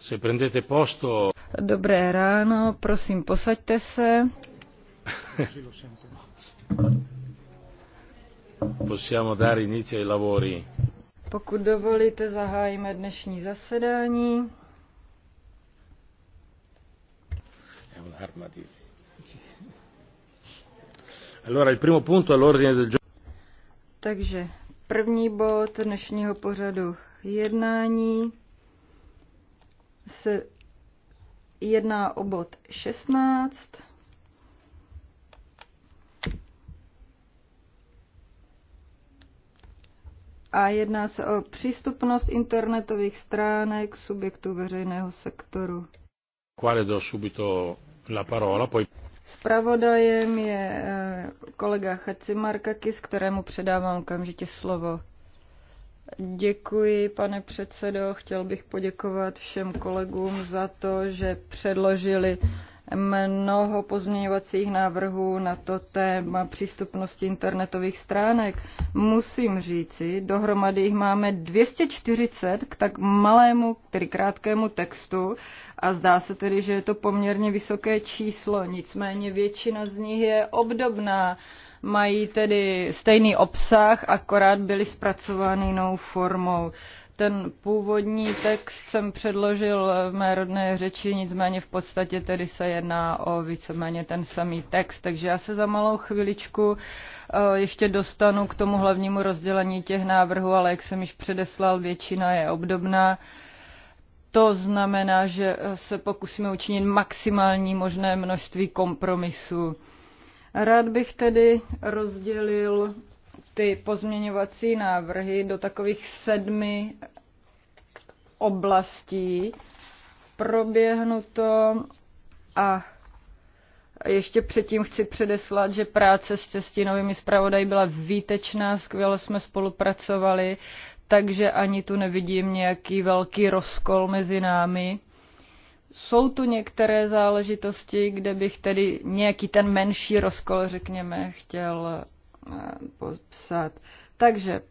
Se Dobré ráno, prosím, posaďte se. Possiamo dare inizio ai lavori. Pokud dovolíte, zahájíme dnešní zasedání. Allora, il primo punto all'ordine del giorno. Takže první bod dnešního pořadu jednání se jedná o bod 16. A jedná se o přístupnost internetových stránek subjektů veřejného sektoru. Quale do subito la parola, poi... Spravodajem je eh, kolega Chacimarkakis, kterému předávám okamžitě slovo. Děkuji, pane předsedo. Chtěl bych poděkovat všem kolegům za to, že předložili mnoho pozměňovacích návrhů na to téma přístupnosti internetových stránek. Musím říci, dohromady jich máme 240 k tak malému, tedy krátkému textu a zdá se tedy, že je to poměrně vysoké číslo, nicméně většina z nich je obdobná mají tedy stejný obsah, akorát byly zpracovány jinou formou. Ten původní text jsem předložil v mé rodné řeči, nicméně v podstatě tedy se jedná o víceméně ten samý text. Takže já se za malou chviličku eh, ještě dostanu k tomu hlavnímu rozdělení těch návrhů, ale jak jsem již předeslal, většina je obdobná. To znamená, že se pokusíme učinit maximální možné množství kompromisů. Rád bych tedy rozdělil ty pozměňovací návrhy do takových sedmi oblastí. Proběhnu to a ještě předtím chci předeslat, že práce s cestinovými zpravodaji byla výtečná, skvěle jsme spolupracovali, takže ani tu nevidím nějaký velký rozkol mezi námi jsou tu některé záležitosti, kde bych tedy nějaký ten menší rozkol, řekněme, chtěl eh, popsat. Takže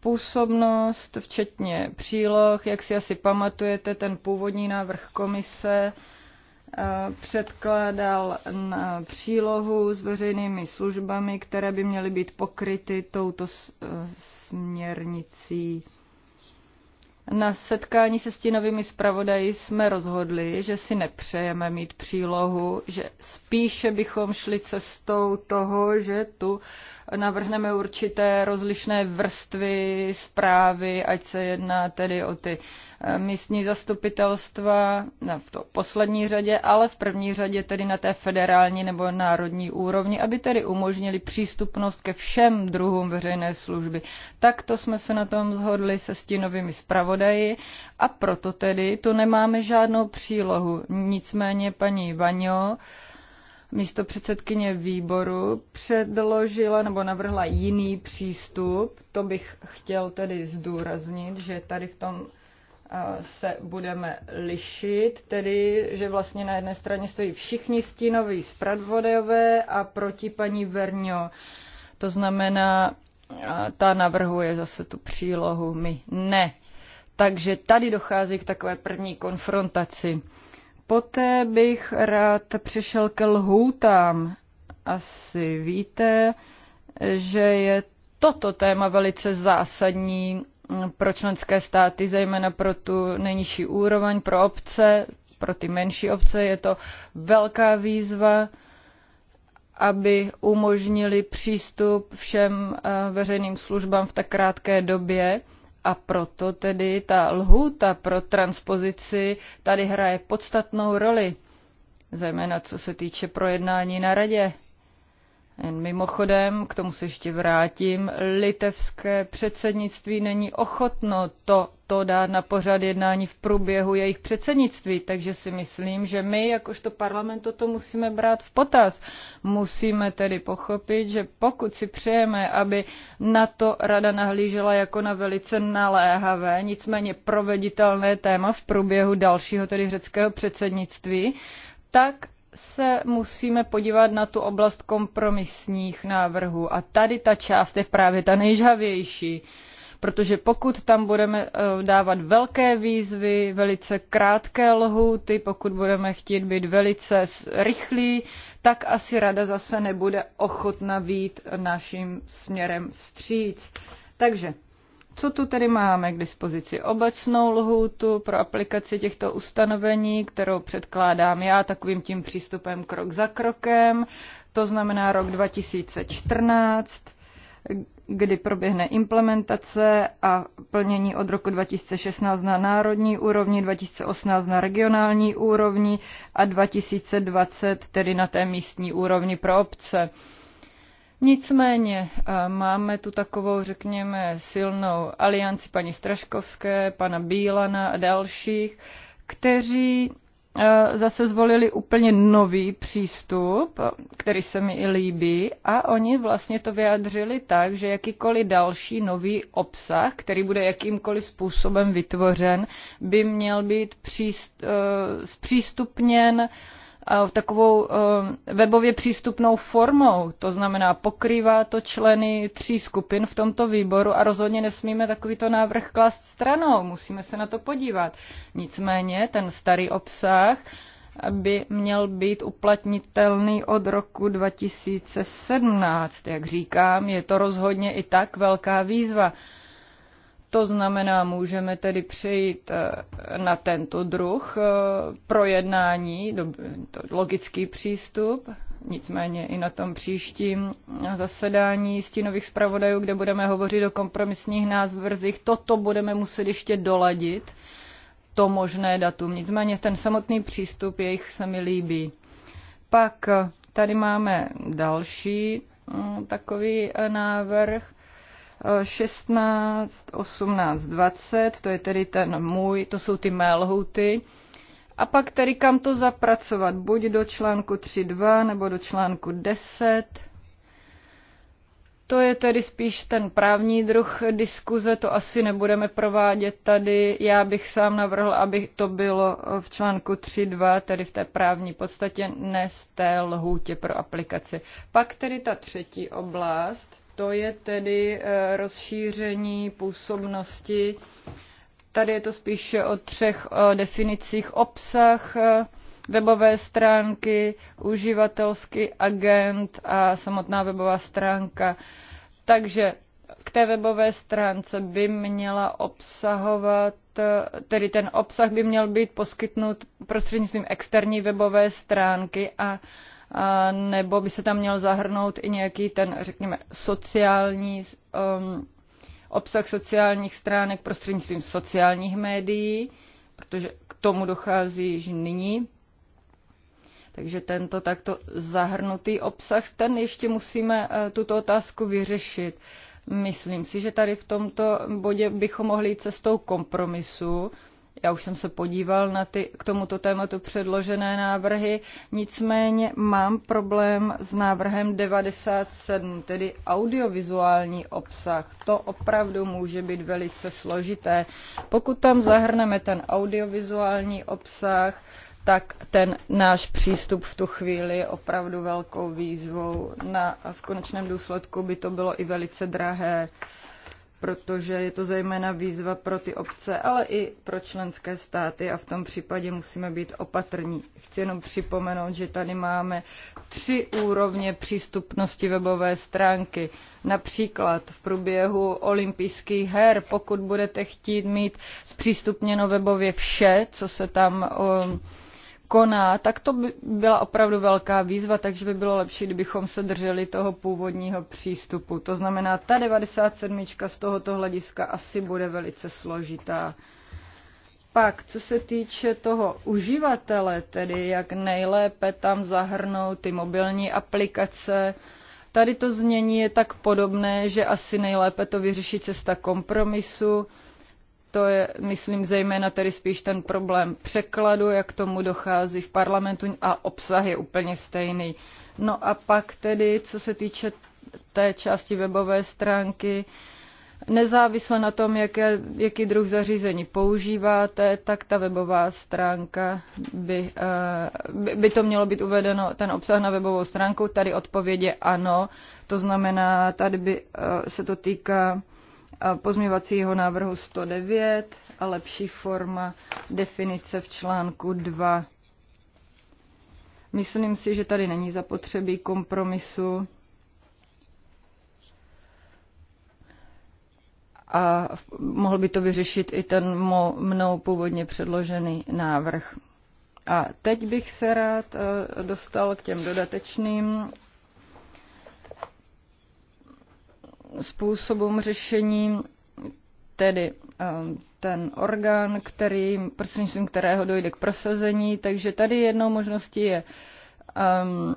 působnost, včetně příloh, jak si asi pamatujete, ten původní návrh komise eh, předkládal na přílohu s veřejnými službami, které by měly být pokryty touto eh, směrnicí. Na setkání se stínovými zpravodaji jsme rozhodli, že si nepřejeme mít přílohu, že spíše bychom šli cestou toho, že tu navrhneme určité rozlišné vrstvy zprávy, ať se jedná tedy o ty eh, místní zastupitelstva na v to poslední řadě, ale v první řadě tedy na té federální nebo národní úrovni, aby tedy umožnili přístupnost ke všem druhům veřejné služby. Takto jsme se na tom zhodli se stínovými zpravodaji a proto tedy tu nemáme žádnou přílohu. Nicméně paní Vaňo, místo předsedkyně výboru předložila nebo navrhla jiný přístup. To bych chtěl tedy zdůraznit, že tady v tom eh, se budeme lišit, tedy že vlastně na jedné straně stojí všichni stínoví zpravodajové a proti paní Verňo. To znamená, eh, ta navrhuje zase tu přílohu, my ne. Takže tady dochází k takové první konfrontaci. Poté bych rád přešel ke lhůtám. Asi víte, že je toto téma velice zásadní pro členské státy, zejména pro tu nejnižší úroveň, pro obce, pro ty menší obce. Je to velká výzva, aby umožnili přístup všem eh, veřejným službám v tak krátké době. A proto tedy ta lhůta pro transpozici tady hraje podstatnou roli, zejména co se týče projednání na radě. Mimochodem, k tomu se ještě vrátím, litevské předsednictví není ochotno to, to dát na pořad jednání v průběhu jejich předsednictví, takže si myslím, že my jakožto parlament toto musíme brát v potaz. Musíme tedy pochopit, že pokud si přejeme, aby na to rada nahlížela jako na velice naléhavé, nicméně proveditelné téma v průběhu dalšího tedy řeckého předsednictví, tak se musíme podívat na tu oblast kompromisních návrhů. A tady ta část je právě ta nejžavější, protože pokud tam budeme eh, dávat velké výzvy, velice krátké lhuty, pokud budeme chtít být velice rychlí, tak asi rada zase nebude ochotna být naším směrem vstříc. Takže co tu tedy máme k dispozici? Obecnou lhůtu pro aplikaci těchto ustanovení, kterou předkládám já takovým tím přístupem krok za krokem, to znamená rok 2014, kdy proběhne implementace a plnění od roku 2016 na národní úrovni, 2018 na regionální úrovni a 2020 tedy na té místní úrovni pro obce. Nicméně eh, máme tu takovou, řekněme, silnou alianci paní Straškovské, pana Bílana a dalších, kteří eh, zase zvolili úplně nový přístup, který se mi i líbí, a oni vlastně to vyjadřili tak, že jakýkoliv další nový obsah, který bude jakýmkoliv způsobem vytvořen, by měl být příst, eh, zpřístupněn uh, takovou e, webově přístupnou formou. To znamená, pokrývá to členy tří skupin v tomto výboru a rozhodně nesmíme takovýto návrh klást stranou. Musíme se na to podívat. Nicméně ten starý obsah by měl být uplatnitelný od roku 2017. Jak říkám, je to rozhodně i tak velká výzva. To znamená, můžeme tedy přejít eh, na tento druh eh, projednání, to logický přístup, nicméně i na tom příštím zasedání stínových zpravodajů, kde budeme hovořit o kompromisních názvrzích. Toto budeme muset ještě doladit, to možné datum. Nicméně ten samotný přístup jejich se mi líbí. Pak eh, tady máme další mm, takový návrh 16, 18, 20, to je tedy ten můj, to jsou ty mé lhuty. A pak tedy kam to zapracovat, buď do článku 3.2 nebo do článku 10. To je tedy spíš ten právní druh diskuze, to asi nebudeme provádět tady. Já bych sám navrhl, aby to bylo v článku 3.2, tedy v té právní podstatě, ne z té lhůtě pro aplikaci. Pak tedy ta třetí oblast, to je tedy eh, rozšíření působnosti. Tady je to spíše o třech definicích obsah, eh, webové stránky, uživatelský agent a samotná webová stránka. Takže k té webové stránce by měla obsahovat, eh, tedy ten obsah by měl být poskytnut prostřednictvím externí webové stránky a nebo by se tam měl zahrnout i nějaký ten, řekněme, sociální um, obsah sociálních stránek prostřednictvím sociálních médií, protože k tomu dochází již nyní. Takže tento takto zahrnutý obsah, ten ještě musíme eh, tuto otázku vyřešit. Myslím si, že tady v tomto bodě bychom mohli jít cestou kompromisu, já už jsem se podíval na ty k tomuto tématu předložené návrhy, nicméně mám problém s návrhem 97, tedy audiovizuální obsah. To opravdu může být velice složité. Pokud tam zahrneme ten audiovizuální obsah, tak ten náš přístup v tu chvíli je opravdu velkou výzvou. Na, v konečném důsledku by to bylo i velice drahé protože je to zejména výzva pro ty obce, ale i pro členské státy a v tom případě musíme být opatrní. Chci jenom připomenout, že tady máme tři úrovně přístupnosti webové stránky. Například v průběhu olympijských her, pokud budete chtít mít zpřístupněno webově vše, co se tam um, koná, tak to by byla opravdu velká výzva, takže by bylo lepší, kdybychom se drželi toho původního přístupu. To znamená, ta 97. z tohoto hlediska asi bude velice složitá. Pak, co se týče toho uživatele, tedy jak nejlépe tam zahrnout ty mobilní aplikace, tady to znění je tak podobné, že asi nejlépe to vyřeší cesta kompromisu to je, myslím, zejména tedy spíš ten problém překladu, jak tomu dochází v parlamentu a obsah je úplně stejný. No a pak tedy, co se týče té části webové stránky, nezávisle na tom, jaké, jaký druh zařízení používáte, tak ta webová stránka by, eh, by to mělo být uvedeno, ten obsah na webovou stránku, tady odpověď je ano, to znamená, tady by eh, se to týká pozměvacího návrhu 109 a lepší forma definice v článku 2. Myslím si, že tady není zapotřebí kompromisu. A mohl by to vyřešit i ten mnou původně předložený návrh. A teď bych se rád eh, dostal k těm dodatečným způsobům řešení, tedy ehm, ten orgán, který, prostřednictvím kterého dojde k prosazení. Takže tady jednou možností je um,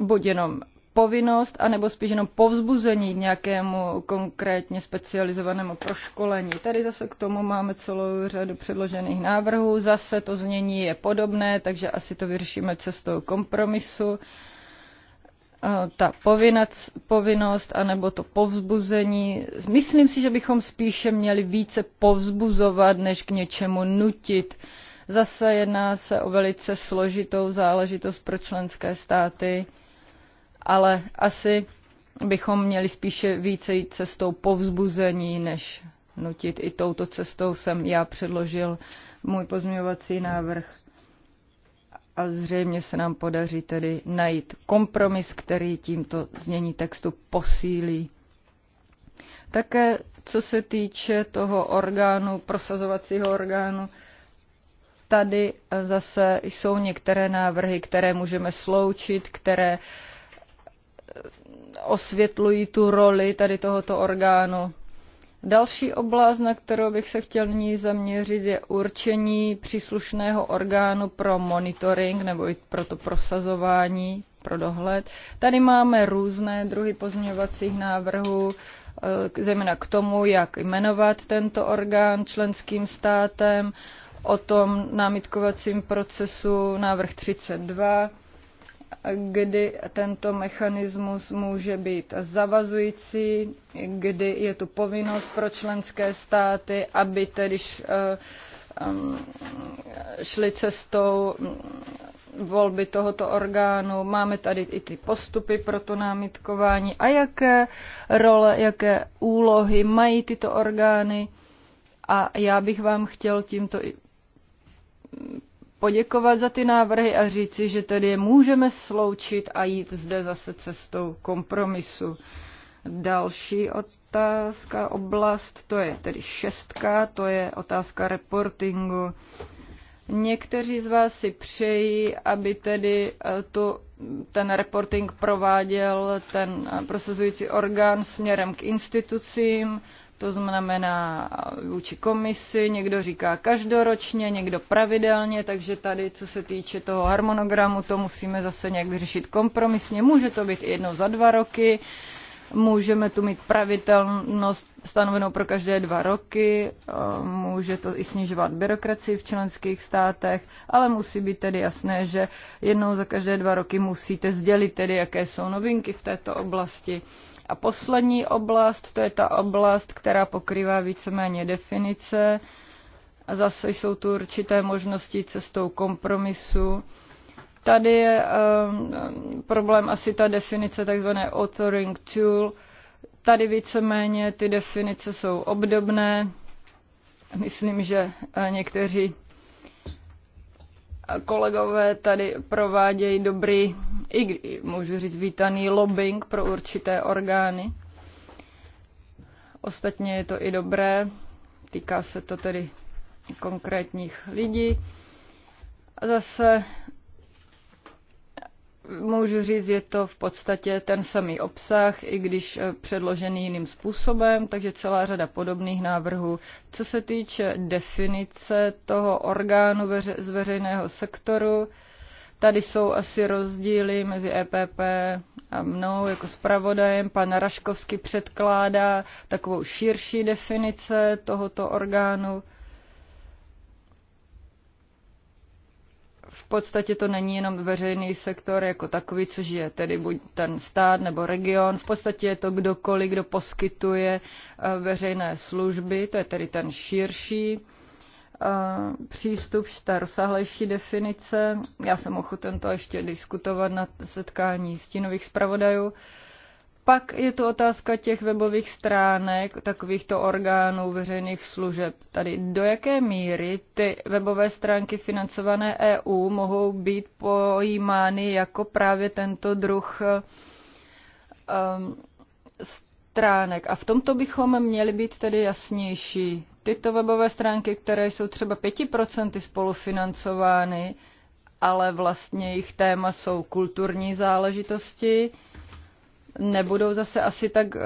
buď jenom povinnost, anebo spíš jenom povzbuzení k nějakému konkrétně specializovanému proškolení. Tady zase k tomu máme celou řadu předložených návrhů. Zase to znění je podobné, takže asi to vyřešíme cestou kompromisu. Uh, Eh, ta povinac, povinnost anebo to povzbuzení. Myslím si, že bychom spíše měli více povzbuzovat, než k něčemu nutit. Zase jedná se o velice složitou záležitost pro členské státy, ale asi bychom měli spíše více jít cestou povzbuzení, než nutit. I touto cestou jsem já předložil můj pozměňovací návrh a zřejmě se nám podaří tedy najít kompromis, který tímto znění textu posílí. Také co se týče toho orgánu, prosazovacího orgánu, tady eh, zase jsou některé návrhy, které můžeme sloučit, které eh, osvětlují tu roli tady tohoto orgánu Další oblast, na kterou bych se chtěl nyní zaměřit, je určení příslušného orgánu pro monitoring nebo i pro to prosazování, pro dohled. Tady máme různé druhy pozměňovacích návrhů, eh, zejména k tomu, jak jmenovat tento orgán členským státem, o tom námitkovacím procesu návrh 32, kdy tento mechanismus může být zavazující, kdy je tu povinnost pro členské státy, aby tedy eh, šli cestou volby tohoto orgánu. Máme tady i ty postupy pro to námitkování a jaké role, jaké úlohy mají tyto orgány. A já bych vám chtěl tímto poděkovat za ty návrhy a říci, že tedy je můžeme sloučit a jít zde zase cestou kompromisu. Další otázka, oblast, to je tedy šestka, to je otázka reportingu. Někteří z vás si přejí, aby tedy eh, to, ten reporting prováděl ten eh, prosazující orgán směrem k institucím, to znamená vůči komisi, někdo říká každoročně, někdo pravidelně, takže tady, co se týče toho harmonogramu, to musíme zase nějak vyřešit kompromisně. Může to být jednou za dva roky, můžeme tu mít pravidelnost stanovenou pro každé dva roky, může to i snižovat byrokracii v členských státech, ale musí být tedy jasné, že jednou za každé dva roky musíte sdělit tedy, jaké jsou novinky v této oblasti. A poslední oblast, to je ta oblast, která pokrývá víceméně definice. A zase jsou tu určité možnosti cestou kompromisu. Tady je um, problém asi ta definice tzv. authoring tool. Tady víceméně ty definice jsou obdobné. Myslím, že eh, někteří kolegové tady provádějí dobrý, i můžu říct vítaný lobbying pro určité orgány. Ostatně je to i dobré, týká se to tedy konkrétních lidí. A zase můžu říct, je to v podstatě ten samý obsah, i když eh, předložený jiným způsobem, takže celá řada podobných návrhů. Co se týče definice toho orgánu veře- z veřejného sektoru, tady jsou asi rozdíly mezi EPP a mnou jako zpravodajem. Pan Raškovský předkládá takovou širší definice tohoto orgánu podstatě to není jenom veřejný sektor jako takový, což je tedy buď ten stát nebo region, v podstatě je to kdokoliv, kdo poskytuje eh, veřejné služby, to je tedy ten širší eh, přístup, ta rozsáhlejší definice. Já jsem ochoten to ještě diskutovat na setkání stínových zpravodajů. Pak je to otázka těch webových stránek, takovýchto orgánů veřejných služeb. Tady do jaké míry ty webové stránky financované EU mohou být pojímány jako právě tento druh um, stránek. A v tomto bychom měli být tedy jasnější. Tyto webové stránky, které jsou třeba 5% spolufinancovány, ale vlastně jejich téma jsou kulturní záležitosti, nebudou zase asi tak eh,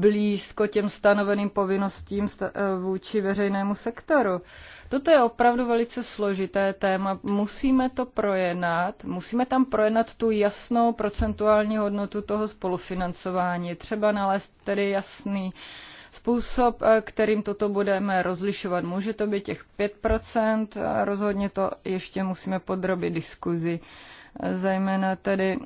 blízko těm stanoveným povinnostím eh, vůči veřejnému sektoru. Toto je opravdu velice složité téma. Musíme to projednat, musíme tam projednat tu jasnou procentuální hodnotu toho spolufinancování, třeba nalézt tedy jasný způsob, eh, kterým toto budeme rozlišovat. Může to být těch 5%, rozhodně to ještě musíme podrobit diskuzi zejména tedy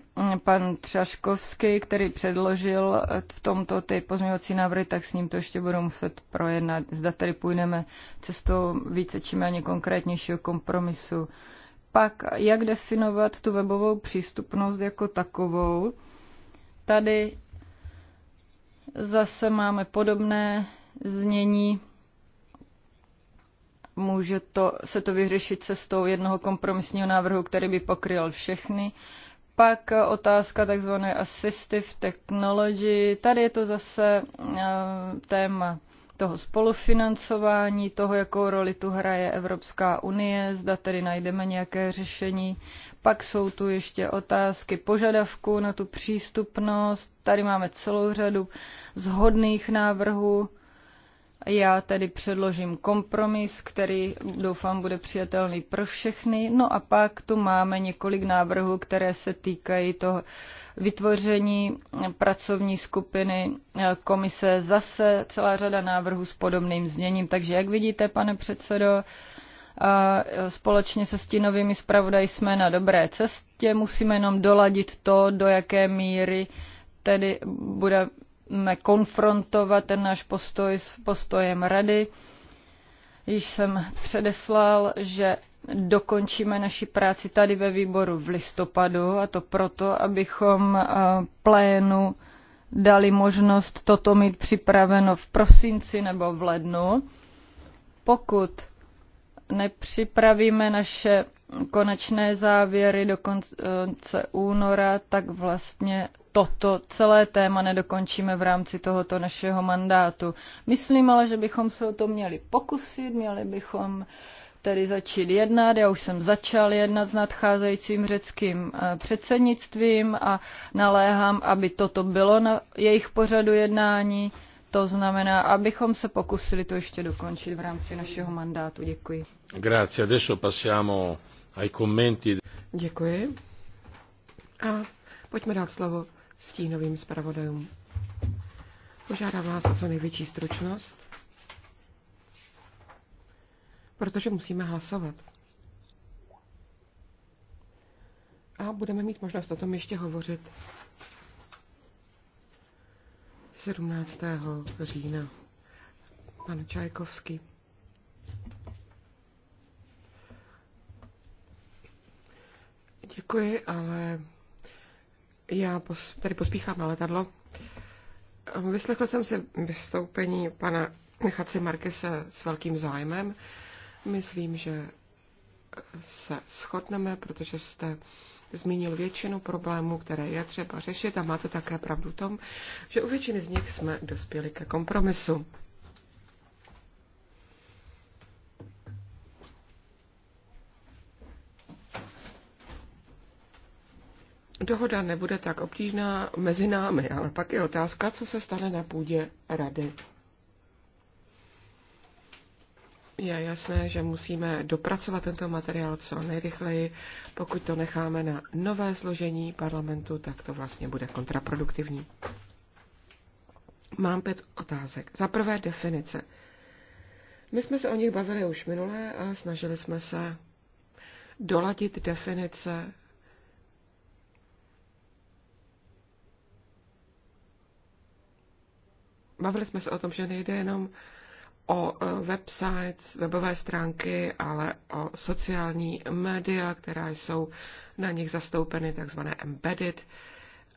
pan Třaškovský, který předložil eh, v tomto ty pozměňovací návrhy, tak s ním to ještě budu muset projednat. Zda tedy půjdeme cestou více či méně konkrétnějšího kompromisu. Pak, jak definovat tu webovou přístupnost jako takovou? Tady zase máme podobné znění může to, se to vyřešit cestou jednoho kompromisního návrhu, který by pokryl všechny. Pak otázka tzv. assistive technology. Tady je to zase eh, téma toho spolufinancování, toho, jakou roli tu hraje Evropská unie, zda tedy najdeme nějaké řešení. Pak jsou tu ještě otázky požadavků na tu přístupnost. Tady máme celou řadu zhodných návrhů já tedy předložím kompromis, který doufám bude přijatelný pro všechny. No a pak tu máme několik návrhů, které se týkají toho vytvoření pracovní skupiny eh, komise. Zase celá řada návrhů s podobným zněním. Takže jak vidíte, pane předsedo, a eh, společně se stínovými zpravodaj jsme na dobré cestě. Musíme jenom doladit to, do jaké míry tedy bude konfrontovat ten náš postoj s postojem rady. Již jsem předeslal, že dokončíme naši práci tady ve výboru v listopadu a to proto, abychom eh, plénu dali možnost toto mít připraveno v prosinci nebo v lednu. Pokud nepřipravíme naše konečné závěry do konce února, tak vlastně toto celé téma nedokončíme v rámci tohoto našeho mandátu. Myslím ale, že bychom se o to měli pokusit, měli bychom tedy začít jednat. Já už jsem začal jednat s nadcházejícím řeckým eh, předsednictvím a naléhám, aby toto bylo na jejich pořadu jednání. To znamená, abychom se pokusili to ještě dokončit v rámci našeho mandátu. Děkuji. Grazie. Adesso passiamo Děkuji. A pojďme dát slovo stínovým zpravodajům. Požádám vás o co největší stručnost, protože musíme hlasovat. A budeme mít možnost o tom ještě hovořit 17. října. Pan Čajkovský. Děkuji, ale já pos, tady pospíchám na letadlo. Vyslechl jsem si vystoupení pana Chaci Markese s velkým zájmem. Myslím, že se shodneme, protože jste zmínil většinu problémů, které je třeba řešit a máte také pravdu v tom, že u většiny z nich jsme dospěli ke kompromisu. Dohoda nebude tak obtížná mezi námi, ale pak je otázka, co se stane na půdě rady. Je jasné, že musíme dopracovat tento materiál co nejrychleji. Pokud to necháme na nové složení parlamentu, tak to vlastně bude kontraproduktivní. Mám pět otázek. Za prvé definice. My jsme se o nich bavili už minule a snažili jsme se doladit definice bavili jsme se o tom, že nejde jenom o e, websites, webové stránky, ale o sociální média, která jsou na nich zastoupeny, takzvané embedded.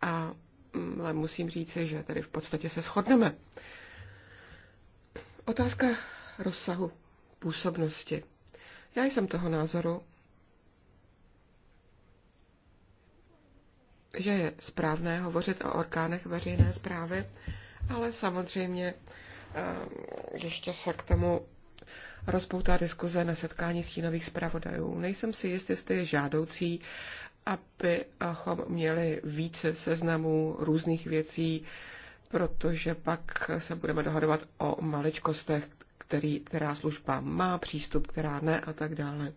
A mm, ale musím říci, že tady v podstatě se shodneme. Otázka rozsahu působnosti. Já jsem toho názoru, že je správné hovořit o orgánech veřejné zprávy, ale samozřejmě eh, ještě se k tomu rozpoutá diskuze na setkání stínových zpravodajů. Nejsem si jistý, jestli je žádoucí, abychom měli více seznamů různých věcí, protože pak se budeme dohadovat o maličkostech, který, která služba má přístup, která ne a tak dále.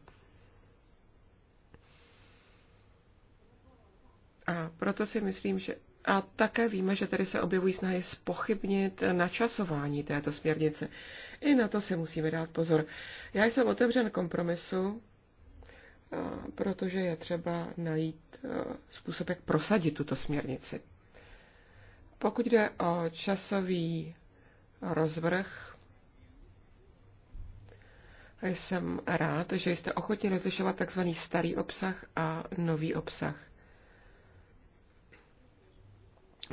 A proto si myslím, že a také víme, že tady se objevují snahy spochybnit načasování této směrnice. I na to si musíme dát pozor. Já jsem otevřen kompromisu, protože je třeba najít způsob, jak prosadit tuto směrnici. Pokud jde o časový rozvrh, jsem rád, že jste ochotni rozlišovat tzv. starý obsah a nový obsah.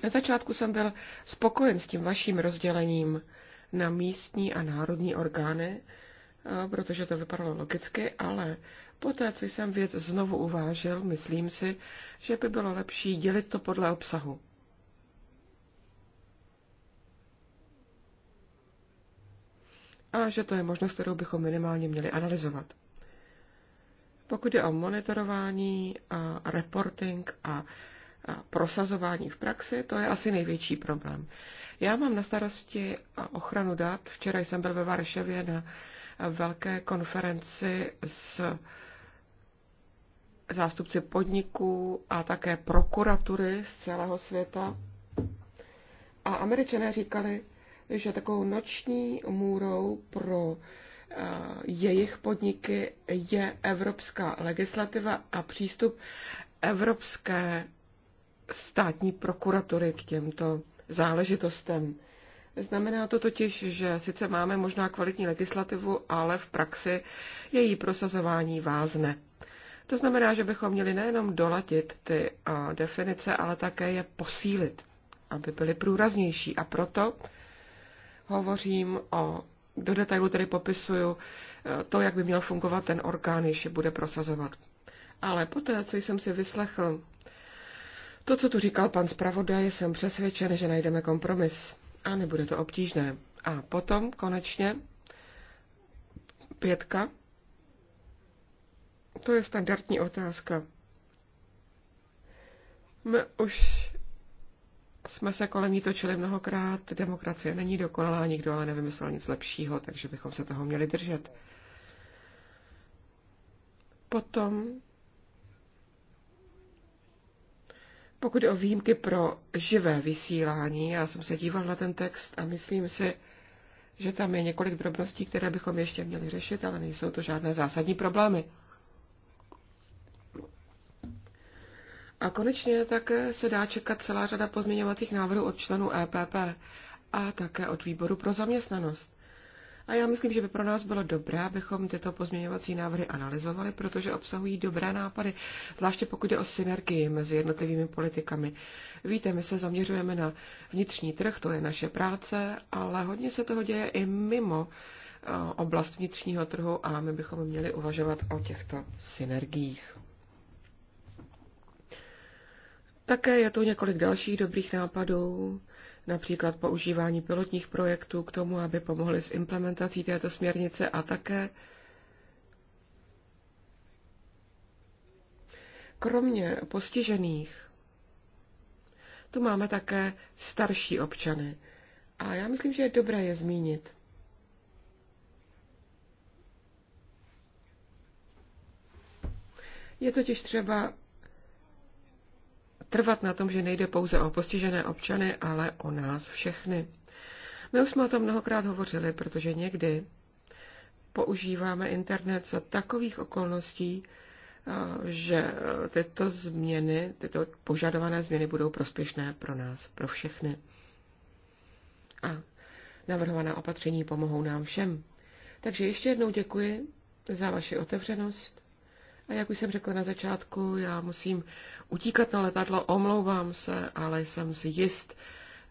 Na začátku jsem byl spokojen s tím vaším rozdělením na místní a národní orgány, eh, protože to vypadalo logicky, ale poté, co jsem věc znovu uvážil, myslím si, že by bylo lepší dělit to podle obsahu. A že to je možnost, kterou bychom minimálně měli analyzovat. Pokud je o monitorování, a reporting a prosazování v praxi, to je asi největší problém. Já mám na starosti ochranu dat. Včera jsem byl ve Varšavě na velké konferenci s zástupci podniků a také prokuratury z celého světa. A američané říkali, že takovou noční můrou pro eh, jejich podniky je evropská legislativa a přístup evropské státní prokuratury k těmto záležitostem. Znamená to totiž, že sice máme možná kvalitní legislativu, ale v praxi její prosazování vázne. To znamená, že bychom měli nejenom dolatit ty definice, ale také je posílit, aby byly průraznější. A proto hovořím o, do detailu tedy popisuju e, to, jak by měl fungovat ten orgán, jež bude prosazovat. Ale poté, co jsem si vyslechl to, co tu říkal pan zpravodaj, jsem přesvědčen, že najdeme kompromis. A nebude to obtížné. A potom konečně pětka. To je standardní otázka. My už jsme se kolem ní točili mnohokrát. Demokracie není dokonalá, nikdo ale nevymyslel nic lepšího, takže bychom se toho měli držet. Potom Pokud je o výjimky pro živé vysílání, já jsem se díval na ten text a myslím si, že tam je několik drobností, které bychom ještě měli řešit, ale nejsou to žádné zásadní problémy. A konečně také se dá čekat celá řada pozměňovacích návrhů od členů EPP a také od výboru pro zaměstnanost. A já myslím, že by pro nás bylo dobré, abychom tyto pozměňovací návrhy analyzovali, protože obsahují dobré nápady, zvláště pokud je o synergii mezi jednotlivými politikami. Víte, my se zaměřujeme na vnitřní trh, to je naše práce, ale hodně se toho děje i mimo eh, oblast vnitřního trhu a my bychom měli uvažovat o těchto synergiích. Také je tu několik dalších dobrých nápadů, například používání pilotních projektů k tomu, aby pomohly s implementací této směrnice a také kromě postižených tu máme také starší občany. A já myslím, že je dobré je zmínit. Je totiž třeba trvat na tom, že nejde pouze o postižené občany, ale o nás všechny. My už jsme o tom mnohokrát hovořili, protože někdy používáme internet za takových okolností, eh, že eh, tyto změny, tyto požadované změny budou prospěšné pro nás, pro všechny. A navrhovaná opatření pomohou nám všem. Takže ještě jednou děkuji za vaši otevřenost a Jak už jsem řekla na začátku, já musím utíkat na letadlo, omlouvám se, ale jsem si jist,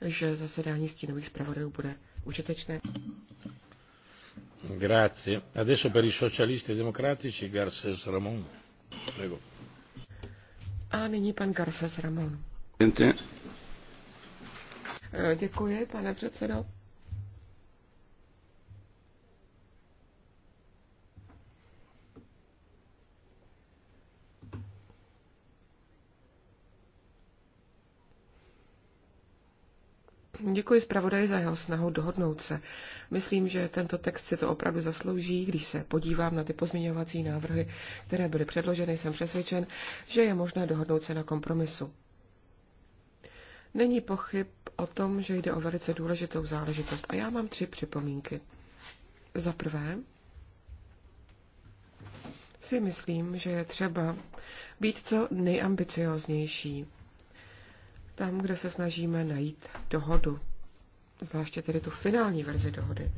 že zasedání stínových zpravodajů bude užitečné. Grazie. Adesso per i socialisti democratici Garces Ramon. Prego. A nyní pan Garces Ramon. Eh, děkuji, pane předsedo. Děkuji zpravodaji za jeho snahu dohodnout se. Myslím, že tento text si to opravdu zaslouží. Když se podívám na ty pozměňovací návrhy, které byly předloženy, jsem přesvědčen, že je možné dohodnout se na kompromisu. Není pochyb o tom, že jde o velice důležitou záležitost a já mám tři připomínky. Za prvé, si myslím, že je třeba být co nejambicioznější tam, kde se snažíme najít dohodu, zvláště tedy tu finální verzi dohody,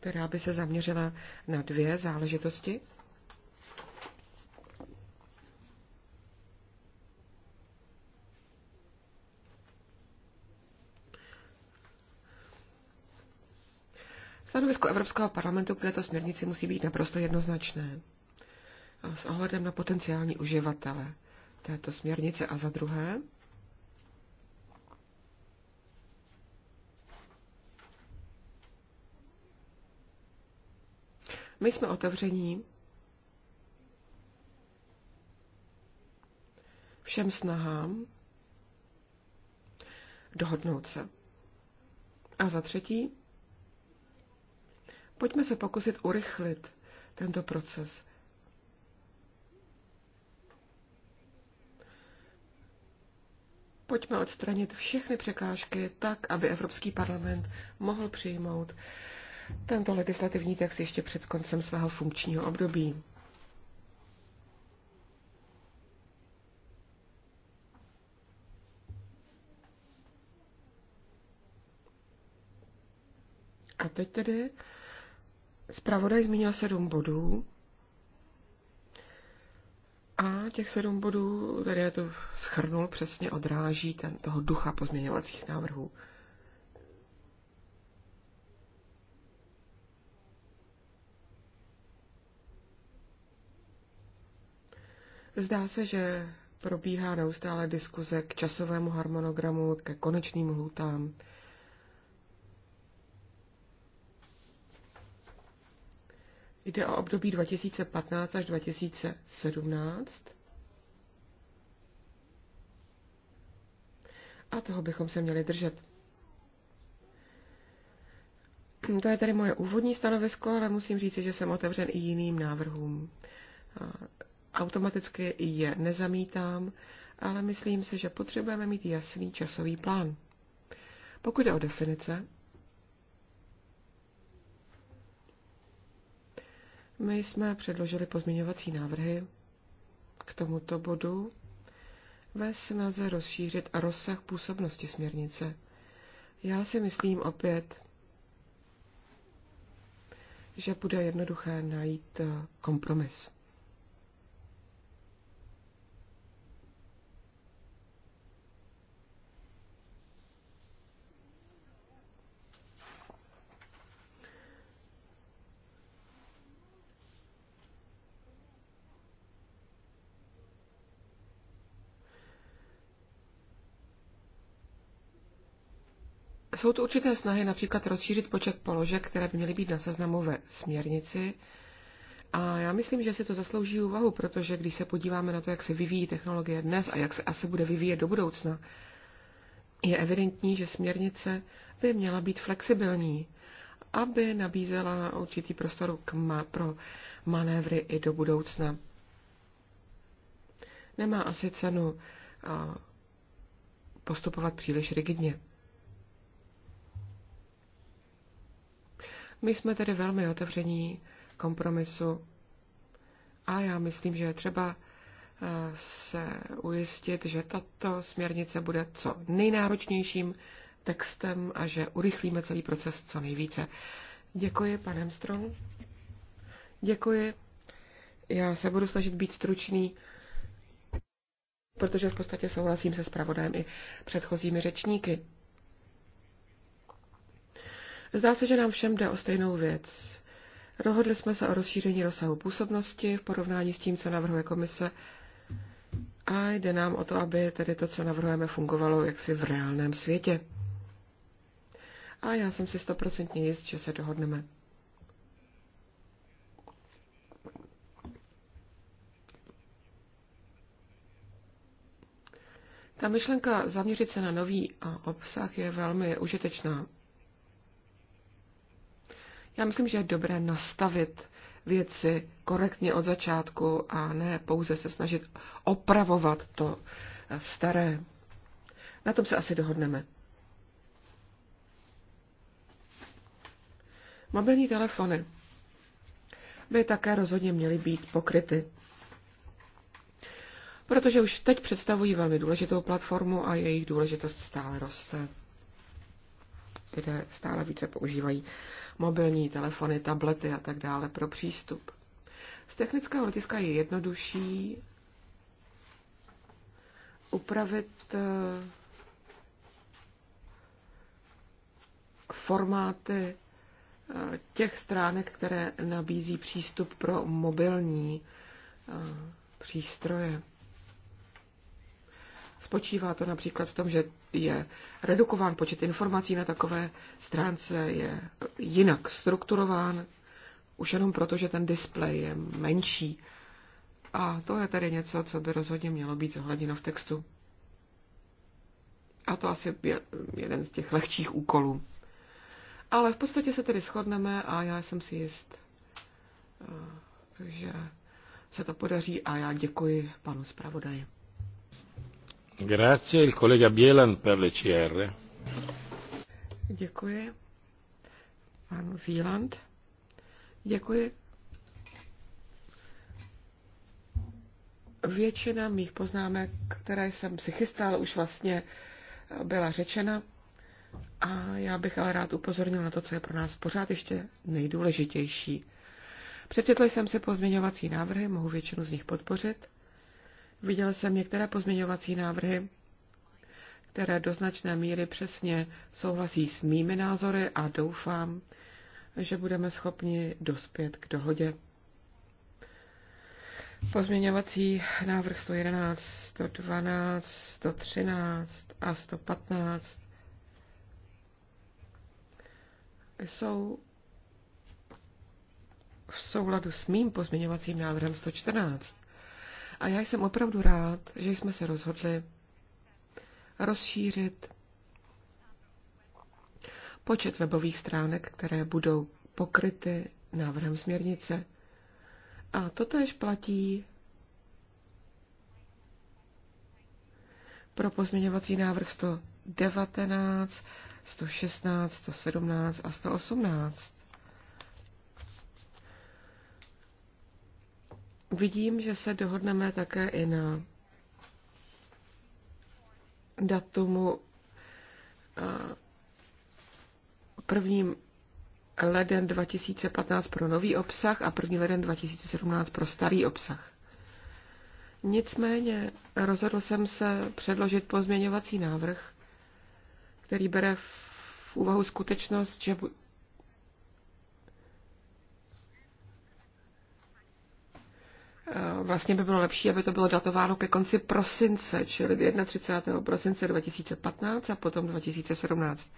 která by se zaměřila na dvě záležitosti. Stanovisko Evropského parlamentu k této směrnici musí být naprosto jednoznačné s ohledem na potenciální uživatele této směrnice a za druhé My jsme otevření všem snahám dohodnout se. A za třetí, pojďme se pokusit urychlit tento proces. Pojďme odstranit všechny překážky tak, aby Evropský parlament mohl přijmout tento legislativní text ještě před koncem svého funkčního období. A teď tedy zpravodaj zmínil sedm bodů. A těch sedm bodů, tady je to schrnul, přesně odráží ten, toho ducha pozměňovacích návrhů. Zdá se, že probíhá neustále diskuze k časovému harmonogramu, ke konečným hlutám. Jde o období 2015 až 2017. A toho bychom se měli držet. To je tedy moje úvodní stanovisko, ale musím říct, že jsem otevřen i jiným návrhům automaticky je nezamítám, ale myslím si, že potřebujeme mít jasný časový plán. Pokud je o definice, my jsme předložili pozměňovací návrhy k tomuto bodu ve snaze rozšířit rozsah působnosti směrnice. Já si myslím opět, že bude jednoduché najít kompromis. Jsou tu určité snahy například rozšířit počet položek, které by měly být na seznamu ve směrnici. A já myslím, že si to zaslouží úvahu, protože když se podíváme na to, jak se vyvíjí technologie dnes a jak se asi bude vyvíjet do budoucna, je evidentní, že směrnice by měla být flexibilní, aby nabízela určitý prostor k ma- pro manévry i do budoucna. Nemá asi cenu postupovat příliš rigidně. My jsme tedy velmi otevření kompromisu a já myslím, že je třeba eh, se ujistit, že tato směrnice bude co nejnáročnějším textem a že urychlíme celý proces co nejvíce. Děkuji, pane Hemstrom. Děkuji. Já se budu snažit být stručný, protože v podstatě souhlasím se zpravodajem i předchozími řečníky. Zdá se, že nám všem jde o stejnou věc. Dohodli jsme se o rozšíření rozsahu působnosti v porovnání s tím, co navrhuje komise a jde nám o to, aby tedy to, co navrhujeme, fungovalo jaksi v reálném světě. A já jsem si stoprocentně jist, že se dohodneme. Ta myšlenka zaměřit se na nový obsah je velmi užitečná. Já myslím, že je dobré nastavit věci korektně od začátku a ne pouze se snažit opravovat to eh, staré. Na tom se asi dohodneme. Mobilní telefony by také rozhodně měly být pokryty, protože už teď představují velmi důležitou platformu a jejich důležitost stále roste kde stále více používají mobilní telefony, tablety a tak dále pro přístup. Z technického hlediska je jednodušší upravit eh, formáty eh, těch stránek, které nabízí přístup pro mobilní eh, přístroje. Spočívá to například v tom, že je redukován počet informací na takové stránce, je jinak strukturován, už jenom proto, že ten displej je menší. A to je tedy něco, co by rozhodně mělo být zohledněno v textu. A to asi je jeden z těch lehčích úkolů. Ale v podstatě se tedy shodneme a já jsem si jist, eh, že se to podaří a já děkuji panu zpravodaji. Děkuji. Pan Wieland. Děkuji. Většina mých poznámek, které jsem si chystal, už vlastně byla řečena. A já bych ale rád upozornil na to, co je pro nás pořád ještě nejdůležitější. Přečetl jsem si pozměňovací návrhy, mohu většinu z nich podpořit. Viděla jsem některé pozměňovací návrhy, které do značné míry přesně souhlasí s mými názory a doufám, že budeme schopni dospět k dohodě. Pozměňovací návrh 111, 112, 113 a 115 jsou v souladu s mým pozměňovacím návrhem 114. A já jsem opravdu rád, že jsme se rozhodli rozšířit počet webových stránek, které budou pokryty návrhem směrnice. A to tež platí pro pozměňovací návrh 119, 116, 117 a 118. Vidím, že se dohodneme také i na datumu prvním leden 2015 pro nový obsah a první leden 2017 pro starý obsah. Nicméně rozhodl jsem se předložit pozměňovací návrh, který bere v úvahu skutečnost, že Eh, vlastně by bylo lepší, aby to bylo datováno ke konci prosince, čili 31. prosince 2015 a potom 2017.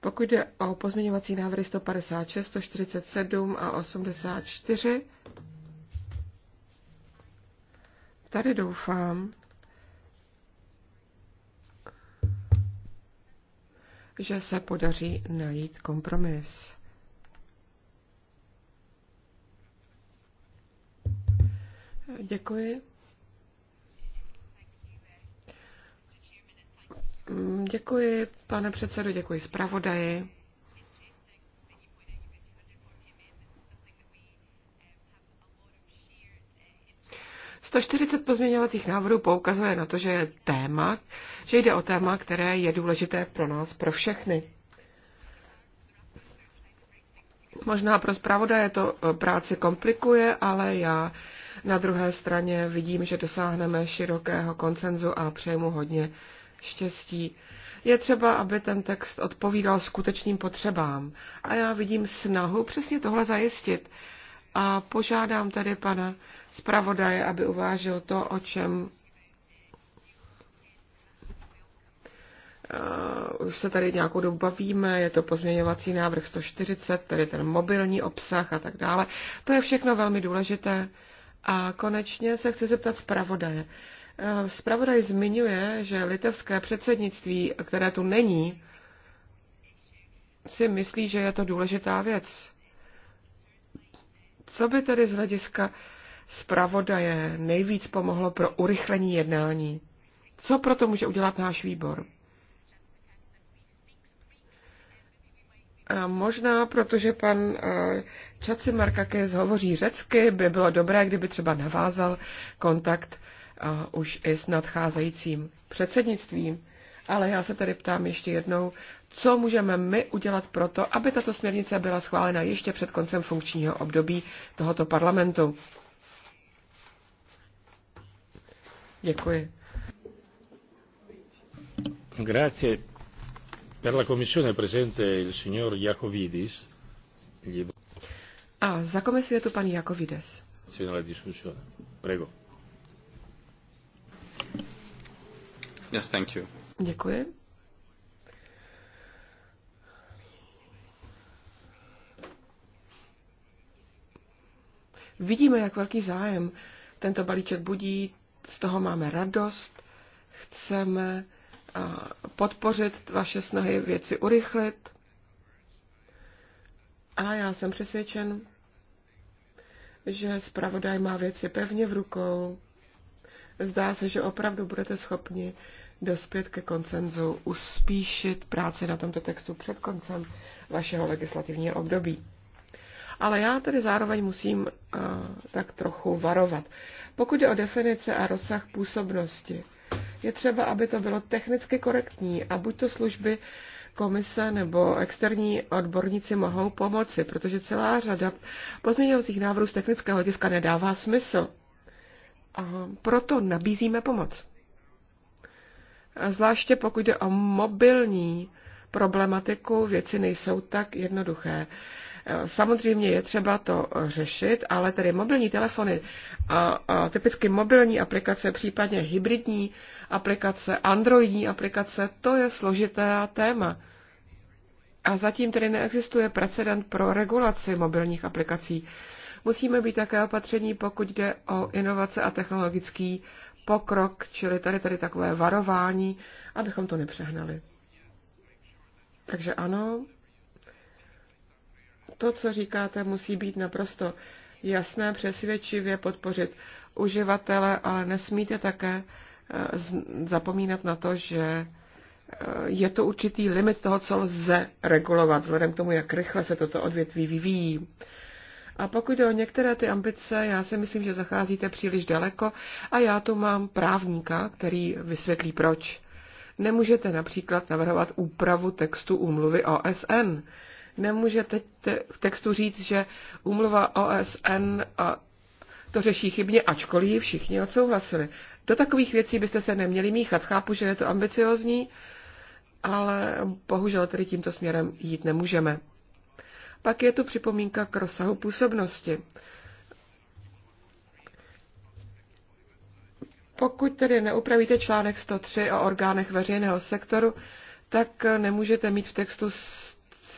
Pokud jde o pozměňovací návrhy 156, 147 a 84, tady doufám, že se podaří najít kompromis. Děkuji. Mm, děkuji, pane předsedo, děkuji zpravodaji. Sto čtyřicet pozměňovacích návrhů poukazuje na to, že je téma, že jde o téma, které je důležité pro nás, pro všechny. Možná pro zpravodaje to eh, práci komplikuje, ale já na druhé straně vidím, že dosáhneme širokého koncenzu a přejmu hodně štěstí. Je třeba, aby ten text odpovídal skutečným potřebám. A já vidím snahu přesně tohle zajistit. A požádám tedy pana zpravodaje, aby uvážil to, o čem Uh, už se tady nějakou dobu bavíme, je to pozměňovací návrh 140, tedy ten mobilní obsah a tak dále. To je všechno velmi důležité. A konečně se chci zeptat zpravodaje. Spravodaj eh, zmiňuje, že litevské předsednictví, které tu není, si myslí, že je to důležitá věc. Co by tedy z hlediska zpravodaje nejvíc pomohlo pro urychlení jednání? Co proto může udělat náš výbor? A možná, protože pan Čaci eh, Markakis hovoří řecky, by bylo dobré, kdyby třeba navázal kontakt eh, už i s nadcházejícím předsednictvím. Ale já se tedy ptám ještě jednou, co můžeme my udělat pro to, aby tato směrnice byla schválena ještě před koncem funkčního období tohoto parlamentu. Děkuji. Grazie. Per la Commissione è presente il signor Gli... A za komisi je tu pan Jakovides. Nella discussione. Prego. Yes, thank you. Děkuji. Vidíme, jak velký zájem tento balíček budí, z toho máme radost, chceme podpořit vaše snahy věci urychlit. A já jsem přesvědčen, že zpravodaj má věci pevně v rukou. Zdá se, že opravdu budete schopni dospět ke koncenzu, uspíšit práci na tomto textu před koncem vašeho legislativního období. Ale já tedy zároveň musím uh, tak trochu varovat. Pokud je o definice a rozsah působnosti, je třeba, aby to bylo technicky korektní a buď to služby komise nebo externí odborníci mohou pomoci, protože celá řada pozměňovacích návrhů z technického hlediska nedává smysl. A proto nabízíme pomoc. A zvláště pokud jde o mobilní problematiku, věci nejsou tak jednoduché. Samozřejmě je třeba to řešit, ale tedy mobilní telefony a, a typicky mobilní aplikace, případně hybridní aplikace, androidní aplikace, to je složité téma. A zatím tedy neexistuje precedent pro regulaci mobilních aplikací. Musíme být také opatření, pokud jde o inovace a technologický pokrok, čili tady tady takové varování, abychom to nepřehnali. Takže ano, to, co říkáte, musí být naprosto jasné, přesvědčivě podpořit uživatele, ale nesmíte také eh, zapomínat na to, že eh, je to určitý limit toho, co lze regulovat, vzhledem k tomu, jak rychle se toto odvětví vyvíjí. A pokud jde o některé ty ambice, já si myslím, že zacházíte příliš daleko a já tu mám právníka, který vysvětlí proč. Nemůžete například navrhovat úpravu textu úmluvy OSN. Nemůžete v textu říct, že umluva OSN to řeší chybně, ačkoliv ji všichni odsouhlasili. Do takových věcí byste se neměli míchat. Chápu, že je to ambiciozní, ale bohužel tedy tímto směrem jít nemůžeme. Pak je tu připomínka k rozsahu působnosti. Pokud tedy neupravíte článek 103 o orgánech veřejného sektoru, tak nemůžete mít v textu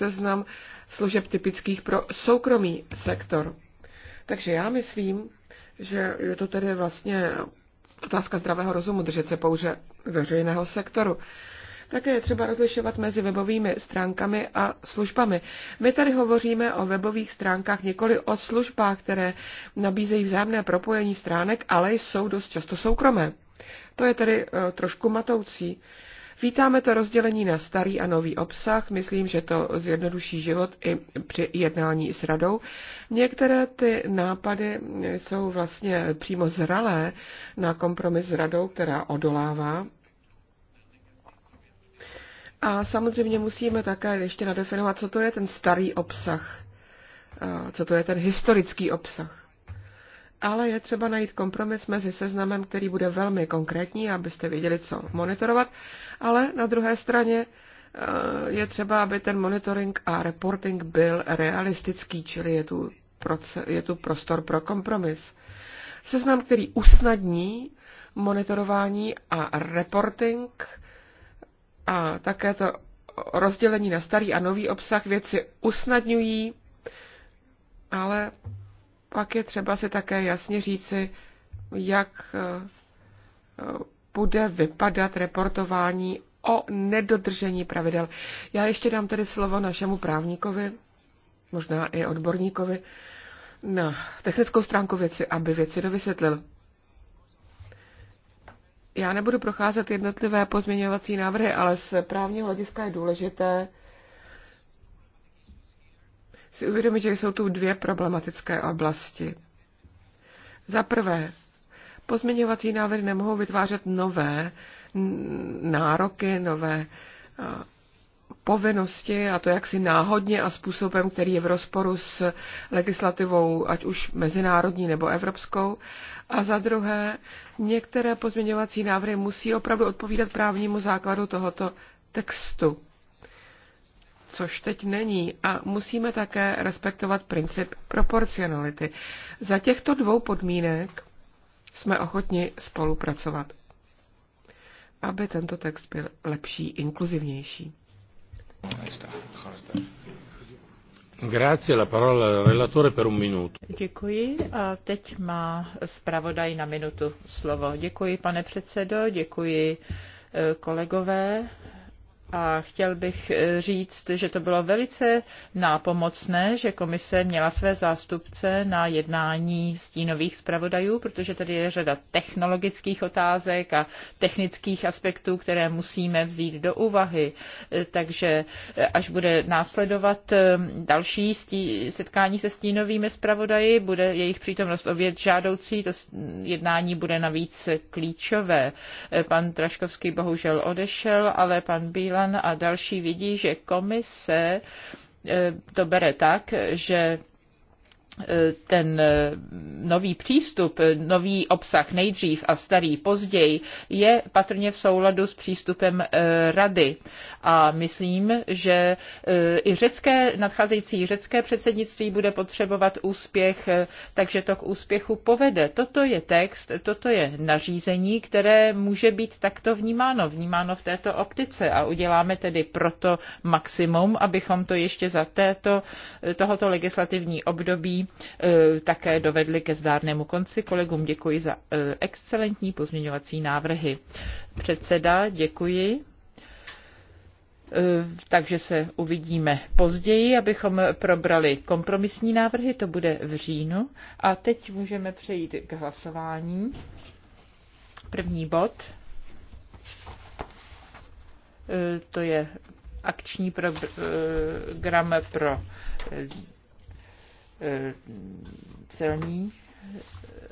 seznam služeb typických pro soukromý sektor. Takže já myslím, že je to tedy vlastně otázka zdravého rozumu držet se pouze veřejného sektoru. Také je třeba rozlišovat mezi webovými stránkami a službami. My tady hovoříme o webových stránkách, nikoli o službách, které nabízejí vzájemné propojení stránek, ale jsou dost často soukromé. To je tedy eh, trošku matoucí. Vítáme to rozdělení na starý a nový obsah. Myslím, že to zjednoduší život i při jednání s radou. Některé ty nápady jsou vlastně přímo zralé na kompromis s radou, která odolává a samozřejmě musíme také ještě nadefinovat, co to je ten starý obsah, co to je ten historický obsah ale je třeba najít kompromis mezi seznamem, který bude velmi konkrétní, abyste věděli, co monitorovat, ale na druhé straně eh, je třeba, aby ten monitoring a reporting byl realistický, čili je tu, proce, je tu prostor pro kompromis. Seznam, který usnadní monitorování a reporting a také to rozdělení na starý a nový obsah věci usnadňují, ale pak je třeba si také jasně říci, jak eh, bude vypadat reportování o nedodržení pravidel. Já ještě dám tedy slovo našemu právníkovi, možná i odborníkovi, na technickou stránku věci, aby věci dovysvětlil. Já nebudu procházet jednotlivé pozměňovací návrhy, ale z právního hlediska je důležité si uvědomit, že jsou tu dvě problematické oblasti. Za prvé, pozměňovací návrhy nemohou vytvářet nové nároky, nové povinnosti a to jaksi náhodně a způsobem, který je v rozporu s legislativou, ať už mezinárodní nebo evropskou. A za druhé, některé pozměňovací návrhy musí opravdu odpovídat právnímu základu tohoto textu což teď není, a musíme také respektovat princip proporcionality. Za těchto dvou podmínek jsme ochotni spolupracovat, aby tento text byl lepší, inkluzivnější. Grazie, la parola relatore per un minuto. Děkuji a teď má zpravodaj na minutu slovo. Děkuji, pane předsedo, děkuji eh, kolegové a chtěl bych eh, říct, že to bylo velice nápomocné, že komise měla své zástupce na jednání stínových zpravodajů, protože tady je řada technologických otázek a technických aspektů, které musíme vzít do úvahy. Eh, takže eh, až bude následovat další stí, setkání se stínovými zpravodaji, bude jejich přítomnost oběd žádoucí, to jednání bude navíc klíčové. Pan Traškovský bohužel odešel, ale pan Bíla Boylan a další vidí, že komise eh, to bere tak, že ten eh, nový přístup, nový obsah nejdřív a starý později, je patrně v souladu s přístupem eh, rady. A myslím, že eh, i řecké, nadcházející řecké předsednictví bude potřebovat úspěch, takže to k úspěchu povede. Toto je text, toto je nařízení, které může být takto vnímáno, vnímáno v této optice a uděláme tedy proto maximum, abychom to ještě za této, tohoto legislativní období Eh, také dovedly ke zdárnému konci. Kolegům děkuji za eh, excelentní pozměňovací návrhy. Předseda, děkuji eh, takže se uvidíme později, abychom probrali kompromisní návrhy, to bude v říjnu. A teď můžeme přejít k hlasování. První bod, to je akční program pro Eh, celní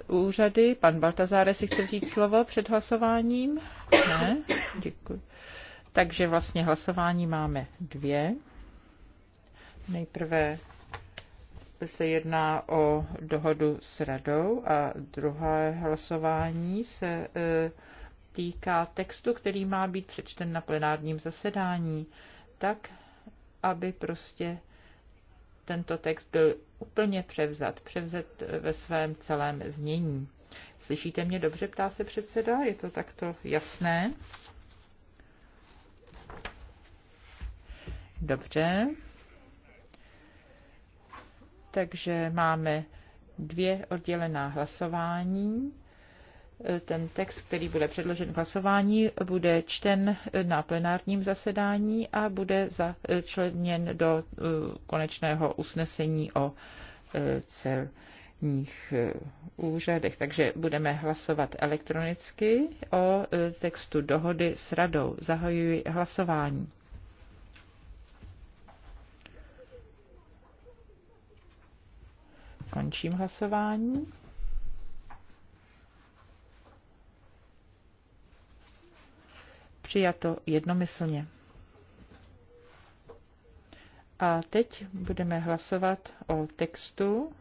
úřady. Pan Baltazáre si chce vzít slovo před hlasováním? Ne? Děkuji. Takže vlastně hlasování máme dvě. Nejprve se jedná o dohodu s radou a druhé hlasování se eh, týká textu, který má být přečten na plenárním zasedání, tak, aby prostě tento text byl úplně převzat, převzat ve svém celém znění. Slyšíte mě dobře, ptá se předseda, je to takto jasné? Dobře. Takže máme dvě oddělená hlasování ten text, který bude předložen k hlasování, bude čten na plenárním zasedání a bude začleněn do eh, konečného usnesení o eh, celních eh, úřadech. Takže budeme hlasovat elektronicky o textu dohody s radou. Zahajuji hlasování. Končím hlasování. Přijato jednomyslně. A teď budeme hlasovat o textu,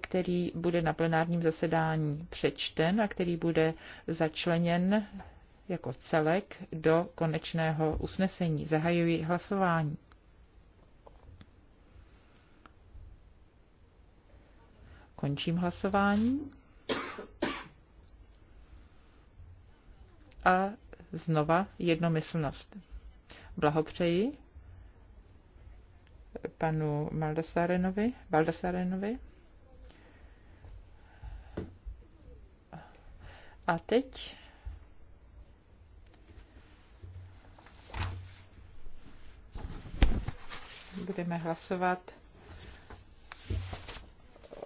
který bude na plenárním zasedání přečten a který bude začleněn jako celek do konečného usnesení. Zahajuji hlasování. Končím hlasování. A znova jednomyslnost. Blahopřeji panu Maldasarenovi, Baldasarenovi. A teď budeme hlasovat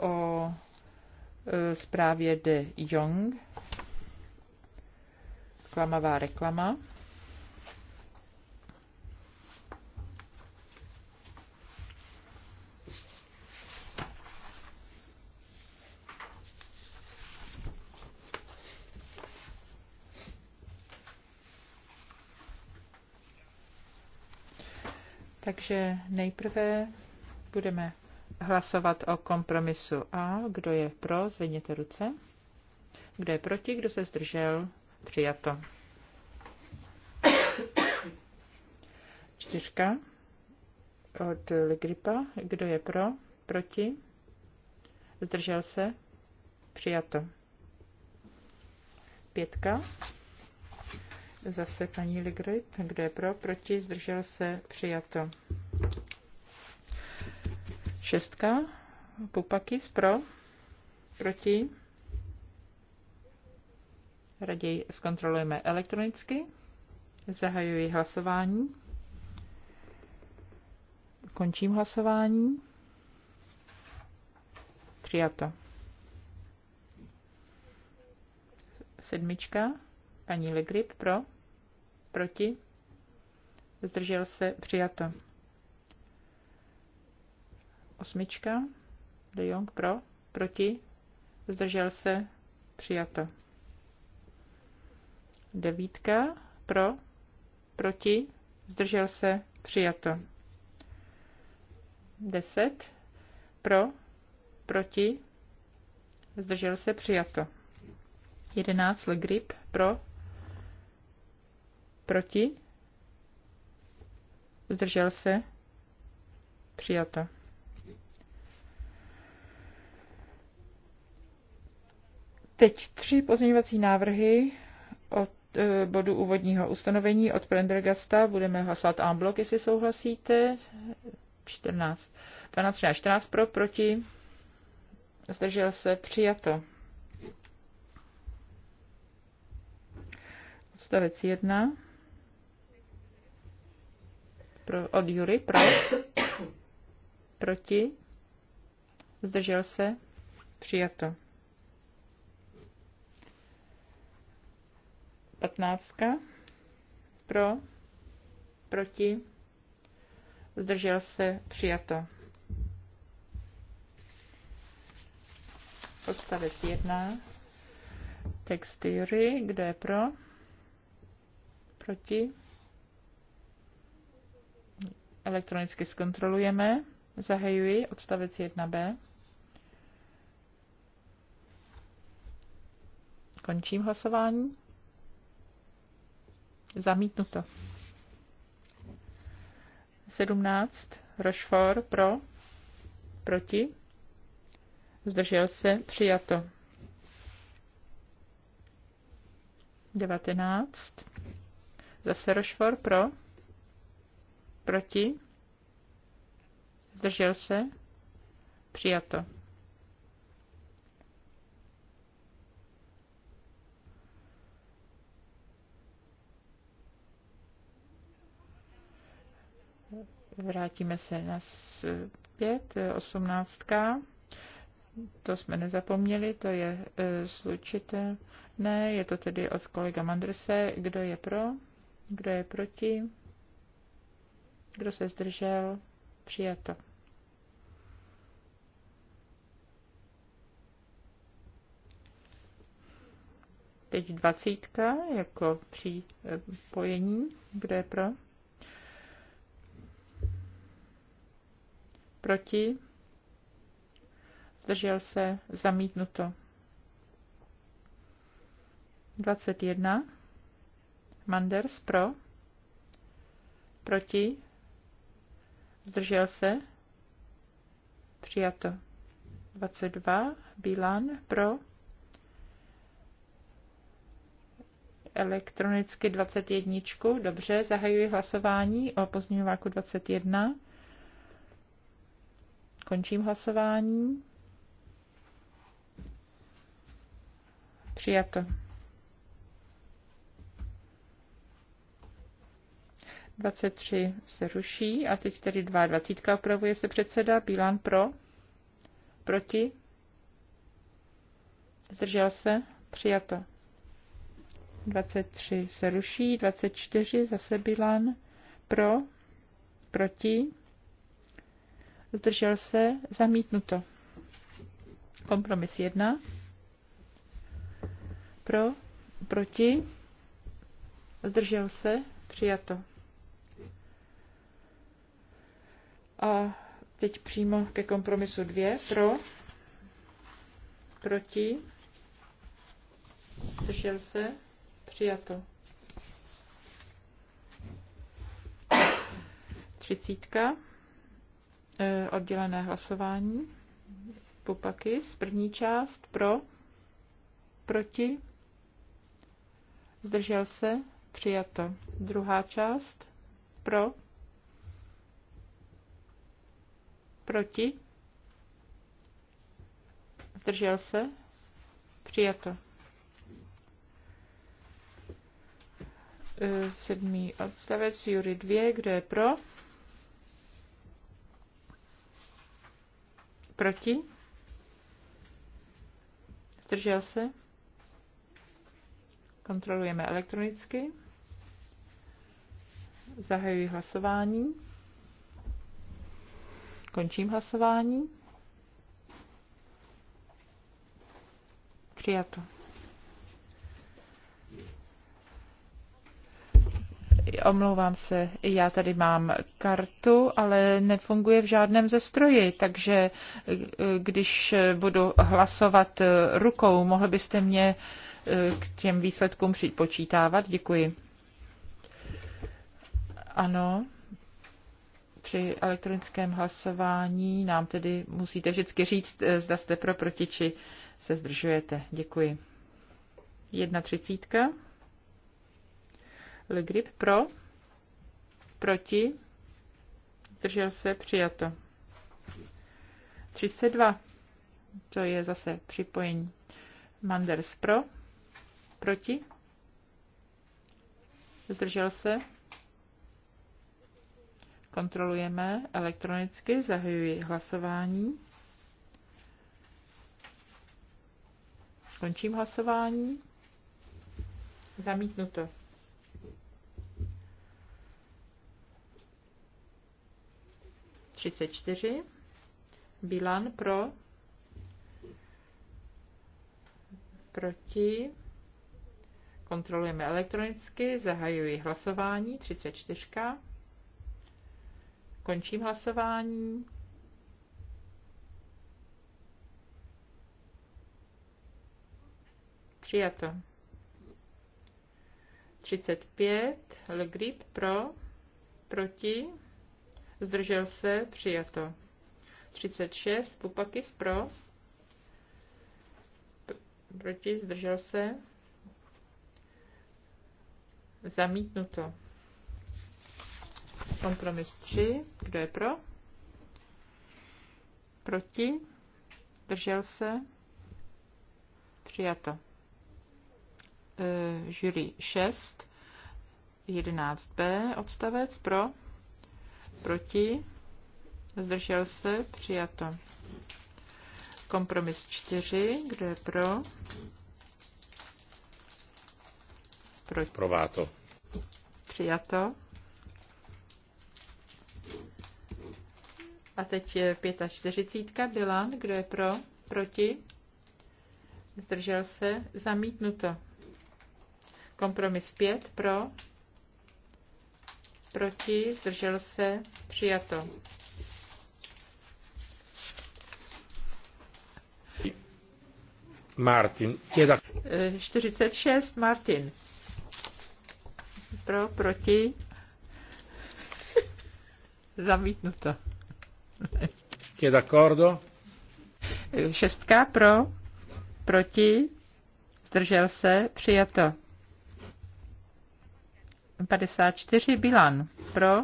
o e, zprávě de Jong klamavá reklama. Takže nejprve budeme hlasovat o kompromisu A. Kdo je pro, zvedněte ruce. Kdo je proti, kdo se zdržel, Přijato. Čtyřka od Ligripa. Kdo je pro? Proti? Zdržel se? Přijato. Pětka. Zase paní Ligrip. Kdo je pro? Proti? Zdržel se? Přijato. Šestka. Pupakis pro? Proti? Raději zkontrolujeme elektronicky. Zahajuji hlasování. Končím hlasování. Přijato. Sedmička. Paní Legrip pro. Proti. Zdržel se. Přijato. Osmička. De Jong pro. Proti. Zdržel se. Přijato. Devítka pro, proti, zdržel se, přijato. Deset pro, proti, zdržel se, přijato. Jedenáct Legrip pro, proti, zdržel se, přijato. Teď tři pozměňovací návrhy Eh, bodu úvodního ustanovení od Prendergasta. Budeme hlasovat en bloc, jestli souhlasíte. 14. 12, 13, 14 pro, proti. Zdržel se, přijato. Odstavec 1. Pro, od Jury, pro. Proti. Zdržel se, přijato. 15. Pro, proti, zdržel se, přijato. Odstavec 1. Text theory, kdo je pro? Proti? Elektronicky zkontrolujeme. Zahajuji odstavec 1b. Končím hlasování. Zamítnuto. 17. Rošfor pro. Proti. Zdržel se. Přijato. 19. Zase Rošfor pro. Proti. Zdržel se. Přijato. Vrátíme se na zpět, osmnáctka. To jsme nezapomněli, to je e, slučitelné. Je to tedy od kolega Mandrse. Kdo je pro? Kdo je proti? Kdo se zdržel? Přijato. Teď dvacítka jako při pojení. Kdo je pro? Proti? Zdržel se? Zamítnuto. 21. Manders pro. Proti? Zdržel se? Přijato. 22. Bílan pro. Elektronicky 21. Dobře, zahajuji hlasování o pozměňováku 21. Končím hlasování. Přijato. 23 se ruší a teď tedy 22 opravuje se předseda. Bílán pro. Proti. Zdržel se. Přijato. 23 se ruší. 24 zase Bílán pro. Proti zdržel se, zamítnuto. Kompromis 1, pro, proti, zdržel se, přijato. A teď přímo ke kompromisu 2, pro, proti, zdržel se, přijato. Třicítka. E, oddělené hlasování. Pupakis, první část, pro, proti, zdržel se, přijato. Druhá část, pro, proti, zdržel se, přijato. E, sedmý odstavec, Jury 2, kdo je pro? Proti? Zdržel se? Kontrolujeme elektronicky. Zahajuji hlasování. Končím hlasování. Přijato. Omlouvám se, já tady mám kartu, ale nefunguje v žádném ze stroji, takže eh, když budu hlasovat eh, rukou, mohl byste mě eh, k těm výsledkům připočítávat? Děkuji. Ano, při elektronickém hlasování nám tedy musíte vždycky říct, zda jste pro, proti, či se zdržujete. Děkuji. Jedna třicítka. Le Grip pro, proti, zdržel se, přijato. 32, to je zase připojení. Manders pro, proti, zdržel se, kontrolujeme elektronicky, zahajuji hlasování. Končím hlasování. Zamítnuto. 34. Bilan pro. Proti. Kontrolujeme elektronicky. Zahajuji hlasování. 34. Končím hlasování. Přijato. 35. Legrip pro. Proti zdržel se, přijato. 36, Pupakis pro, proti, zdržel se, zamítnuto. Kompromis 3, kdo je pro? Proti, zdržel se, přijato. E, jury 6, 11b odstavec pro Proti? Zdržel se? Přijato. Kompromis 4. Kdo je pro? Proti. Prováto. Přijato. A teď je 45. Bilan. Kdo je pro? Proti? Zdržel se? Zamítnuto. Kompromis 5. Pro? proti, zdržel se, přijato. Martin. 46, eh, Martin. Pro, proti. Zamítnuto. Je d'accordo? Eh, šestka pro, proti, zdržel se, přijato. 54 Bilan pro,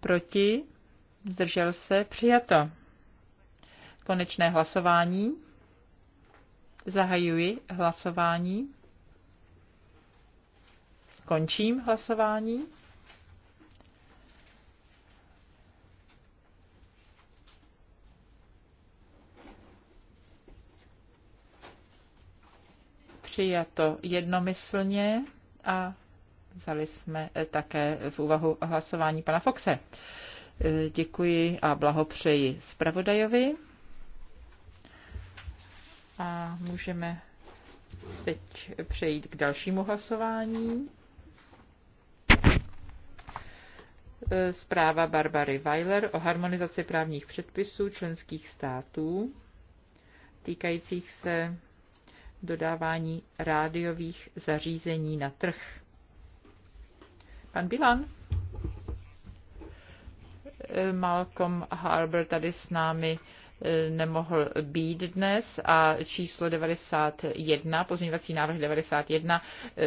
proti, zdržel se, přijato. Konečné hlasování. Zahajuji hlasování. Končím hlasování. Přijato jednomyslně a Vzali jsme eh, také v úvahu hlasování pana Foxe. Eh, děkuji a blahopřeji zpravodajovi. A můžeme teď přejít k dalšímu hlasování. Eh, zpráva Barbary Weiler o harmonizaci právních předpisů členských států týkajících se dodávání rádiových zařízení na trh. Pan Bilan? Malcolm Harbour tady s námi e, nemohl být dnes a číslo 91, pozměňovací návrh 91 e,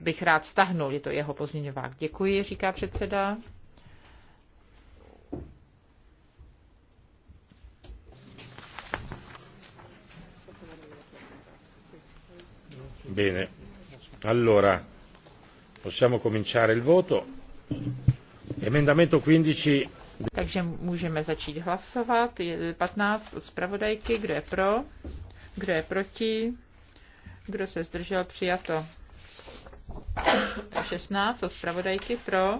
bych rád stahnul, je to jeho pozměňovák. Děkuji, říká předseda. Bene. Allora, Possiamo cominciare il voto. Emendamento 15. Takže můžeme začít hlasovat. Je 15 od zpravodajky. Kdo je pro? Kdo je proti? Kdo se zdržel? Přijato. 16 od zpravodajky pro,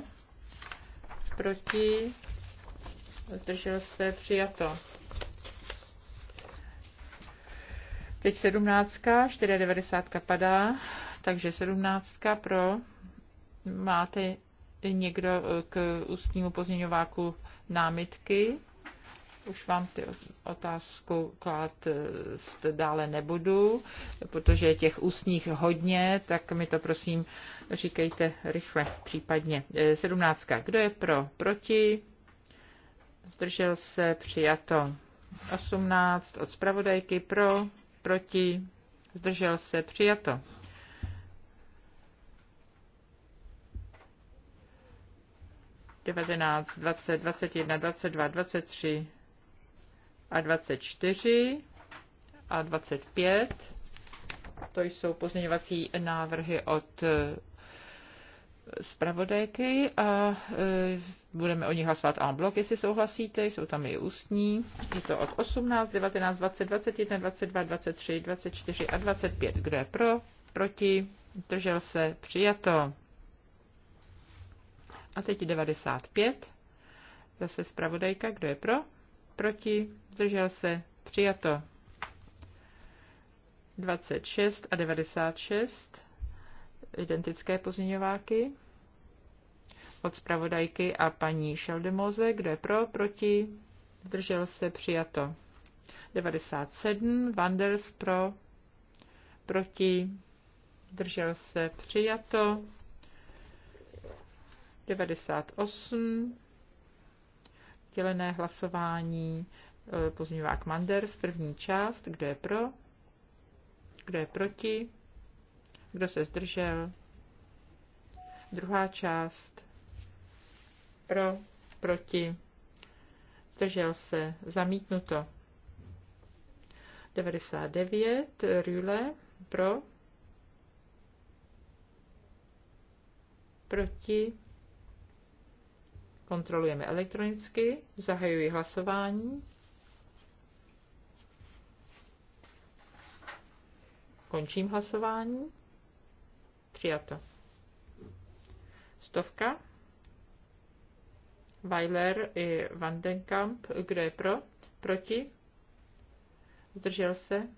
proti, zdržel se, přijato. Teď 17, 4,90 padá, takže 17 pro, Máte někdo eh, k ústnímu pozměňováku námitky? Už vám ty otázku klát eh, dále nebudu, protože je těch ústních hodně, tak mi to prosím říkejte rychle případně. Eh, sedmnáctka. Kdo je pro? Proti? Zdržel se? Přijato. 18 od zpravodajky pro, proti, zdržel se, přijato. 19, 20, 21, 22, 23 a 24 a 25. To jsou pozměňovací návrhy od eh, zpravodajky a eh, budeme o nich hlasovat en bloc, jestli souhlasíte, jsou tam i ústní. Je to od 18, 19, 20, 21, 22, 23, 24 a 25. Kdo je pro? Proti? Držel se? Přijato. A teď 95. Zase zpravodajka, kdo je pro? Proti? Zdržel se? Přijato. 26 a 96. Identické pozměňováky od zpravodajky a paní Šeldemoze. Kdo je pro? Proti? Zdržel se? Přijato. 97. Vanders pro? Proti? Zdržel se? Přijato. 98, dělené hlasování, e, pozměňovák Manders, první část, kdo je pro, kdo je proti, kdo se zdržel, druhá část, pro, proti, zdržel se, zamítnuto. 99, Rüle, pro, proti, Zkontrolujeme elektronicky. Zahajuji hlasování. Končím hlasování. Přijato. Stovka. Weiler i Vandenkamp. Kdo je pro? Proti? Zdržel se?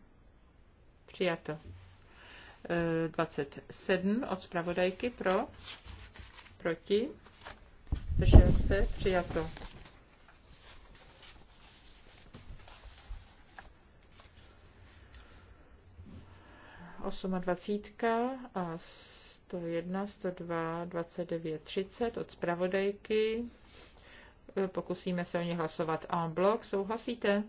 Přijato. 27 e, od zpravodajky pro, proti, zdržel se, přijato. Osmadvacítka a 101, 102, 29, 30 od zpravodajky. Pokusíme se o ně hlasovat en bloc. Souhlasíte?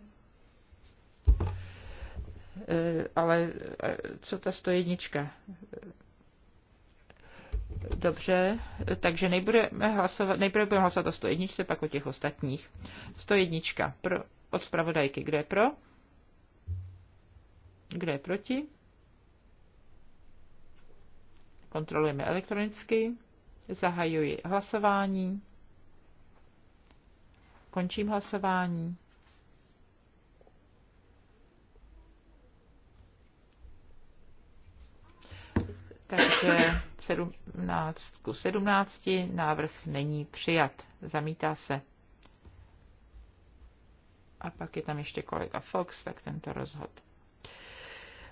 Eh, ale eh, co ta 101? Dobře, takže nejprve hlasovat, nejprve budeme hlasovat o 101, pak o těch ostatních. 101 pro, od zpravodajky. Kdo je pro? Kdo je proti? Kontrolujeme elektronicky. Zahajuji hlasování. Končím hlasování. Takže 17 ku 17, návrh není přijat, zamítá se. A pak je tam ještě kolega Fox, tak tento rozhod.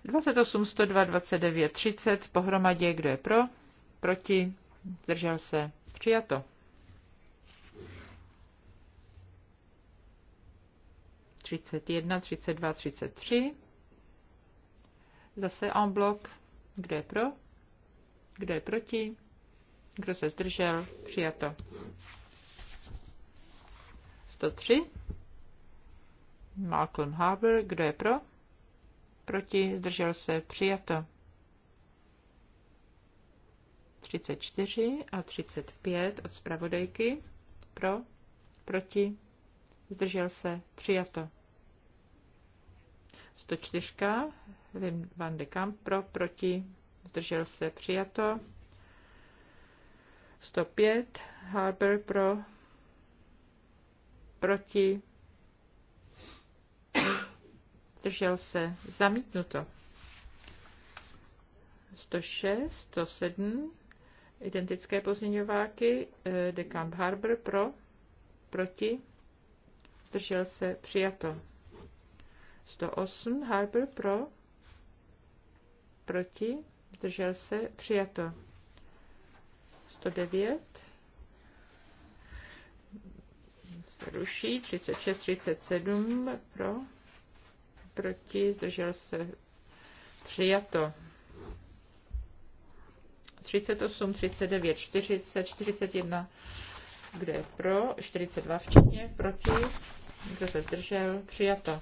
28, 102, 29, 30, pohromadě, kdo je pro, proti, držel se, přijato. Třicet jedna, třicet dva, třicet tři. Zase en blok. Kdo je pro? Kdo je proti? Kdo se zdržel? Přijato. 103. Malcolm Harbour. Kdo je pro? Proti? Zdržel se? Přijato. 34 a 35 od zpravodajky. Pro? Proti? Zdržel se? Přijato. 104. Vim van de Kamp. Pro? Proti? zdržel se přijato. 105 Harbour pro, proti, zdržel se zamítnuto. 106, 107, identické pozměňováky, eh, De Camp Harbor pro, proti, zdržel se přijato. 108 Harbor pro, proti, zdržel se, přijato. 109 se ruší, 36, 37 pro, proti, zdržel se, přijato. 38, 39, 40, 41, kde je pro, 42 včetně, proti, kdo se zdržel, přijato.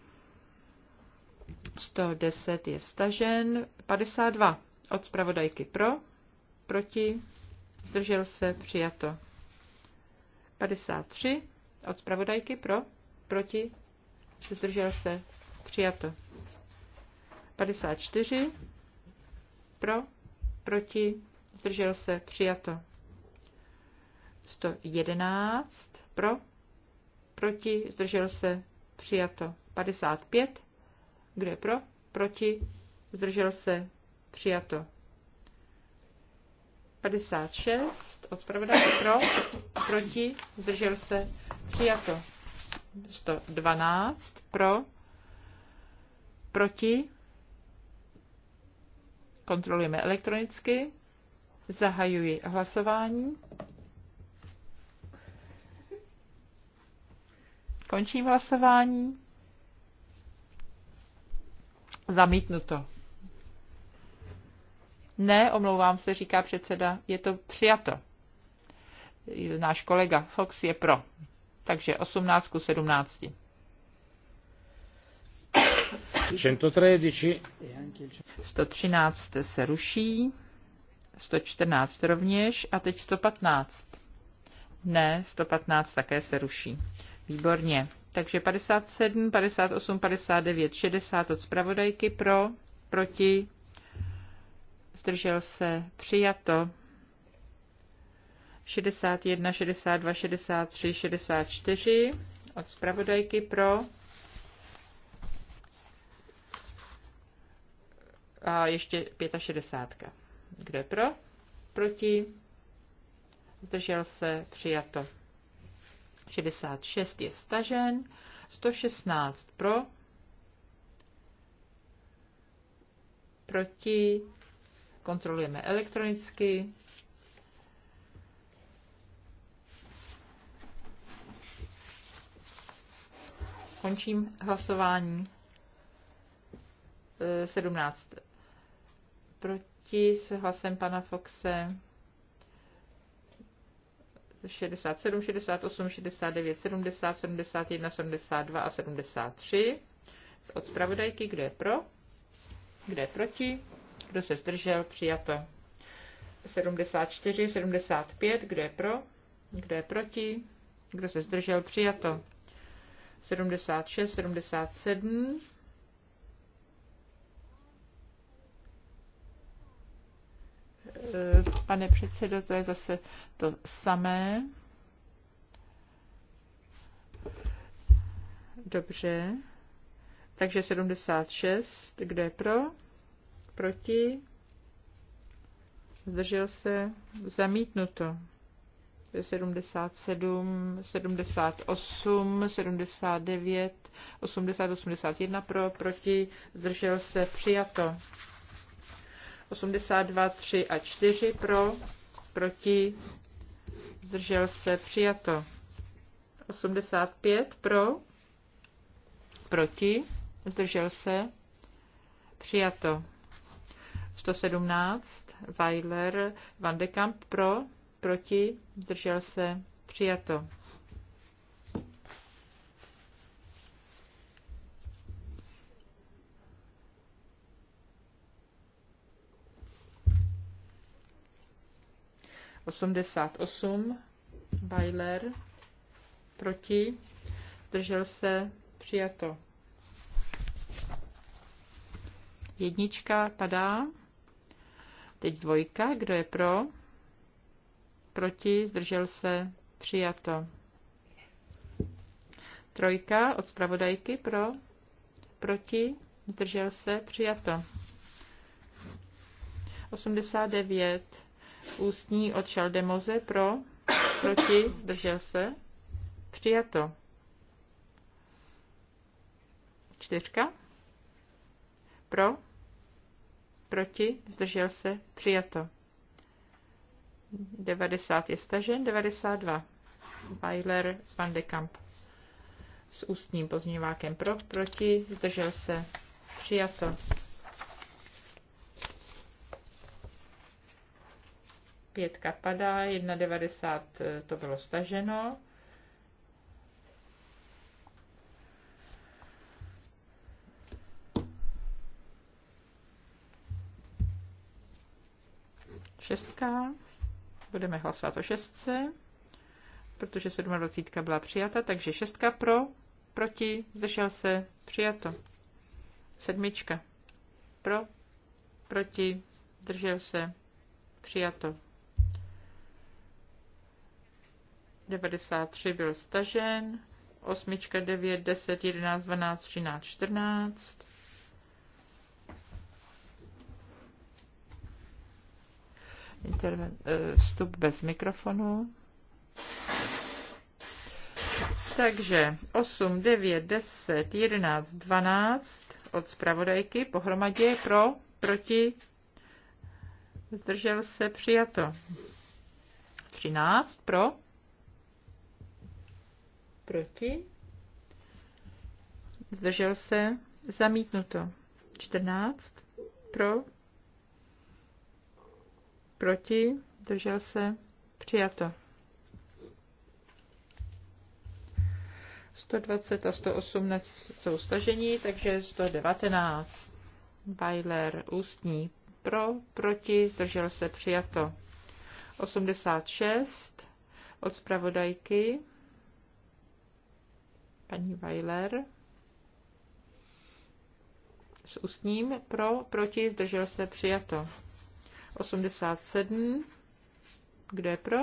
110 je stažen. 52 od zpravodajky pro, proti, zdržel se, přijato. 53 od zpravodajky pro, proti, zdržel se, přijato. 54 pro, proti, zdržel se, přijato. 111 pro, proti, zdržel se, přijato. 55 kdo je pro? Proti? Zdržel se? Přijato. 56 Odpravda zpravodaje pro, proti, zdržel se, přijato. 112 pro, proti, kontrolujeme elektronicky, zahajuji hlasování. Končím hlasování. Zamítnuto. Ne, omlouvám se, říká předseda, je to přijato. Náš kolega Fox je pro. Takže 18 ku 17. 113. 113 se ruší, 114 rovněž a teď 115. Ne, 115 také se ruší. Výborně. Takže 57, 58, 59, 60 od zpravodajky pro, proti, zdržel se, přijato. 61, 62, 63, 64 od zpravodajky pro. A ještě 65. Kdo je pro? Proti? Zdržel se, přijato. 66 je stažen, 116 pro, proti, kontrolujeme elektronicky. Končím hlasování. 17 eh, proti s hlasem pana Foxe. 67, 68, 69, 70, 71, 72 a 73 od zpravodajky, kdo je pro, kdo je proti, kdo se zdržel, přijato. 74, 75, kdo je pro, kdo je proti, kdo se zdržel, přijato. 76, 77, Eh, pane předsedo, to je zase to samé. Dobře. Takže 76, kdo je pro? Proti? Zdržel se? Zamítnuto. 77, 78, 79, 80, 81 pro, proti, zdržel se, přijato. 82, 3 a 4 pro, proti, zdržel se, přijato. 85 pro, proti, zdržel se, přijato. 117, Weiler, Van de Kamp pro, proti, zdržel se, přijato. 88. Bajler. Proti. Zdržel se. Přijato. Jednička padá. Teď dvojka. Kdo je pro? Proti. Zdržel se. Přijato. Trojka od zpravodajky pro. Proti. Zdržel se. Přijato. 89 Ústní od Šaldemoze pro, proti, zdržel se. Přijato. Čtyřka. Pro, proti, zdržel se, přijato. 90 je stažen, 92. Weiler van de Kamp s ústním pozměňovákem pro, proti, zdržel se, přijato. Pětka padá, 1,90 to bylo staženo. Šestka. Budeme hlasovat o šestce, protože 27 byla přijata, takže šestka pro, proti, zdržel se, přijato. Sedmička pro, proti, zdržel se, přijato. 93 byl stažen, osmička 9, 10, 11, 12, 13, 14. Interven, eh, vstup bez mikrofonu. Takže 8, 9, 10, 11, 12 od zpravodajky pohromadě pro, proti, zdržel se, přijato. 13 pro, Proti? Zdržel se? Zamítnuto. 14. Pro? Proti? Zdržel se? Přijato. 120 a 118 jsou stažení, takže 119. Bajler ústní pro, proti, zdržel se přijato. 86 od zpravodajky paní Weiler s ústním pro, proti, zdržel se, přijato. 87, kdo je pro,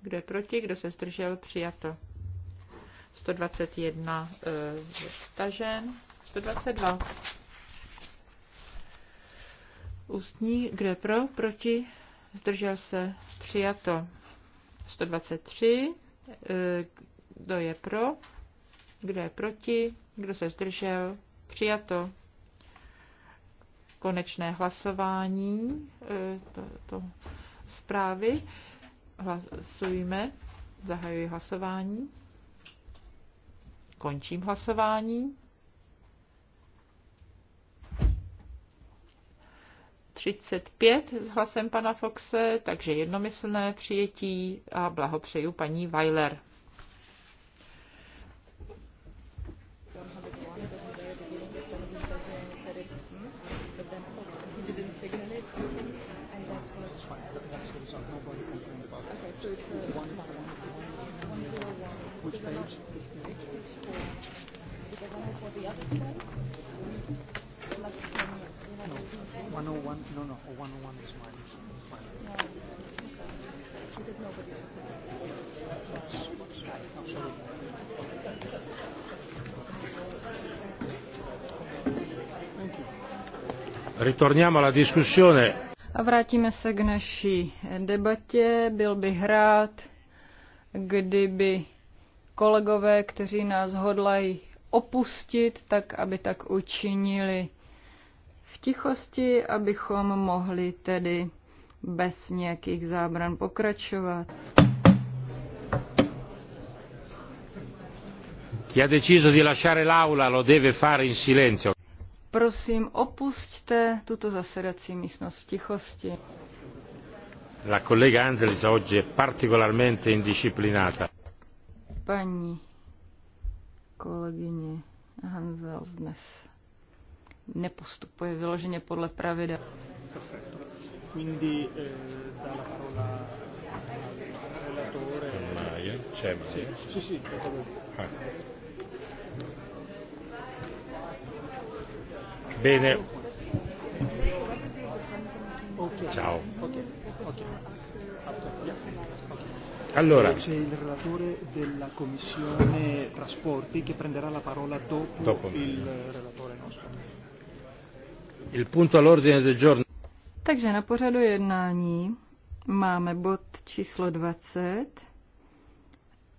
kdo je proti, kdo se zdržel, přijato. 121 eh, je stažen, 122. Ústní, kdo je pro, proti, zdržel se, přijato. 123, eh, kdo je pro, kdo je proti? Kdo se zdržel? Přijato. Konečné hlasování e, to, to zprávy. Hlasujeme. Zahajuji hlasování. Končím hlasování. 35 s hlasem pana Foxe, takže jednomyslné přijetí a blahopřeju paní Weiler. Ritorniamo alla discussione. A vrátíme se k naší debatě. Byl bych rád, kdyby kolegové, kteří nás hodlají opustit, tak aby tak učinili v tichosti, abychom mohli tedy bez nějakých zábran pokračovat. Chi ha deciso di lasciare l'aula lo deve fare in silenzio. Prosím, opusťte tuto zasedací místnost v tichosti. La collega Angelis oggi è particolarmente indisciplinata. Pani kolegyně Hanzel dnes nepostupuje vyloženě podle pravidel. Bene. Okay. Ciao. Okay. Okay. After, yeah. okay. Allora. C'è il relatore della Commissione Trasporti che prenderà la parola dopo, dopo. il relatore nostro. Il punto all'ordine del giorno. Takže na pořadu jednání máme bod číslo 20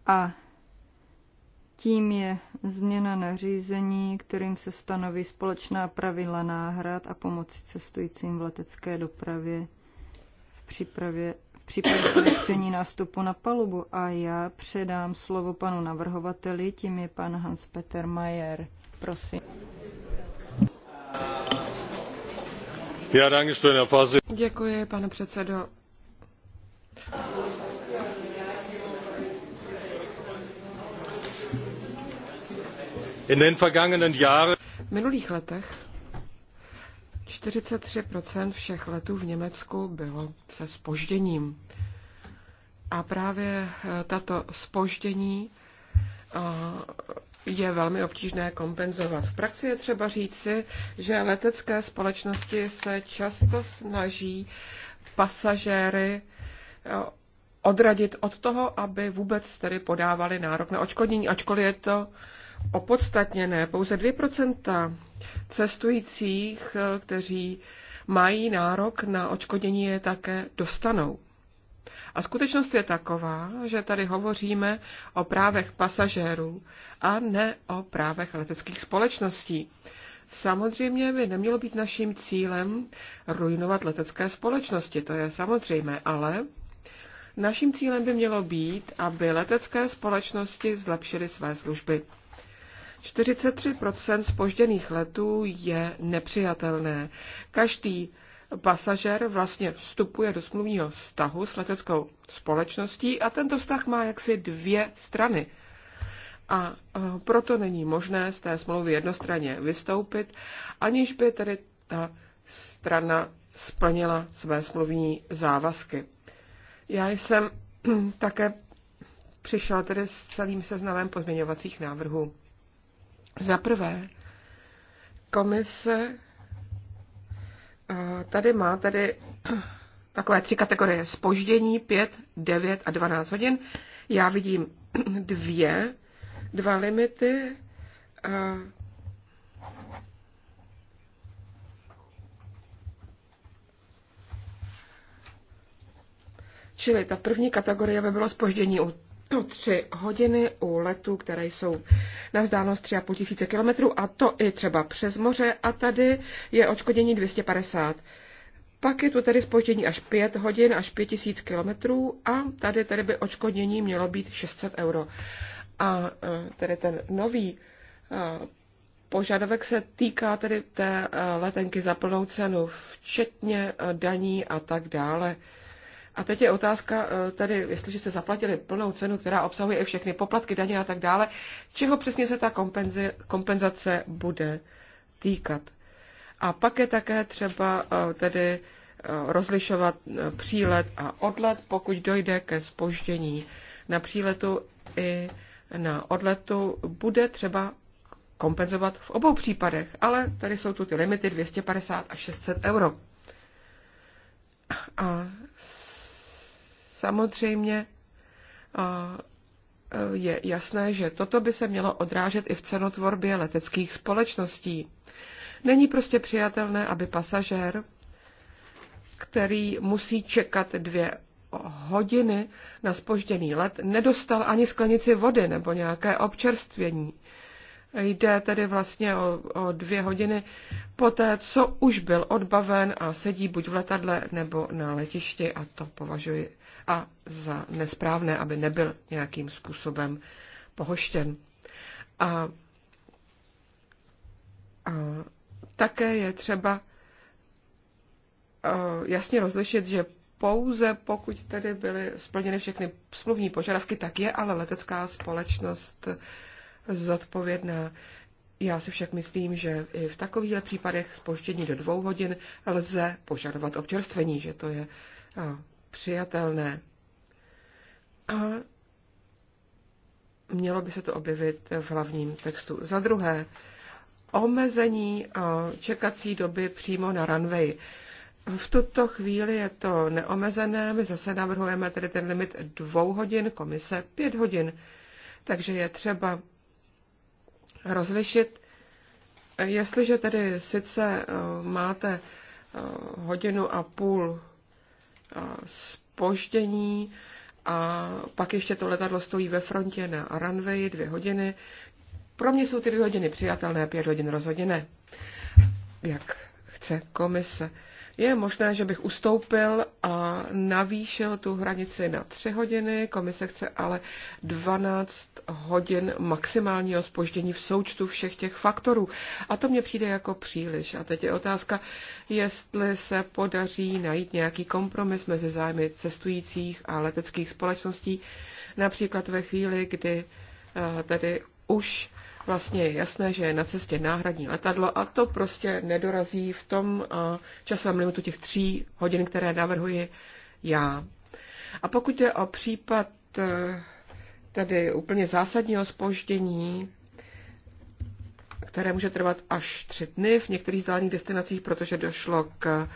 a tím je změna nařízení, kterým se stanoví společná pravidla náhrad a pomoci cestujícím v letecké dopravě v přípravě v cení nástupu na palubu. A já předám slovo panu navrhovateli, tím je pan Hans-Peter Mayer. Prosím. Děkuji, pane předsedo. In den vergangenen Jahren v minulých letech 43% všech letů v Německu bylo se spožděním. A právě eh, tato spoždění eh, je velmi obtížné kompenzovat. V praxi je třeba říci, že letecké společnosti se často snaží pasažéry eh, odradit od toho, aby vůbec tedy podávali nárok na očkodnění, ačkoliv je to opodstatněné. Pouze 2% cestujících, kteří mají nárok na očkodění, je také dostanou. A skutečnost je taková, že tady hovoříme o právech pasažérů a ne o právech leteckých společností. Samozřejmě by nemělo být naším cílem ruinovat letecké společnosti, to je samozřejmé, ale naším cílem by mělo být, aby letecké společnosti zlepšily své služby. 43% spožděných letů je nepřijatelné. Každý pasažer vlastně vstupuje do smluvního vztahu s leteckou společností a tento vztah má jaksi dvě strany. A eh, proto není možné z té smlouvy jednostranně vystoupit, aniž by tedy ta strana splnila své smluvní závazky. Já jsem také přišel tedy s celým seznamem pozměňovacích návrhů. Za prvé, komise eh, tady má tady takové tři kategorie. Spoždění 5, 9 a 12 hodin. Já vidím dvě, dva limity. Eh, čili ta první kategorie by bylo spoždění u tři hodiny u letů, které jsou na vzdálenost 3,5 tisíce kilometrů a to i třeba přes moře a tady je odškodnění 250. Pak je tu tedy spoždění až 5 hodin, až 5 tisíc kilometrů a tady tedy by odškodnění mělo být 600 euro. A e, tedy ten nový e, požadavek se týká tedy té e, letenky za plnou cenu, včetně daní a tak dále. A teď je otázka eh, tady, jestliže se zaplatili plnou cenu, která obsahuje i všechny poplatky, daně a tak dále, čeho přesně se ta kompenzace bude týkat. A pak je také třeba eh, tedy eh, rozlišovat přílet a odlet, pokud dojde ke spoždění na příletu i na odletu, bude třeba kompenzovat v obou případech, ale tady jsou tu ty limity 250 až 600 euro. A Samozřejmě e, je jasné, že toto by se mělo odrážet i v cenotvorbě leteckých společností. Není prostě přijatelné, aby pasažér, který musí čekat dvě hodiny na spožděný let, nedostal ani sklenici vody nebo nějaké občerstvení. Jde tedy vlastně o, o dvě hodiny poté, co už byl odbaven a sedí buď v letadle nebo na letišti a to považuji a za nesprávné, aby nebyl nějakým způsobem pohoštěn. A, a také je třeba jasně rozlišit, že pouze pokud tedy byly splněny všechny smluvní požadavky, tak je ale letecká společnost zodpovědná. Já si však myslím, že i v takových případech spoštění do dvou hodin lze požadovat občerstvení, že to je přijatelné. A mělo by se to objevit v hlavním textu. Za druhé, omezení eh, čekací doby přímo na runway. V tuto chvíli je to neomezené, my zase navrhujeme tedy ten limit dvou hodin, komise pět hodin. Takže je třeba rozlišit, jestliže tedy sice eh, máte eh, hodinu a půl spoždění a pak ještě to letadlo stojí ve frontě na runway dvě hodiny. Pro mě jsou ty dvě hodiny přijatelné, pět hodin rozhodně ne. Jak chce komise. Je možné, že bych ustoupil a navýšil tu hranici na 3 hodiny, komise chce ale 12 hodin maximálního spoždění v součtu všech těch faktorů. A to mně přijde jako příliš. A teď je otázka, jestli se podaří najít nějaký kompromis mezi zájmy cestujících a leteckých společností, například ve chvíli, kdy eh, tedy už vlastně je jasné, že je na cestě náhradní letadlo a to prostě nedorazí v tom časovém limitu těch tří hodin, které navrhuji já. A pokud je o případ eh, tedy úplně zásadního spoždění, které může trvat až tři dny v některých vzdálených destinacích, protože došlo k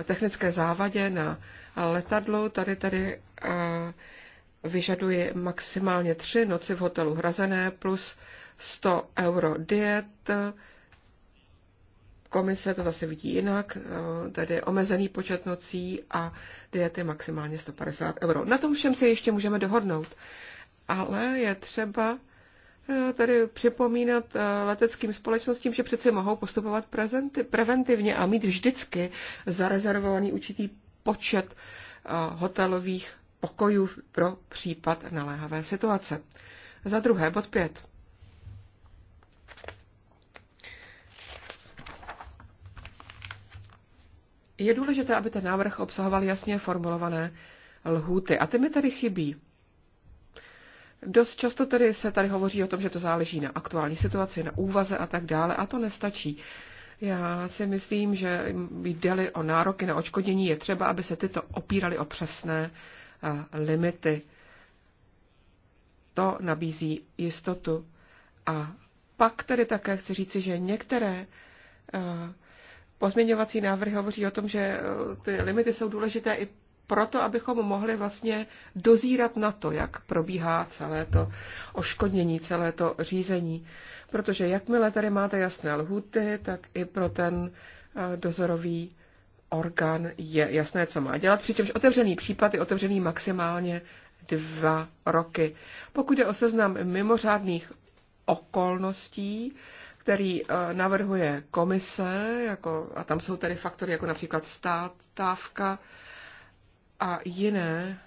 eh, technické závadě na letadlu. Tady tady eh, vyžaduje maximálně tři noci v hotelu hrazené plus 100 euro diet. Komise to zase vidí jinak, eh, tady je omezený počet nocí a diety maximálně 150 euro. Na tom všem se ještě můžeme dohodnout, ale je třeba eh, tady připomínat eh, leteckým společnostím, že přece mohou postupovat preventivně a mít vždycky zarezervovaný určitý počet hotelových pokojů pro případ naléhavé situace. Za druhé, bod pět. je důležité, aby ten návrh obsahoval jasně formulované lhůty. A ty mi tady chybí. Dost často tedy se tady hovoří o tom, že to záleží na aktuální situaci, na úvaze a tak dále, a to nestačí. Já si myslím, že jde-li o nároky na očkodění, je třeba, aby se tyto opíraly o přesné eh, limity. To nabízí jistotu. A pak tedy také chci říci, že některé uh, pozměňovací návrh hovoří o tom, že e, ty limity jsou důležité i proto, abychom mohli vlastně dozírat na to, jak probíhá celé to oškodnění, celé to řízení. Protože jakmile tady máte jasné lhuty, tak i pro ten e, dozorový orgán je jasné, co má dělat, přičemž otevřený případ je otevřený maximálně dva roky. Pokud je o seznam mimořádných okolností, který eh, navrhuje komise, jako, a tam jsou tedy faktory jako například stát, távka a jiné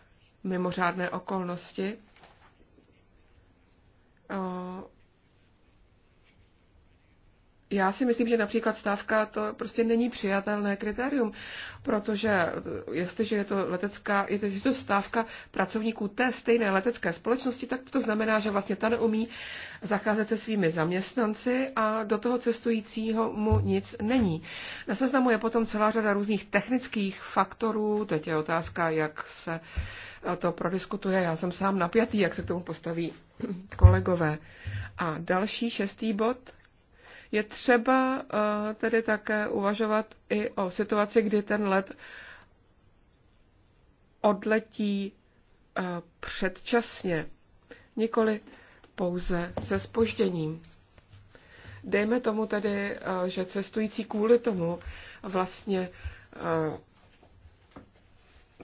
mimořádné okolnosti, eh, já si myslím, že například stávka to prostě není přijatelné kritérium, protože jestliže je to letecká, jestliže je to stávka pracovníků té stejné letecké společnosti, tak to znamená, že vlastně ta neumí zacházet se svými zaměstnanci a do toho cestujícího mu nic není. Na seznamu je potom celá řada různých technických faktorů, teď je otázka, jak se to prodiskutuje. Já jsem sám napjatý, jak se k tomu postaví kolegové. A další šestý bod, je třeba eh, tedy také uvažovat i o situaci, kdy ten let odletí eh, předčasně, nikoli pouze se spožděním. Dejme tomu tedy, eh, že cestující kvůli tomu vlastně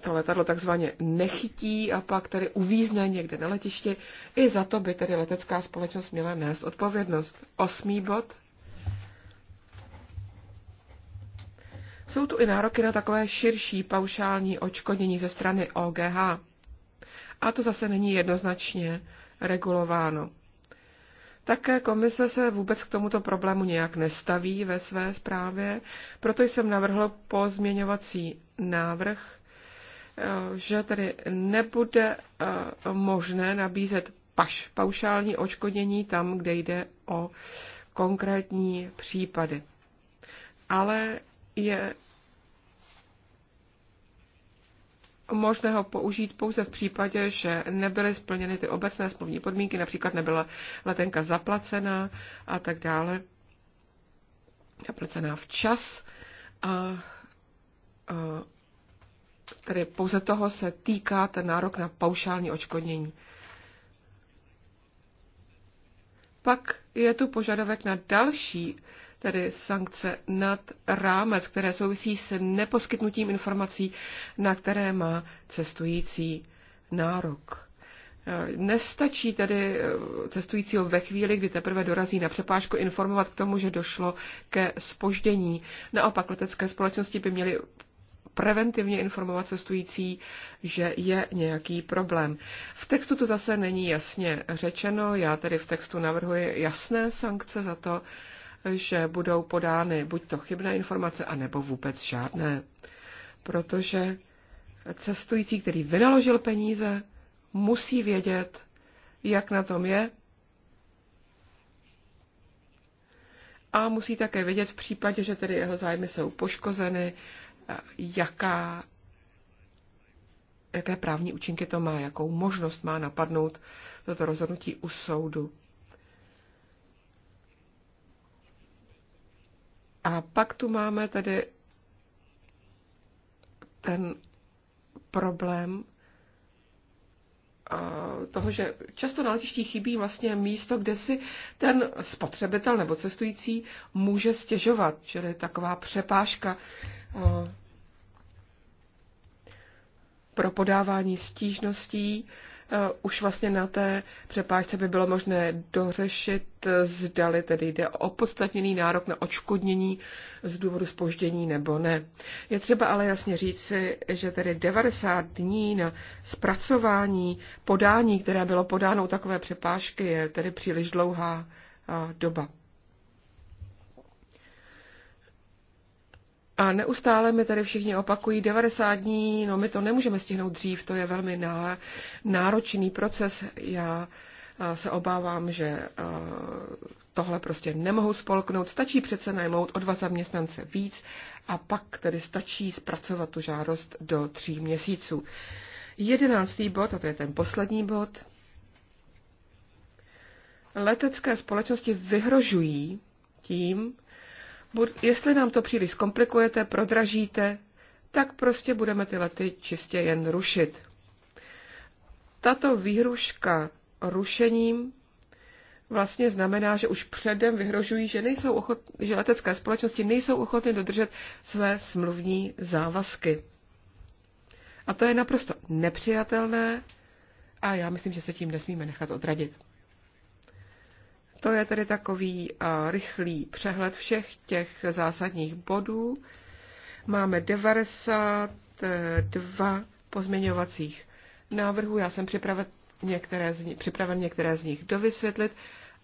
to letadlo takzvaně nechytí a pak tedy uvízne někde na letišti. I za to by tedy letecká společnost měla nést odpovědnost. Osmý bod. Jsou tu i nároky na takové širší paušální očkodnění ze strany OGH. A to zase není jednoznačně regulováno. Také komise se vůbec k tomuto problému nějak nestaví ve své zprávě, proto jsem navrhl pozměňovací návrh, eh, že tedy nebude eh, možné nabízet paš, paušální očkodnění tam, kde jde o konkrétní případy. Ale je možné ho použít pouze v případě, že nebyly splněny ty obecné smluvní podmínky, například nebyla letenka zaplacená a tak dále, zaplacená včas. A, a tedy pouze toho se týká ten nárok na paušální očkodnění. Pak je tu požadavek na další tedy sankce nad rámec, které souvisí s neposkytnutím informací, na které má cestující nárok. Nestačí tedy eh, cestujícího ve chvíli, kdy teprve dorazí na přepážku, informovat k tomu, že došlo ke spoždění. Naopak letecké společnosti by měly preventivně informovat cestující, že je nějaký problém. V textu to zase není jasně řečeno, já tedy v textu navrhuji jasné sankce za to, že budou podány buď to chybné informace, anebo vůbec žádné. Protože cestující, který vynaložil peníze, musí vědět, jak na tom je a musí také vědět v případě, že tedy jeho zájmy jsou poškozeny, jaká, jaké právní účinky to má, jakou možnost má napadnout toto rozhodnutí u soudu. A pak tu máme tedy ten problém toho, že často na letišti chybí vlastně místo, kde si ten spotřebitel nebo cestující může stěžovat, čili taková přepážka pro podávání stížností Eh, už vlastně na té přepážce by bylo možné dořešit, eh, zdali tedy jde o opodstatněný nárok na očkodnění z důvodu spoždění nebo ne. Je třeba ale jasně říci, že tedy 90 dní na zpracování podání, které bylo podáno u takové přepážky, je tedy příliš dlouhá eh, doba. A neustále mi tady všichni opakují 90 dní, no my to nemůžeme stihnout dřív, to je velmi náročný proces. Já se obávám, že tohle prostě nemohou spolknout. Stačí přece najmout o dva zaměstnance víc a pak tedy stačí zpracovat tu žádost do tří měsíců. Jedenáctý bod, a to je ten poslední bod. Letecké společnosti vyhrožují tím, jestli nám to příliš komplikujete, prodražíte, tak prostě budeme ty lety čistě jen rušit. Tato výhruška rušením vlastně znamená, že už předem vyhrožují, že, nejsou ochot, že letecké společnosti nejsou ochotny dodržet své smluvní závazky. A to je naprosto nepřijatelné a já myslím, že se tím nesmíme nechat odradit. To je tedy takový rychlý přehled všech těch zásadních bodů. Máme 92 pozměňovacích návrhů. Já jsem připraven některé z nich, připraven některé z nich dovysvětlit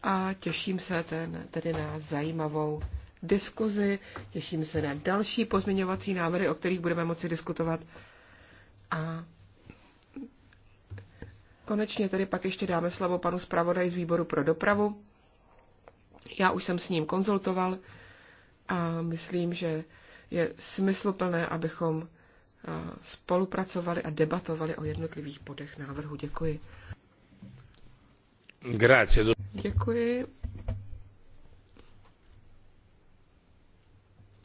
a těším se ten, tedy na zajímavou diskuzi. Těším se na další pozměňovací návrhy, o kterých budeme moci diskutovat. A konečně tedy pak ještě dáme slovo panu zpravodaj z výboru pro dopravu já už jsem s ním konzultoval a myslím, že je smysluplné, abychom spolupracovali a debatovali o jednotlivých bodech návrhu. Děkuji. Grazie. Děkuji.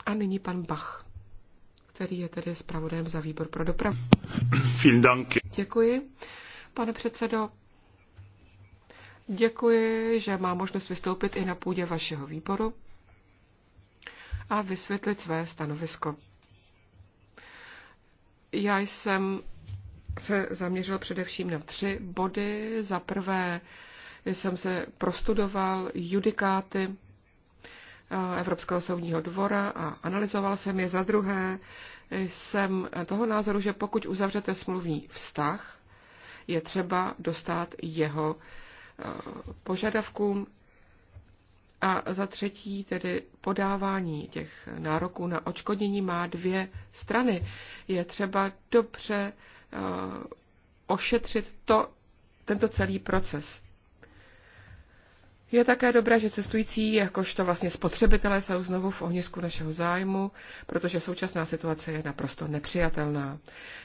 A nyní pan Bach, který je tedy zpravodajem za výbor pro dopravu. Děkuji. Pane předsedo, Děkuji, že má možnost vystoupit i na půdě vašeho výboru a vysvětlit své stanovisko. Já jsem se zaměřil především na tři body. Za prvé jsem se prostudoval judikáty eh, Evropského soudního dvora a analyzoval jsem je. Za druhé jsem toho názoru, že pokud uzavřete smluvní vztah, je třeba dostat jeho požadavkům a za třetí tedy podávání těch nároků na očkodnění má dvě strany. Je třeba dobře eh, ošetřit to, tento celý proces. Je také dobré, že cestující, jakožto vlastně spotřebitelé, jsou znovu v ohnisku našeho zájmu, protože současná situace je naprosto nepřijatelná.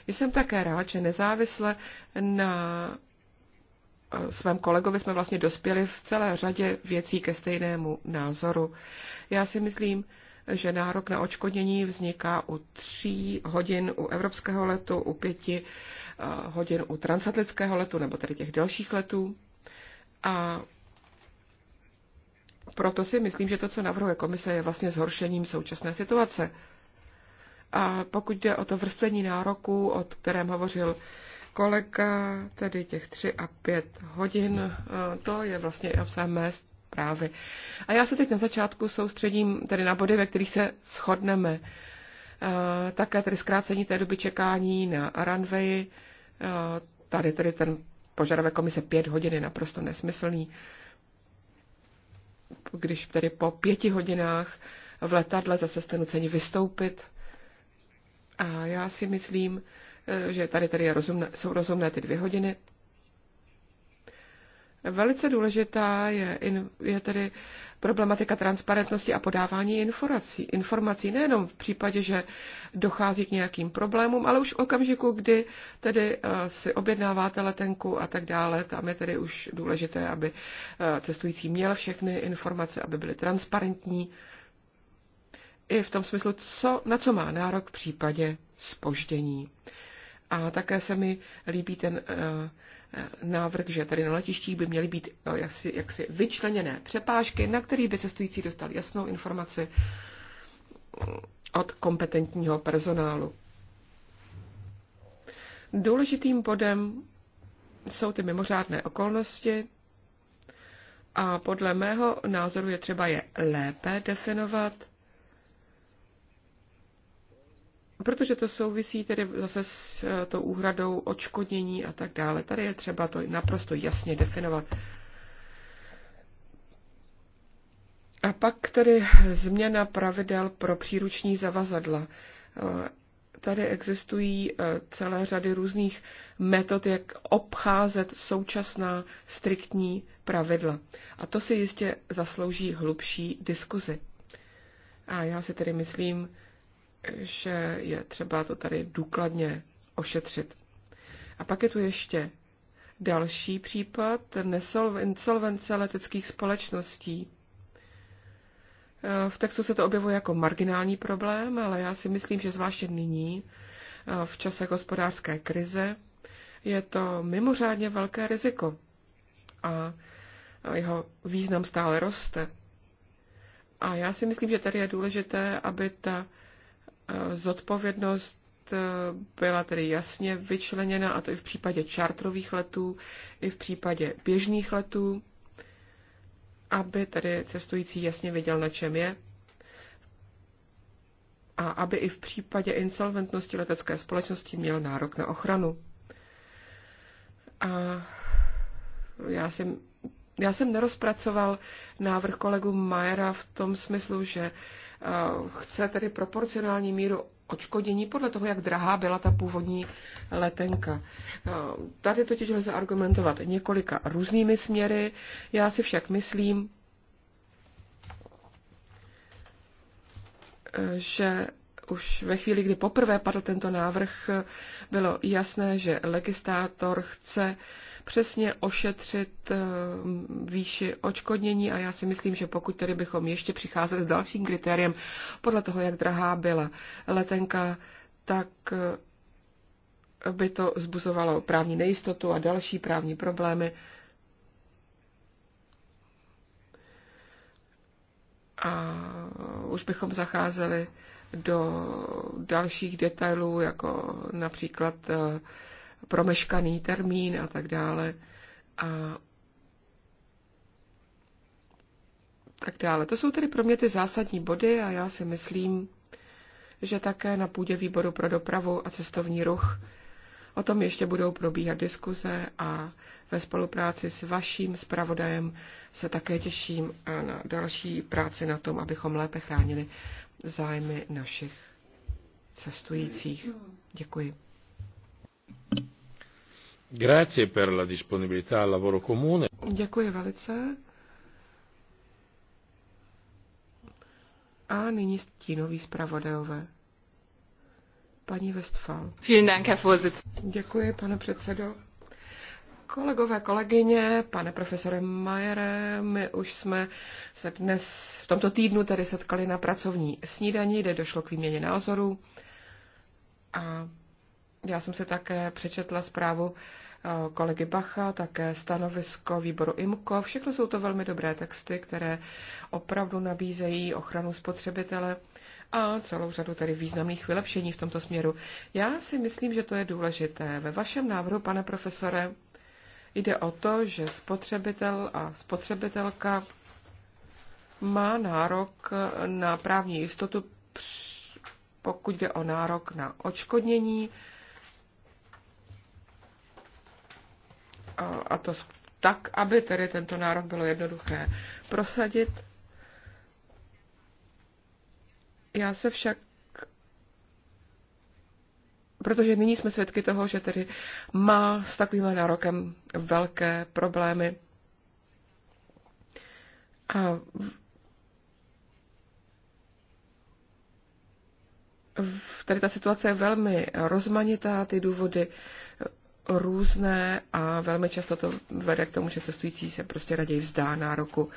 Jsem také rád, že nezávisle na svém kolegovi jsme vlastně dospěli v celé řadě věcí ke stejnému názoru. Já si myslím, že nárok na očkodnění vzniká u tří hodin u evropského letu, u pěti eh, hodin u transatlantického letu, nebo tedy těch dalších letů. A proto si myslím, že to, co navrhuje komise, je vlastně zhoršením současné situace. A pokud jde o to vrstvení nároku, o kterém hovořil kolega, tedy těch 3 a 5 hodin, e, to je vlastně i obsah mé zprávy. A já se teď na začátku soustředím tedy na body, ve kterých se shodneme. E, také tedy zkrácení té doby čekání na runway. E, tady tedy ten požadavek komise 5 hodin je naprosto nesmyslný. Když tedy po pěti hodinách v letadle zase jste nuceni vystoupit. A já si myslím, že tady, tady je rozumné, jsou rozumné ty dvě hodiny. Velice důležitá je, je tedy problematika transparentnosti a podávání informací. informací nejenom v případě, že dochází k nějakým problémům, ale už v okamžiku, kdy tedy eh, si objednáváte letenku a tak dále, tam je tedy už důležité, aby eh, cestující měl všechny informace, aby byly transparentní. I v tom smyslu, co, na co má nárok v případě spoždění. A také se mi líbí ten eh, eh, návrh, že tady na letištích by měly být eh, jaksi, jaksi vyčleněné přepážky, na kterých by cestující dostal jasnou informaci od kompetentního personálu. Důležitým bodem jsou ty mimořádné okolnosti a podle mého názoru je třeba je lépe definovat – protože to souvisí tedy zase s eh, tou úhradou očkodnění a tak dále. Tady je třeba to naprosto jasně definovat. A pak tedy změna pravidel pro příruční zavazadla. Eh, tady existují eh, celé řady různých metod, jak obcházet současná striktní pravidla. A to si jistě zaslouží hlubší diskuzi. A já si tedy myslím, že je třeba to tady důkladně ošetřit. A pak je tu ještě další případ insolvence leteckých společností. V textu se to objevuje jako marginální problém, ale já si myslím, že zvláště nyní, v čase hospodářské krize, je to mimořádně velké riziko a jeho význam stále roste. A já si myslím, že tady je důležité, aby ta zodpovědnost eh, byla tedy jasně vyčleněna, a to i v případě čártrových letů, i v případě běžných letů, aby tedy cestující jasně věděl, na čem je, a aby i v případě insolventnosti letecké společnosti měl nárok na ochranu. A já jsem, já jsem nerozpracoval návrh kolegu Majera v tom smyslu, že Eh, chce tedy proporcionální míru očkodění podle toho, jak drahá byla ta původní letenka. Eh, tady totiž lze argumentovat několika různými směry. Já si však myslím, eh, že už ve chvíli, kdy poprvé padl tento návrh, bylo jasné, že legislátor chce uh, přesně ošetřit eh, výši očkodnění a já si myslím, že pokud tedy bychom ještě přicházeli s dalším kritériem podle toho, jak drahá byla letenka, tak eh, by to zbuzovalo právní nejistotu a další právní problémy. A už bychom zacházeli do dalších detailů, jako například eh, promeškaný termín a tak dále. A tak dále. To jsou tedy pro mě ty zásadní body a já si myslím, že také na půdě výboru pro dopravu a cestovní ruch o tom ještě budou probíhat diskuze a ve spolupráci s vaším zpravodajem se také těším a na další práci na tom, abychom lépe chránili zájmy našich cestujících. Děkuji. Grazie per la disponibilità al lavoro comune. Děkuji velice. A nyní stínový zpravodajové. Paní Westphal. Vielen Dank, Herr Děkuji, pane předsedo. Kolegové, kolegyně, pane profesore Majere, my už jsme se dnes v tomto týdnu tedy setkali na pracovní snídani, kde došlo k výměně názorů. A já jsem se také přečetla zprávu kolegy Bacha, také stanovisko výboru IMKO. Všechno jsou to velmi dobré texty, které opravdu nabízejí ochranu spotřebitele a celou řadu tedy významných vylepšení v tomto směru. Já si myslím, že to je důležité. Ve vašem návrhu, pane profesore, jde o to, že spotřebitel a spotřebitelka má nárok na právní jistotu, pokud jde o nárok na očkodnění, a to tak, aby tedy tento nárok bylo jednoduché prosadit. Já se však protože nyní jsme svědky toho, že tedy má s takovým nárokem velké problémy. A tady ta situace je velmi rozmanitá, ty důvody různé a velmi často to vede k tomu, že cestující se prostě raději vzdá nároku.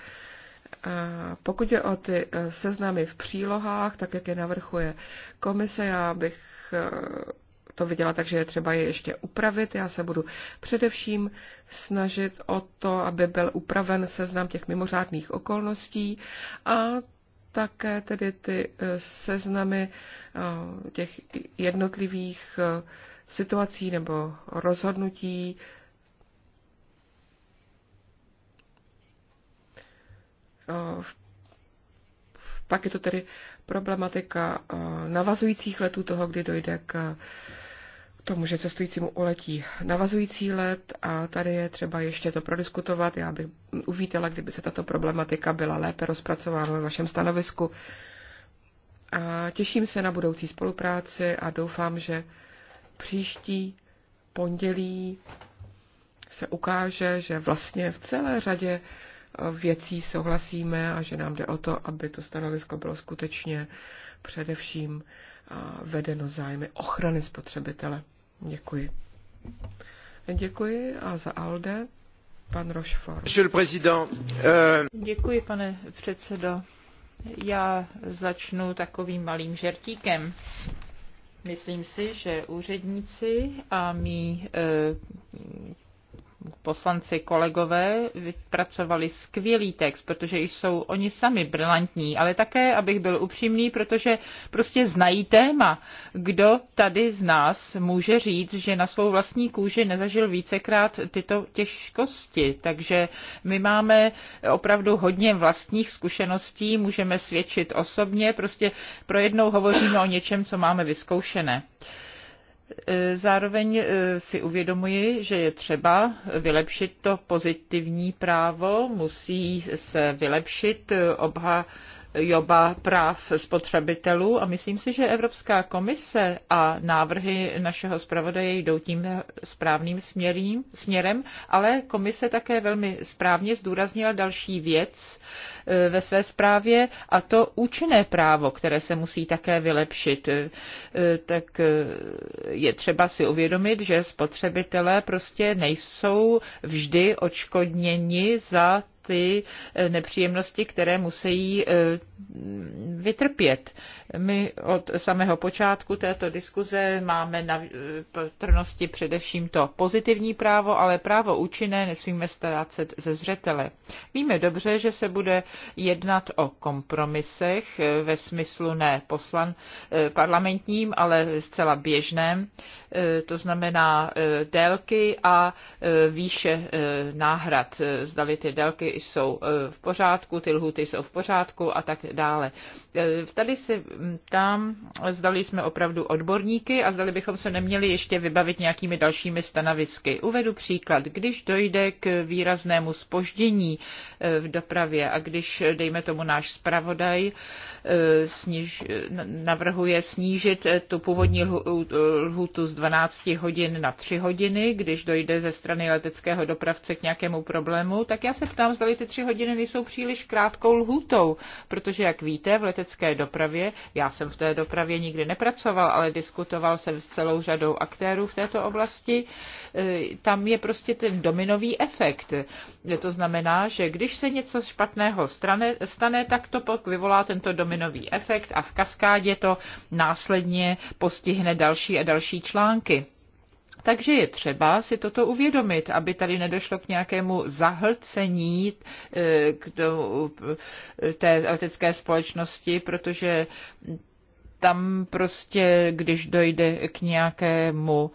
Pokud je o ty e, seznamy v přílohách, tak jak je navrchuje komise, já bych e, to viděla tak, že je třeba je ještě upravit. Já se budu především snažit o to, aby byl upraven seznam těch mimořádných okolností a také tedy ty e, seznamy těch jednotlivých situací nebo rozhodnutí, pak je to tedy problematika navazujících letů toho, kdy dojde k tomu, že cestujícímu uletí navazující let a tady je třeba ještě to prodiskutovat. Já bych uvítala, kdyby se tato problematika byla lépe rozpracována ve vašem stanovisku. A těším se na budoucí spolupráci a doufám, že příští pondělí se ukáže, že vlastně v celé řadě eh, věcí souhlasíme a že nám jde o to, aby to stanovisko bylo skutečně především eh, vedeno zájmy ochrany spotřebitele. Děkuji. Děkuji a za ALDE pan Rochefort. Euh, Děkuji, pane předsedo. Já začnu takovým malým žertíkem. Myslím si, že úředníci a mý poslanci, kolegové vypracovali skvělý text, protože jsou oni sami brilantní, ale také, abych byl upřímný, protože prostě znají téma. Kdo tady z nás může říct, že na svou vlastní kůži nezažil vícekrát tyto těžkosti? Takže my máme opravdu hodně vlastních zkušeností, můžeme svědčit osobně, prostě pro jednou hovoříme o něčem, co máme vyzkoušené. Uh, Eh, zároveň eh, si uvědomuji, že je třeba vylepšit to pozitivní právo, musí se vylepšit eh, obha joba práv spotřebitelů a myslím si, že Evropská komise a návrhy našeho zpravodaje jdou tím správným směrím, směrem, ale komise také velmi správně zdůraznila další věc eh, ve své zprávě a to účinné právo, které se musí také vylepšit. Eh, tak eh, je třeba si uvědomit, že spotřebitelé prostě nejsou vždy očkodněni za ty eh, nepříjemnosti, které musí eh, vytrpět. My od samého počátku této diskuze máme na trnosti především to pozitivní právo, ale právo účinné nesmíme ztrácet ze zřetele. Víme dobře, že se bude jednat o kompromisech ve smyslu ne poslan eh, parlamentním, ale zcela běžném, eh, to znamená eh, délky a výše náhrad. Zdali ty délky jsou v pořádku, ty lhuty jsou v pořádku a tak dále. Tady si ptám, zdali jsme opravdu odborníky a zdali bychom se neměli ještě vybavit nějakými dalšími stanovisky. Uvedu příklad. Když dojde k výraznému spoždění eh, v dopravě a když, dejme tomu, náš zpravodaj eh, sniž, navrhuje snížit eh, tu původní lhutu z 12 hodin na 3 hodiny, když dojde ze strany leteckého dopravce k nějakému problému, tak já se ptám, zdali ty 3 hodiny nejsou příliš krátkou lhutou, protože, jak víte, v letecké dopravě já jsem v té dopravě nikdy nepracoval, ale diskutoval jsem s celou řadou aktérů v této oblasti. E, tam je prostě ten dominový efekt. E, to znamená, že když se něco špatného strane, stane, tak to pak vyvolá tento dominový efekt a v kaskádě to následně postihne další a další články. Takže je třeba si toto uvědomit, aby tady nedošlo k nějakému zahlcení eh, k eh, té letecké společnosti, protože tam prostě, když dojde k nějakému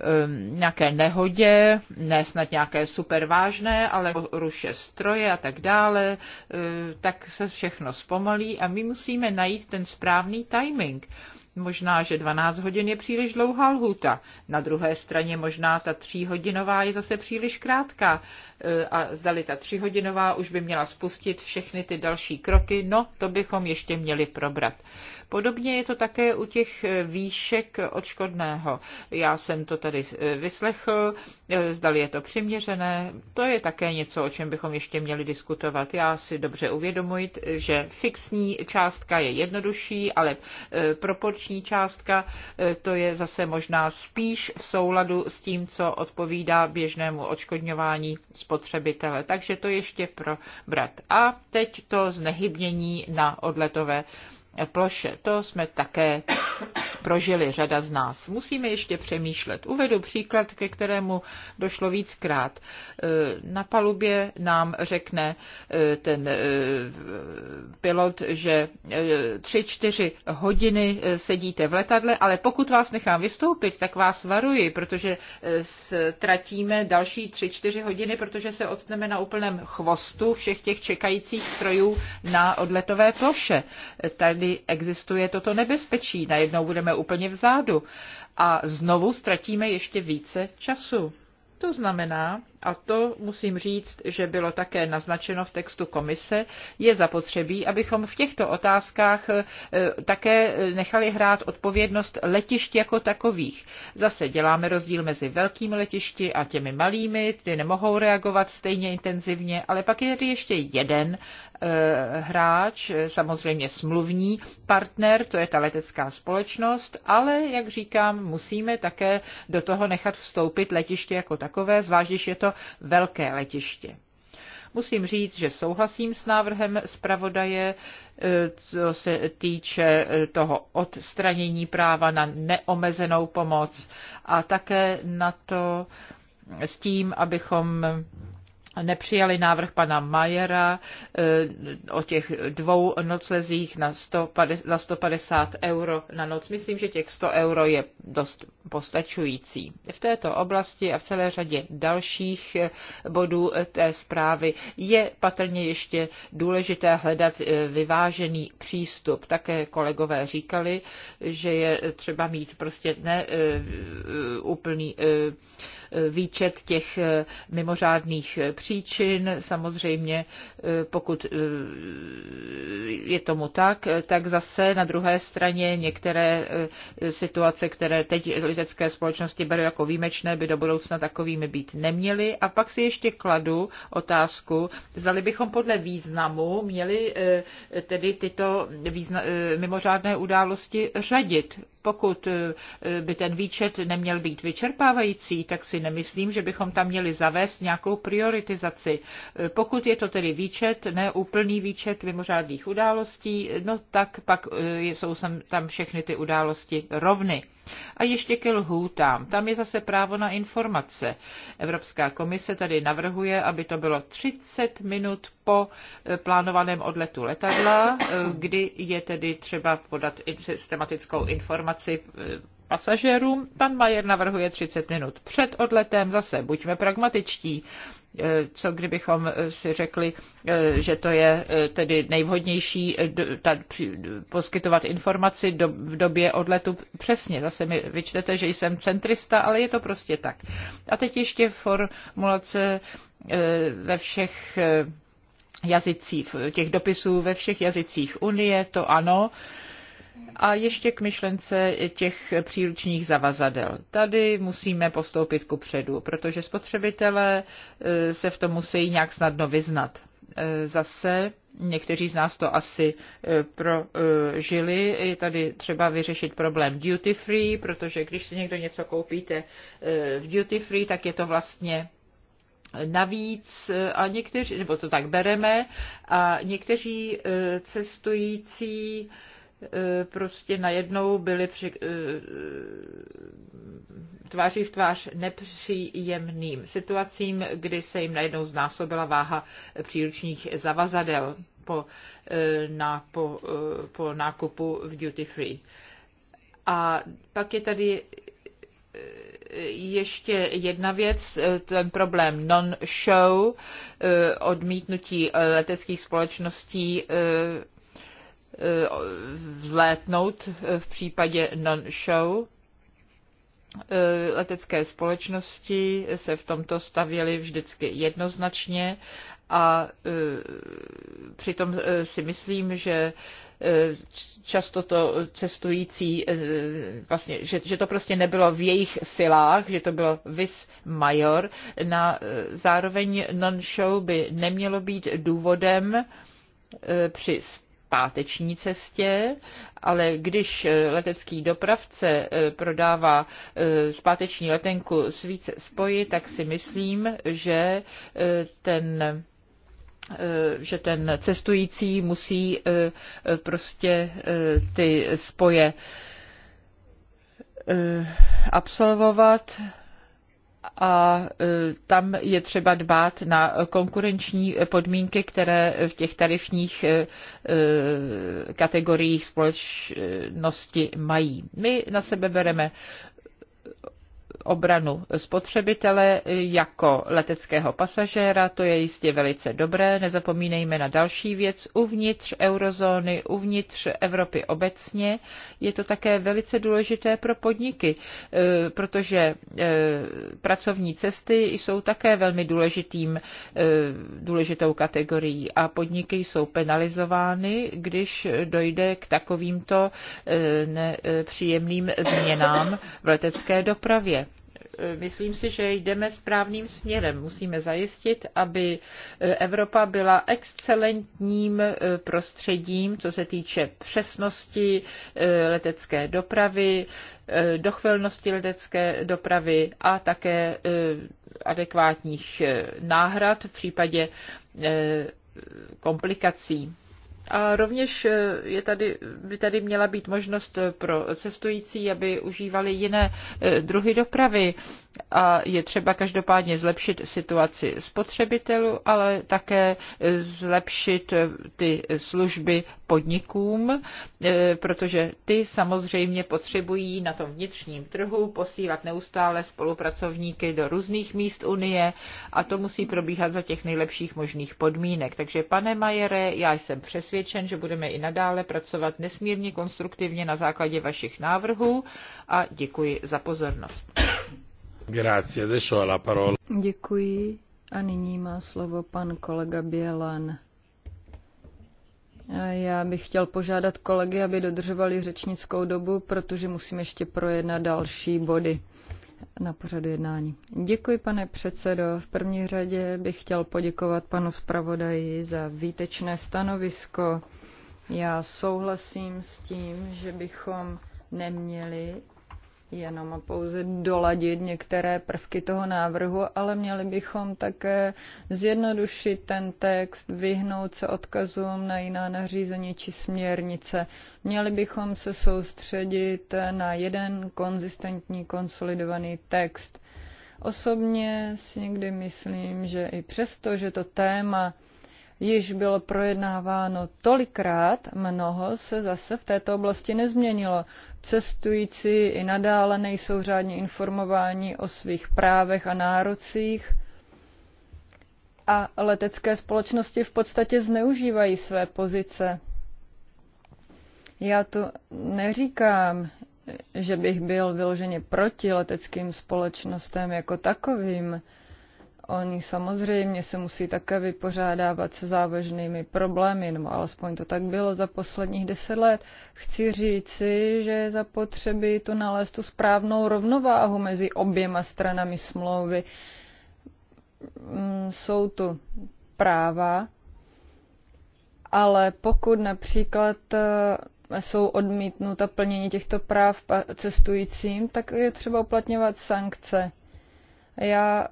Ehm, nějaké nehodě, ne snad nějaké super vážné, ale ruše stroje a tak dále, ehm, tak se všechno zpomalí a my musíme najít ten správný timing. Možná, že 12 hodin je příliš dlouhá lhůta. Na druhé straně možná ta tříhodinová je zase příliš krátká. Ehm, a zdali ta tříhodinová už by měla spustit všechny ty další kroky, no to bychom ještě měli probrat. Podobně je to také u těch výšek odškodného. Já jsem to tady tady eh, vyslechl, eh, zdali je to přiměřené, to je také něco, o čem bychom ještě měli diskutovat. Já si dobře uvědomuji, že fixní částka je jednodušší, ale eh, proporční částka to je zase možná spíš v souladu s tím, co odpovídá běžnému odškodňování spotřebitele. Takže to ještě probrat. A teď to znehybnění na odletové ploše. To jsme také prožili řada z nás. Musíme ještě přemýšlet. Uvedu příklad, ke kterému došlo víckrát. E, na palubě nám řekne e, ten e, pilot, že tři, čtyři hodiny sedíte v letadle, ale pokud vás nechám vystoupit, tak vás varuji, protože ztratíme další tři, čtyři hodiny, protože se odstneme na úplném chvostu všech těch čekajících strojů na odletové ploše. Tady existuje toto nebezpečí. Najednou budeme budeme úplně vzadu a znovu ztratíme ještě více času. To znamená, a to musím říct, že bylo také naznačeno v textu komise, je zapotřebí, abychom v těchto otázkách e, také nechali hrát odpovědnost letišť jako takových. Zase děláme rozdíl mezi velkými letišti a těmi malými, ty nemohou reagovat stejně intenzivně, ale pak je tady ještě jeden e, hráč, e, samozřejmě smluvní partner, to je ta letecká společnost, ale, jak říkám, musíme také do toho nechat vstoupit letiště jako takové, zvlášť když je to to velké letiště. Musím říct, že souhlasím s návrhem zpravodaje, e, co se týče e, toho odstranění práva na neomezenou pomoc a také na to s tím, abychom nepřijali návrh pana Majera eh, o těch dvou noclezích na 150, za 150 euro na noc. Myslím, že těch 100 euro je dost postačující. V této oblasti a v celé řadě dalších eh, bodů eh, té zprávy je patrně ještě důležité hledat vyvážený přístup. Také kolegové říkali, že je třeba mít prostě ne úplný výčet těch eh, mimořádných eh, příčin. Samozřejmě, eh, pokud je tomu tak, tak zase na druhé straně některé situace, které teď lidecké společnosti berou jako výjimečné, by do budoucna takovými být neměly. A pak si ještě kladu otázku, zdali bychom podle významu měli tedy tyto význa- mimořádné události řadit pokud eh, by ten výčet neměl být vyčerpávající, tak si nemyslím, že bychom tam měli zavést nějakou prioritizaci. Eh, pokud je to tedy výčet, ne úplný výčet mimořádných událostí, no tak pak eh, jsou tam všechny ty události rovny. A ještě ke lhůtám. Tam je zase právo na informace. Evropská komise tady navrhuje, aby to bylo 30 minut po eh, plánovaném odletu letadla, eh, kdy je tedy třeba podat systematickou informaci eh, pasažérům. Pan Majer navrhuje 30 minut před odletem. Zase buďme pragmatičtí. Co kdybychom si řekli, že to je tedy nejvhodnější poskytovat informaci do, v době odletu přesně. Zase mi vyčtete, že jsem centrista, ale je to prostě tak. A teď ještě formulace ve všech jazycích, těch dopisů ve všech jazycích Unie, to ano. A ještě k myšlence těch příručních zavazadel. Tady musíme postoupit ku předu, protože spotřebitelé eh, se v tom musí nějak snadno vyznat. Eh, zase někteří z nás to asi eh, prožili. Je tady třeba vyřešit problém duty free, protože když si někdo něco koupíte v duty free, tak je to vlastně navíc a někteří, nebo to tak bereme, a někteří e, cestující e, prostě najednou byli při, e, tváří v tvář nepříjemným situacím, kdy se jim najednou znásobila váha příručních zavazadel po, na, po, po nákupu v duty free. A pak je tady ještě jedna věc, ten problém non-show, eh, odmítnutí eh, leteckých společností eh, vzlétnout v případě non-show. Letecké společnosti se v tomto stavěly vždycky jednoznačně a e, přitom e, si myslím, že e, často to cestující, vlastně, že, že to prostě nebylo v jejich silách, že to bylo vis major. Na, zároveň non-show by nemělo být důvodem při páteční cestě, ale když letecký dopravce prodává zpáteční letenku s více spoji, tak si myslím, že ten Eh, že ten cestující musí eh, prostě eh, ty spoje absolvovat a tam je třeba dbát na konkurenční podmínky, které v těch tarifních kategoriích společnosti mají. My na sebe bereme obranu spotřebitele jako leteckého pasažéra, to je jistě velice dobré. Nezapomínejme na další věc. Uvnitř eurozóny, uvnitř Evropy obecně je to také velice důležité pro podniky, eh, protože eh, pracovní cesty jsou také velmi důležitým, eh, důležitou kategorií a podniky jsou penalizovány, když dojde k takovýmto příjemným změnám v letecké dopravě. Myslím si, že jdeme správným směrem. Musíme zajistit, aby Evropa byla excelentním eh, prostředím, co se týče přesnosti eh, letecké dopravy, eh, dochvilnosti letecké dopravy a také adekvátních náhrad v případě komplikací. A rovněž eh, je tady, by tady měla být možnost eh, pro cestující, aby užívali jiné eh, druhy dopravy a je třeba každopádně zlepšit situaci spotřebitelů, ale také zlepšit ty služby podnikům, e, protože ty samozřejmě potřebují na tom vnitřním trhu posílat neustále spolupracovníky do různých míst Unie a to musí probíhat za těch nejlepších možných podmínek. Takže pane Majere, já jsem přesvědčen, že budeme i nadále pracovat nesmírně konstruktivně na základě vašich návrhů a děkuji za pozornost. Děkuji a nyní má slovo pan kolega Bělan. Já bych chtěl požádat kolegy, aby dodržovali řečnickou dobu, protože musím ještě projednat další body na pořadu jednání. Děkuji, pane předsedo. V první řadě bych chtěl poděkovat panu zpravodaji za výtečné stanovisko. Já souhlasím s tím, že bychom neměli jenom pouze doladit některé prvky toho návrhu, ale měli bychom také zjednodušit ten text, vyhnout se odkazům na jiná nařízení či směrnice. Měli bychom se soustředit na jeden konzistentní konsolidovaný text. Osobně si někdy myslím, že i přesto, že to téma již bylo projednáváno tolikrát, mnoho se zase v této oblasti nezměnilo. Cestující i nadále nejsou řádně informováni o svých právech a nárocích a letecké společnosti v podstatě zneužívají své pozice. Já to neříkám, že bych byl vyloženě proti leteckým společnostem jako takovým. Oni samozřejmě se musí také vypořádávat se závažnými problémy, nebo alespoň to tak bylo za posledních deset let. Chci říci, že je zapotřebí tu nalézt tu správnou rovnováhu mezi oběma stranami smlouvy. Mm, jsou tu práva, ale pokud například eh, jsou odmítnuta plnění těchto práv cestujícím, tak je třeba uplatňovat sankce. Já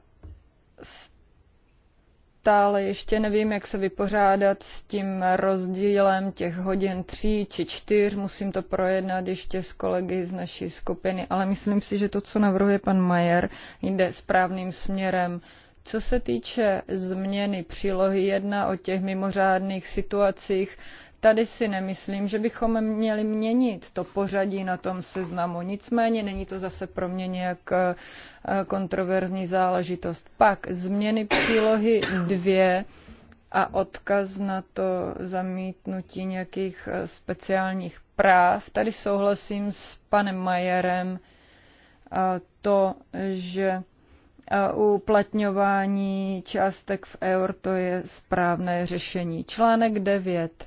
stále ještě nevím, jak se vypořádat s tím rozdílem těch hodin tří či čtyř. Musím to projednat ještě s kolegy z naší skupiny, ale myslím si, že to, co navrhuje pan Majer, jde správným směrem. Co se týče změny přílohy 1 o těch mimořádných situacích, Tady si nemyslím, že bychom měli měnit to pořadí na tom seznamu. Nicméně není to zase pro mě nějak eh, kontroverzní záležitost. Pak změny přílohy dvě a odkaz na to zamítnutí nějakých eh, speciálních práv. Tady souhlasím s panem Majerem eh, to, že uplatňování částek v eur to je správné řešení. Článek 9.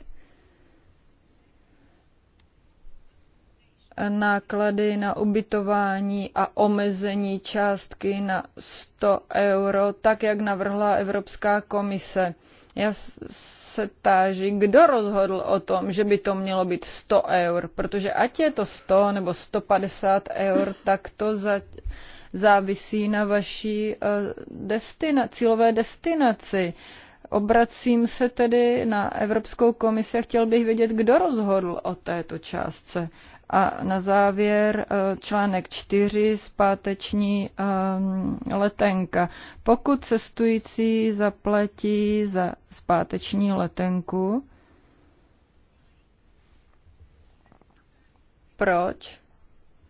náklady na ubytování a omezení částky na 100 euro, tak jak navrhla Evropská komise. Já se táži, kdo rozhodl o tom, že by to mělo být 100 eur, protože ať je to 100 nebo 150 eur, tak to za, závisí na vaší eh, destina, cílové destinaci. Obracím se tedy na Evropskou komisi a chtěl bych vědět, kdo rozhodl o této částce. A na závěr eh, článek 4 zpáteční eh, letenka. Pokud cestující zaplatí za zpáteční letenku, proč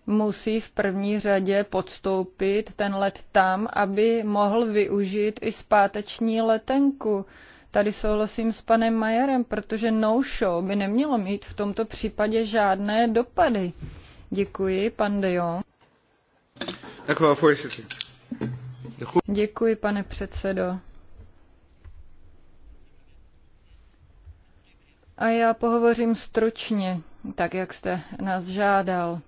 musí v první řadě podstoupit ten let tam, aby mohl využít i zpáteční letenku? Tady souhlasím s panem Majerem, protože no-show by nemělo mít v tomto případě žádné dopady. Děkuji, pan De Jong. Děkuji, pane předsedo. A já pohovořím stručně, tak jak jste nás žádal.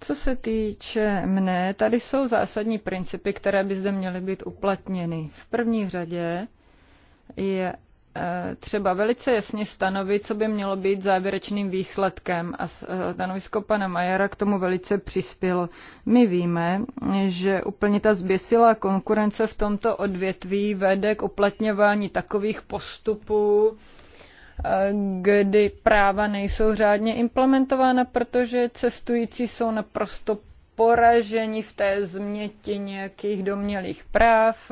Co se týče mne, tady jsou zásadní principy, které by zde měly být uplatněny. V první řadě je eh, třeba velice jasně stanovit, co by mělo být závěrečným výsledkem a eh, stanovisko pana Majera k tomu velice přispělo. My víme, že úplně ta zběsilá konkurence v tomto odvětví vede k uplatňování takových postupů, eh, kdy práva nejsou řádně implementována, protože cestující jsou naprosto poraženi v té změti nějakých domělých práv,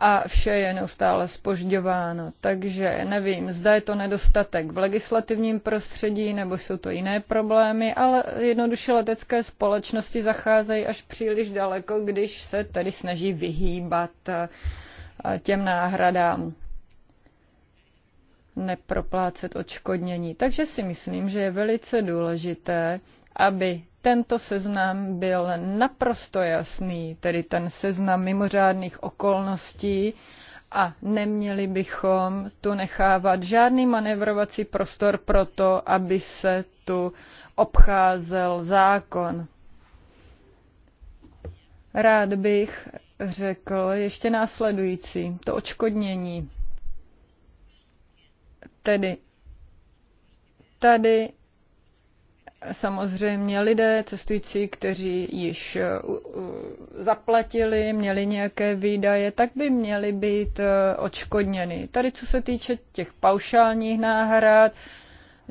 a vše je neustále spožďováno. Takže nevím, zda je to nedostatek v legislativním prostředí, nebo jsou to jiné problémy, ale jednoduše letecké společnosti zacházejí až příliš daleko, když se tedy snaží vyhýbat eh, těm náhradám neproplácet odškodnění. Takže si myslím, že je velice důležité, aby tento seznam byl naprosto jasný, tedy ten seznam mimořádných okolností a neměli bychom tu nechávat žádný manevrovací prostor pro to, aby se tu obcházel zákon. Rád bych řekl ještě následující, to očkodnění. Tedy tady Samozřejmě lidé cestující, kteří již eh, zaplatili, měli nějaké výdaje, tak by měli být eh, odškodněny. Tady co se týče těch paušálních náhrad,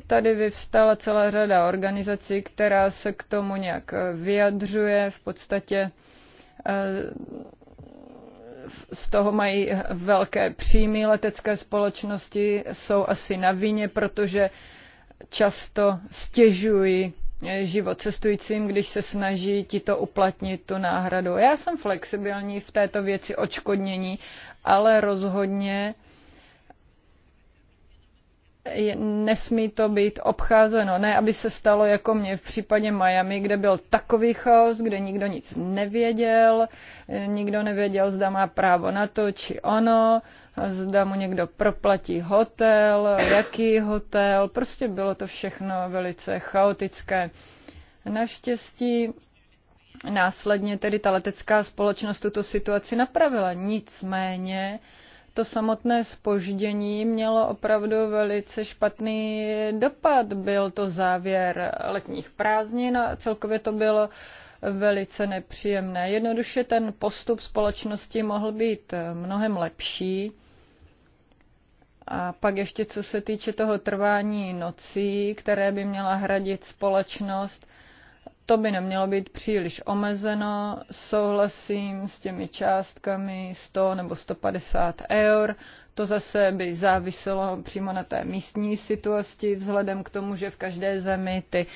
tady vyvstala celá řada organizací, která se k tomu nějak eh, vyjadřuje. V podstatě z toho mají velké příjmy letecké společnosti, jsou asi na vině, protože často stěžují eh, život cestujícím, když se snaží ti to uplatnit tu náhradu. Já jsem flexibilní v této věci očkodnění, ale rozhodně nesmí to být obcházeno. Ne, aby se stalo jako mě v případě Miami, kde byl takový chaos, kde nikdo nic nevěděl, nikdo nevěděl, zda má právo na to či ono, zda mu někdo proplatí hotel, jaký hotel, prostě bylo to všechno velice chaotické. Naštěstí následně tedy ta letecká společnost tuto situaci napravila, nicméně to samotné spoždění mělo opravdu velice špatný dopad. Byl to závěr letních prázdnin a celkově to bylo velice nepříjemné. Jednoduše ten postup společnosti mohl být mnohem lepší. A pak ještě co se týče toho trvání nocí, které by měla hradit společnost, to by nemělo být příliš omezeno. Souhlasím s těmi částkami 100 nebo 150 eur to zase by záviselo přímo na té místní situaci, vzhledem k tomu, že v každé zemi ty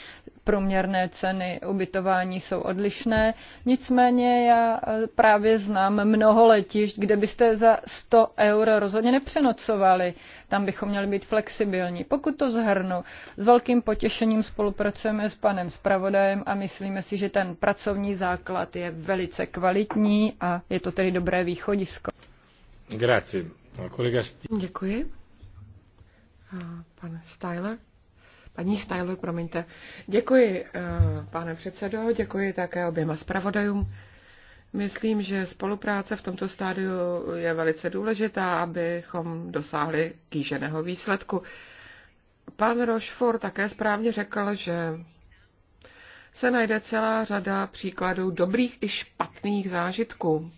průměrné ceny ubytování jsou odlišné. Nicméně já eh, právě znám mnoho letišť, kde byste za 100 eur rozhodně nepřenocovali. Tam bychom měli být flexibilní. Pokud to zhrnu, s velkým potěšením spolupracujeme s panem Spravodajem a myslíme si, že ten pracovní základ je velice kvalitní a je to tedy dobré východisko. Děkuji. pane Styler. Paní Styler, promiňte. Děkuji, eh, pane předsedo, děkuji také oběma zpravodajům. Myslím, že spolupráce v tomto stádiu je velice důležitá, abychom dosáhli kýženého výsledku. Pan Rochefort také správně řekl, že se najde celá řada příkladů dobrých i špatných zážitků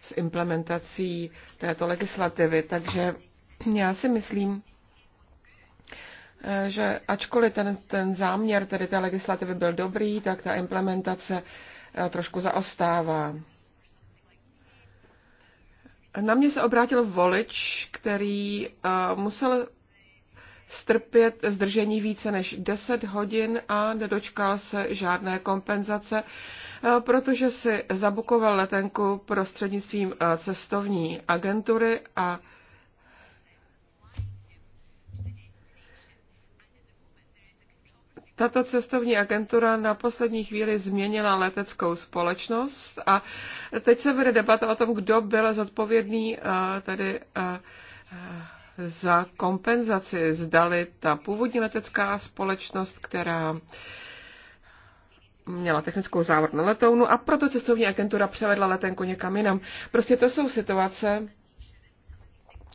s implementací této legislativy. Takže já si myslím, eh, že ačkoliv ten, ten záměr tedy té legislativy byl dobrý, tak ta implementace eh, trošku zaostává. Na mě se obrátil volič, který eh, musel strpět zdržení více než 10 hodin a nedočkal se žádné kompenzace, eh, protože si zabukoval letenku prostřednictvím eh, cestovní agentury a Tato cestovní agentura na poslední chvíli změnila leteckou společnost a teď se vede debata o tom, kdo byl zodpovědný eh, tedy za kompenzaci, zdali ta původní letecká společnost, která měla technickou závod na letounu a proto cestovní agentura převedla letenku někam jinam. Prostě to jsou situace,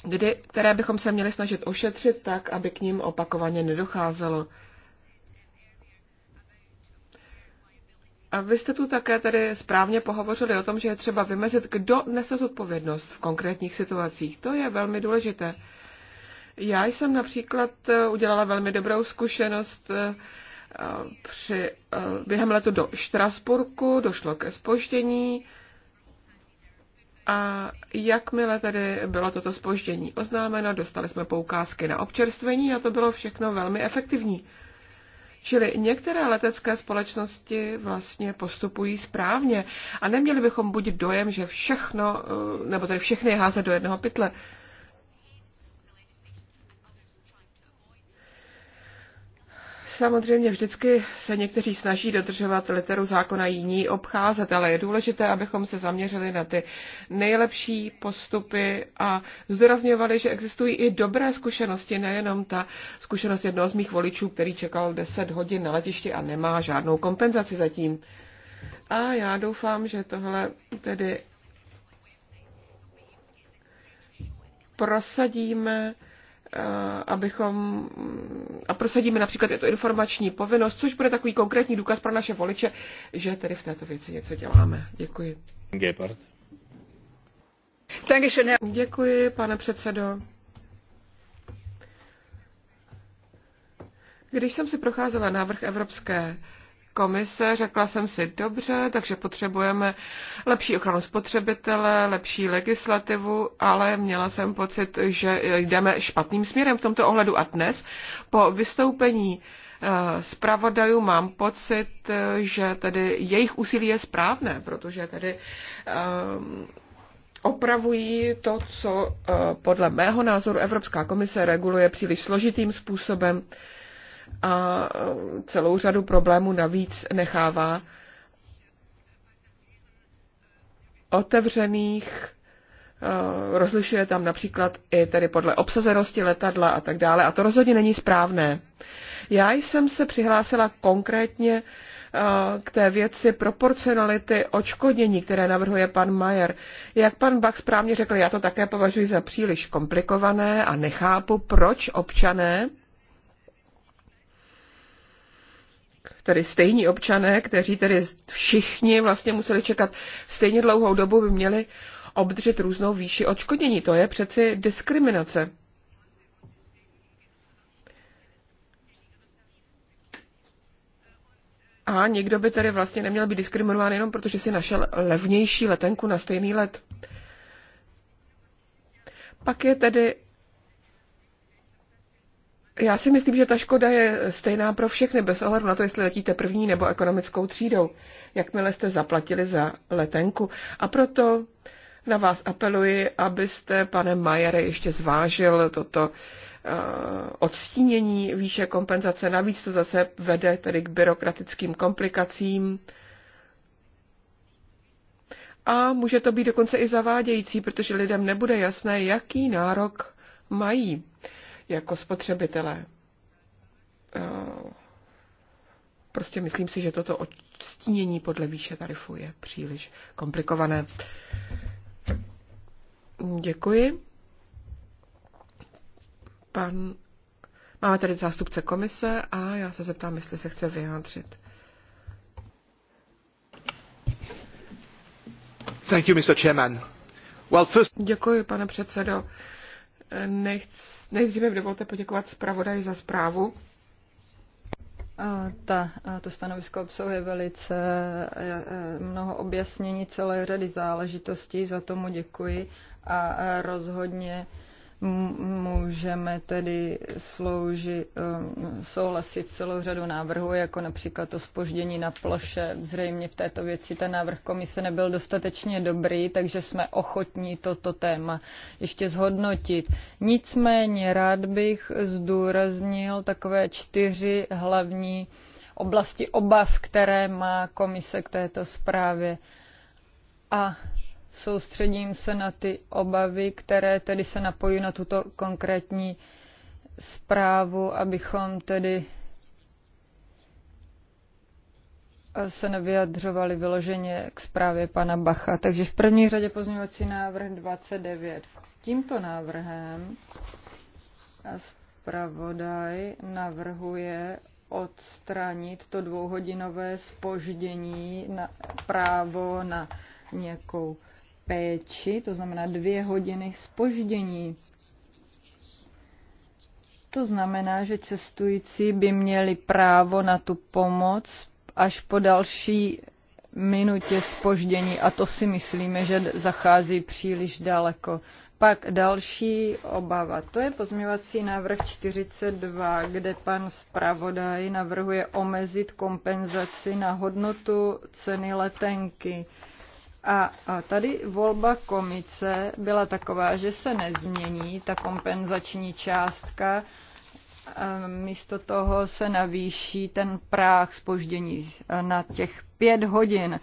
kdy, které bychom se měli snažit ošetřit tak, aby k ním opakovaně nedocházelo. A vy jste tu také tady správně pohovořili o tom, že je třeba vymezit, kdo nese zodpovědnost v konkrétních situacích. To je velmi důležité. Já jsem například eh, udělala velmi dobrou zkušenost eh, při, eh, během letu do Štrasburku, došlo ke spoždění a jakmile tedy bylo toto spoždění oznámeno, dostali jsme poukázky na občerstvení a to bylo všechno velmi efektivní. Čili některé letecké společnosti vlastně postupují správně a neměli bychom buď dojem, že všechno, nebo tedy všechny je házet do jednoho pytle. Uh, Samozřejmě vždycky se někteří snaží dodržovat literu zákona, jiní obcházet, ale je důležité, abychom se zaměřili na ty nejlepší postupy a zdůrazňovali, že existují i dobré zkušenosti, nejenom ta zkušenost jednoho z mých voličů, který čekal 10 hodin na letišti a nemá žádnou kompenzaci zatím. A já doufám, že tohle tedy prosadíme Eh, abychom mm, a prosadíme například tu informační povinnost, což bude takový konkrétní důkaz pro naše voliče, že tedy v této věci něco děláme. Děkuji. Gepard. Děkuji, pane předsedo. Když jsem si procházela návrh Evropské komise, řekla jsem si dobře, takže potřebujeme lepší ochranu spotřebitele, lepší legislativu, ale měla jsem pocit, že jdeme špatným směrem v tomto ohledu a dnes po vystoupení eh, zpravodajů mám pocit, eh, že tedy jejich úsilí je správné, protože tedy um, opravují to, co podle mého názoru Evropská komise reguluje příliš složitým způsobem. Uh, a celou řadu problémů navíc nechává otevřených, eh, rozlišuje tam například i tedy podle obsazenosti letadla a tak dále a to rozhodně není správné. Já jsem se přihlásila konkrétně eh, k té věci proporcionality očkodnění, které navrhuje pan Majer. Jak pan Bach správně řekl, já to také považuji za příliš komplikované a nechápu, proč občané tedy stejní občané, kteří tedy všichni vlastně museli čekat stejně dlouhou dobu, by měli obdržet různou výši odškodnění. To je přeci diskriminace. A někdo by tedy vlastně neměl být diskriminován jenom proto, že si našel levnější letenku na stejný let. Pak je tedy já si myslím, že ta škoda je stejná pro všechny, bez ohledu na to, jestli letíte první nebo ekonomickou třídou, jakmile jste zaplatili za letenku. A proto na vás apeluji, abyste, pane Majere, ještě zvážil toto eh, odstínění výše kompenzace. Navíc to zase vede tedy k byrokratickým komplikacím. A může to být dokonce i zavádějící, protože lidem nebude jasné, jaký nárok mají jako spotřebitelé. Eh, prostě myslím si, že toto odstínění podle výše tarifu je příliš komplikované. Děkuji. Pan, máme tady zástupce komise a já se zeptám, jestli se chce vyjádřit. Thank you, Mr. Chairman. Well, first... Děkuji, pane předsedo nechc, nejdříve mi dovolte poděkovat zpravodaji za zprávu. Ta, to stanovisko obsahuje velice e, e, mnoho objasnění celé řady záležitostí, za tomu děkuji a rozhodně Můžeme tedy sloužit, um, souhlasit celou řadu návrhů, jako například to spoždění na ploše. Zřejmě v této věci ten návrh komise nebyl dostatečně dobrý, takže jsme ochotní toto téma ještě zhodnotit. Nicméně rád bych zdůraznil takové čtyři hlavní oblasti obav, které má komise k této zprávě. A soustředím se na ty obavy, které tedy se napojí na tuto konkrétní zprávu, abychom tedy se nevyjadřovali vyloženě k zprávě pana Bacha. Takže v první řadě pozměňovací návrh 29. Tímto návrhem zpravodaj navrhuje odstranit to dvouhodinové spoždění na právo na nějakou péči, to znamená dvě hodiny spoždění. To znamená, že cestující by měli právo na tu pomoc až po další minutě spoždění a to si myslíme, že zachází příliš daleko. Pak další obava, to je pozměvací návrh 42, kde pan zpravodaj navrhuje omezit kompenzaci na hodnotu ceny letenky. A, a tady volba komice byla taková, že se nezmění ta kompenzační částka, místo toho se navýší ten práh spoždění e, na těch pět hodin.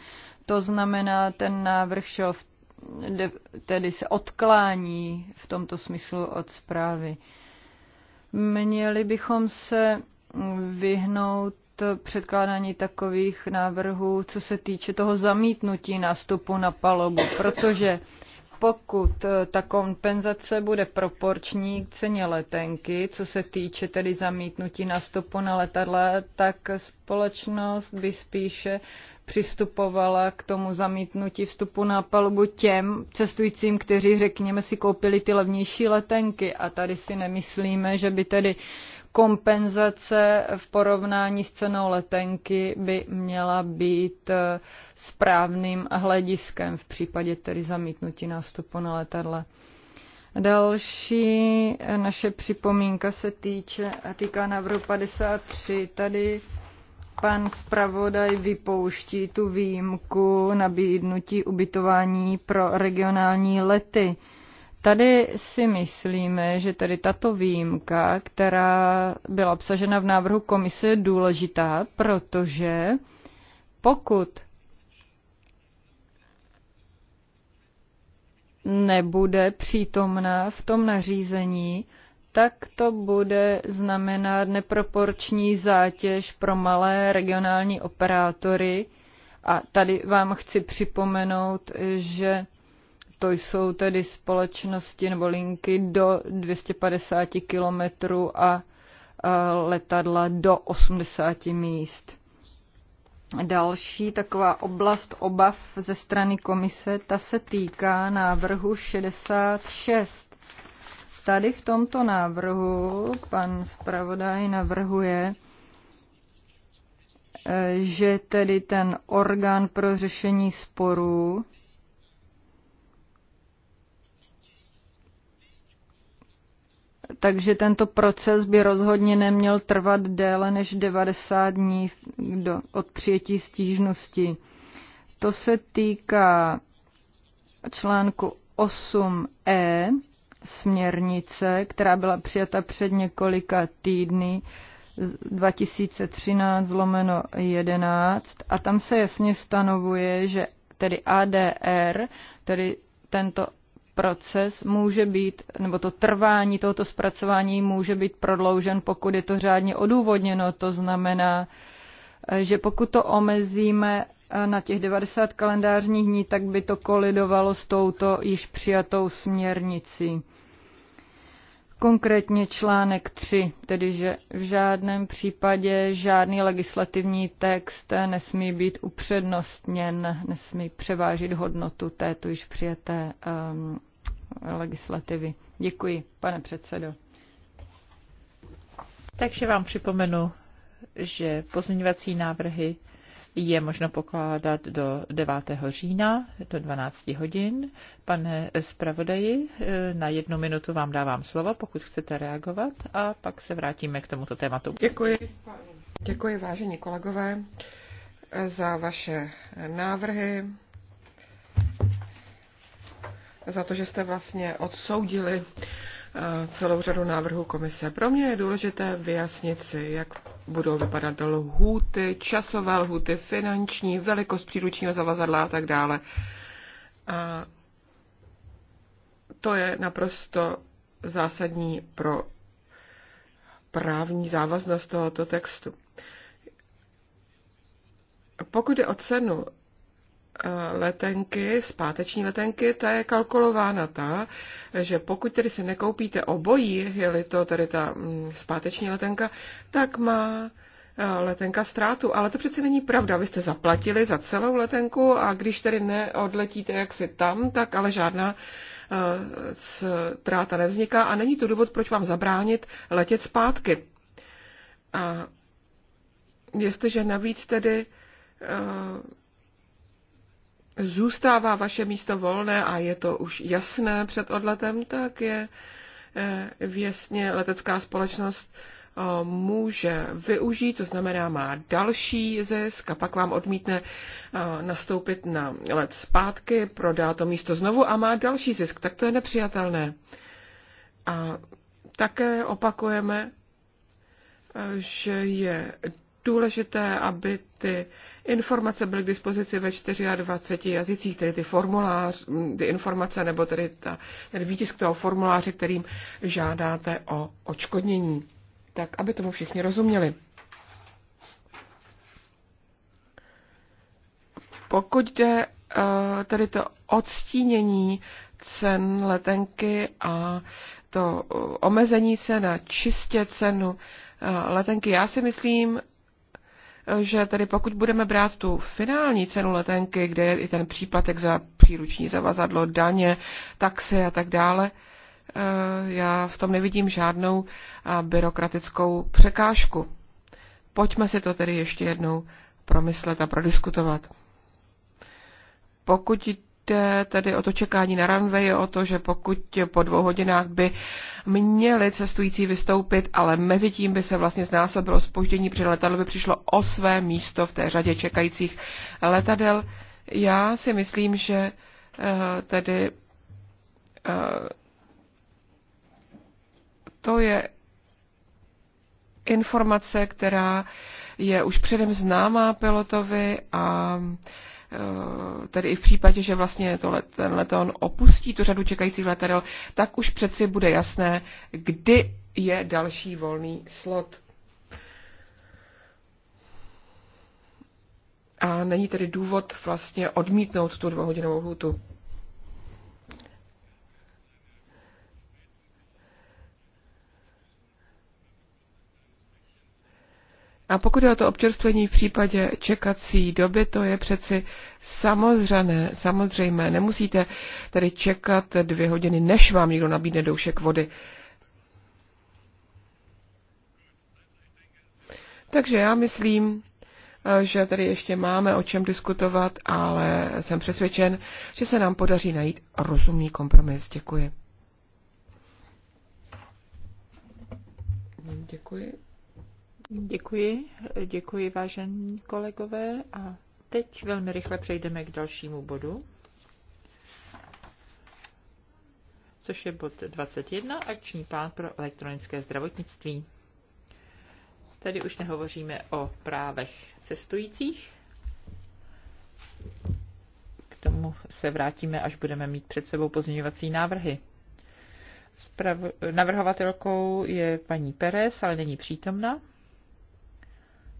To znamená, ten návrh šel v, tedy se odklání v tomto smyslu od zprávy. Měli bychom se vyhnout předkládání takových návrhů, co se týče toho zamítnutí nástupu na palubu, protože pokud eh, ta kompenzace bude proporční k ceně letenky, co se týče tedy zamítnutí nástupu na letadla, tak společnost by spíše přistupovala k tomu zamítnutí vstupu na palubu těm cestujícím, kteří, řekněme, si koupili ty levnější letenky. A tady si nemyslíme, že by tedy uh, kompenzace v porovnání s cenou letenky by měla být správným hlediskem v případě tedy zamítnutí nástupu na letadle. Další naše připomínka se týče, týká návrhu 53. Tady pan zpravodaj vypouští tu výjimku nabídnutí ubytování pro regionální lety. Tady si myslíme, že tedy tato výjimka, která byla obsažena v návrhu komise, je důležitá, protože pokud nebude přítomná v tom nařízení, tak to bude znamenat neproporční zátěž pro malé regionální operátory. A tady vám chci připomenout, že to jsou tedy společnosti nebo linky do 250 kilometrů a letadla do 80 míst. Další taková oblast obav ze strany komise, ta se týká návrhu 66. Tady v tomto návrhu pan zpravodaj navrhuje, eh, že tedy ten orgán pro řešení sporů Takže tento proces by rozhodně neměl trvat déle než 90 dní do, od přijetí stížnosti. To se týká článku 8e směrnice, která byla přijata před několika týdny 2013 lomeno 11 a tam se jasně stanovuje, že tedy ADR, tedy tento proces může být, nebo to trvání tohoto zpracování může být prodloužen, pokud je to řádně odůvodněno. To znamená, že pokud to omezíme eh, na těch 90 kalendářních dní, tak by to kolidovalo s touto již přijatou směrnicí. Konkrétně článek 3, tedy že v žádném případě žádný legislativní text nesmí být upřednostněn, nesmí převážit hodnotu této již přijaté um, legislativy. Děkuji, pane předsedo. Takže vám připomenu, že pozměňovací návrhy je možno pokládat do 9. října do 12 hodin. Pane zpravodaji, na jednu minutu vám dávám slovo, pokud chcete reagovat a pak se vrátíme k tomuto tématu. Děkuji. Děkuji, vážení kolegové, za vaše návrhy, za to, že jste vlastně odsoudili eh, celou řadu návrhů komise. Pro mě je důležité vyjasnit si, jak budou vypadat lhůty, časové lhůty, finanční, velikost příručního zavazadla a tak dále. A to je naprosto zásadní pro právní závaznost tohoto textu. Pokud je o cenu, Eh, letenky, zpáteční letenky, ta je kalkulována ta, že pokud tedy si nekoupíte obojí, je-li to tedy ta mm, zpáteční letenka, tak má eh, letenka ztrátu. Ale to přeci není pravda. Vy jste zaplatili za celou letenku a když tedy neodletíte jaksi tam, tak ale žádná eh, ztráta nevzniká a není to důvod, proč vám zabránit letět zpátky. A jestliže navíc tedy zůstává vaše místo volné a je to už jasné před odletem, tak je eh, věsně letecká společnost eh, může využít, to znamená má další zisk a pak vám odmítne eh, nastoupit na let zpátky, prodá to místo znovu a má další zisk, tak to je nepřijatelné. A také opakujeme, že je důležité, aby ty informace byly k dispozici ve 24 jazycích, tedy ty formulář, ty informace nebo tedy ta, ten výtisk toho formuláře, kterým žádáte o očkodnění. Tak, aby tomu všichni rozuměli. Pokud jde eh, tedy to odstínění cen letenky a to eh, omezení se na čistě cenu eh, letenky, já si myslím, že tedy pokud budeme brát tu finální cenu letenky, kde je i ten příplatek za příruční zavazadlo, daně, taxi a tak dále, eh, já v tom nevidím žádnou eh, byrokratickou překážku. Pojďme si to tedy ještě jednou promyslet a prodiskutovat. Pokud jde tedy o to čekání na runway, o to, že pokud po dvou hodinách by měli cestující vystoupit, ale mezi tím by se vlastně znásobilo spoždění, protože letadlo by přišlo o své místo v té řadě čekajících letadel. Já si myslím, že eh, tedy eh, to je informace, která je už předem známá pilotovi a Eh, tedy i v případě, že vlastně to let, ten letoun opustí tu řadu čekajících letadel, tak už přeci bude jasné, kdy je další volný slot. A není tedy důvod vlastně odmítnout tu dvouhodinovou lhutu. A pokud je o to občerstvení v případě čekací doby, to je přeci samozřejmé, samozřejmé. Nemusíte tedy čekat dvě hodiny, než vám někdo nabídne doušek vody. Takže já myslím, že tady ještě máme o čem diskutovat, ale jsem přesvědčen, že se nám podaří najít rozumný kompromis. Děkuji. Děkuji. Děkuji, děkuji vážení kolegové a teď velmi rychle přejdeme k dalšímu bodu, což je bod 21, akční plán pro elektronické zdravotnictví. Tady už nehovoříme o právech cestujících. K tomu se vrátíme, až budeme mít před sebou pozměňovací návrhy. navrhovatelkou je paní Perez, ale není přítomna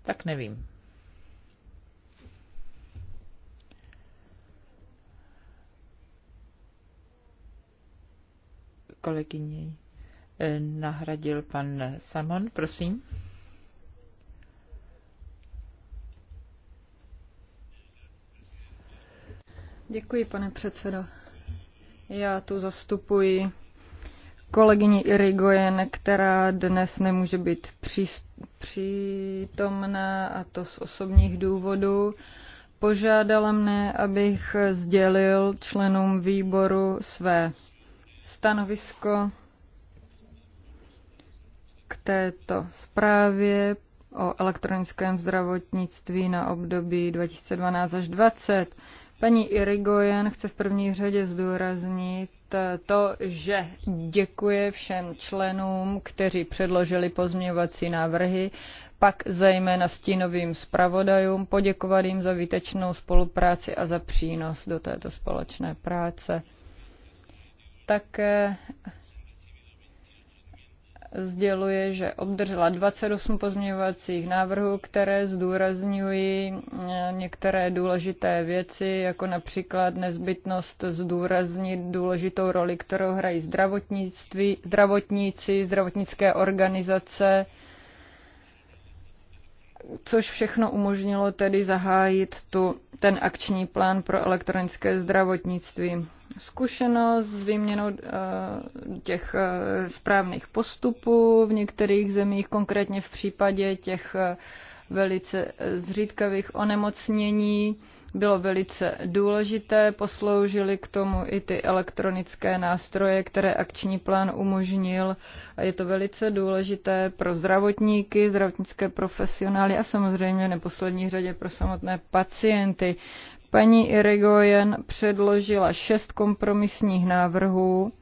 tak nevím. Kolegyni eh, nahradil pan Samon, prosím. Děkuji, pane předsedo. Já tu zastupuji kolegyni Irigoyen, která dnes nemůže být přítomná a to z osobních důvodů. Požádala mne, abych sdělil členům výboru své stanovisko k této zprávě o elektronickém zdravotnictví na období 2012 až 2020. Paní Irigoyen chce v první řadě zdůraznit, Eh, to, že děkuje všem členům, kteří předložili pozměňovací návrhy, pak zejména stínovým zpravodajům, poděkovat jim za výtečnou spolupráci a za přínos do této společné práce. Také eh, sděluje, že obdržela 28 pozměňovacích návrhů, které zdůrazňují eh, některé důležité věci, jako například nezbytnost zdůraznit důležitou roli, kterou hrají zdravotnictví, zdravotníci, zdravotnické organizace, což všechno umožnilo tedy zahájit tu, ten akční plán pro elektronické zdravotnictví zkušenost s výměnou eh, těch eh, správných postupů v některých zemích, konkrétně v případě těch eh, velice zřídkavých onemocnění. Bylo velice důležité, posloužily k tomu i ty elektronické nástroje, které akční plán umožnil. A je to velice důležité pro zdravotníky, zdravotnické profesionály a samozřejmě neposlední řadě pro samotné pacienty. Paní Irigoyen předložila šest kompromisních návrhů,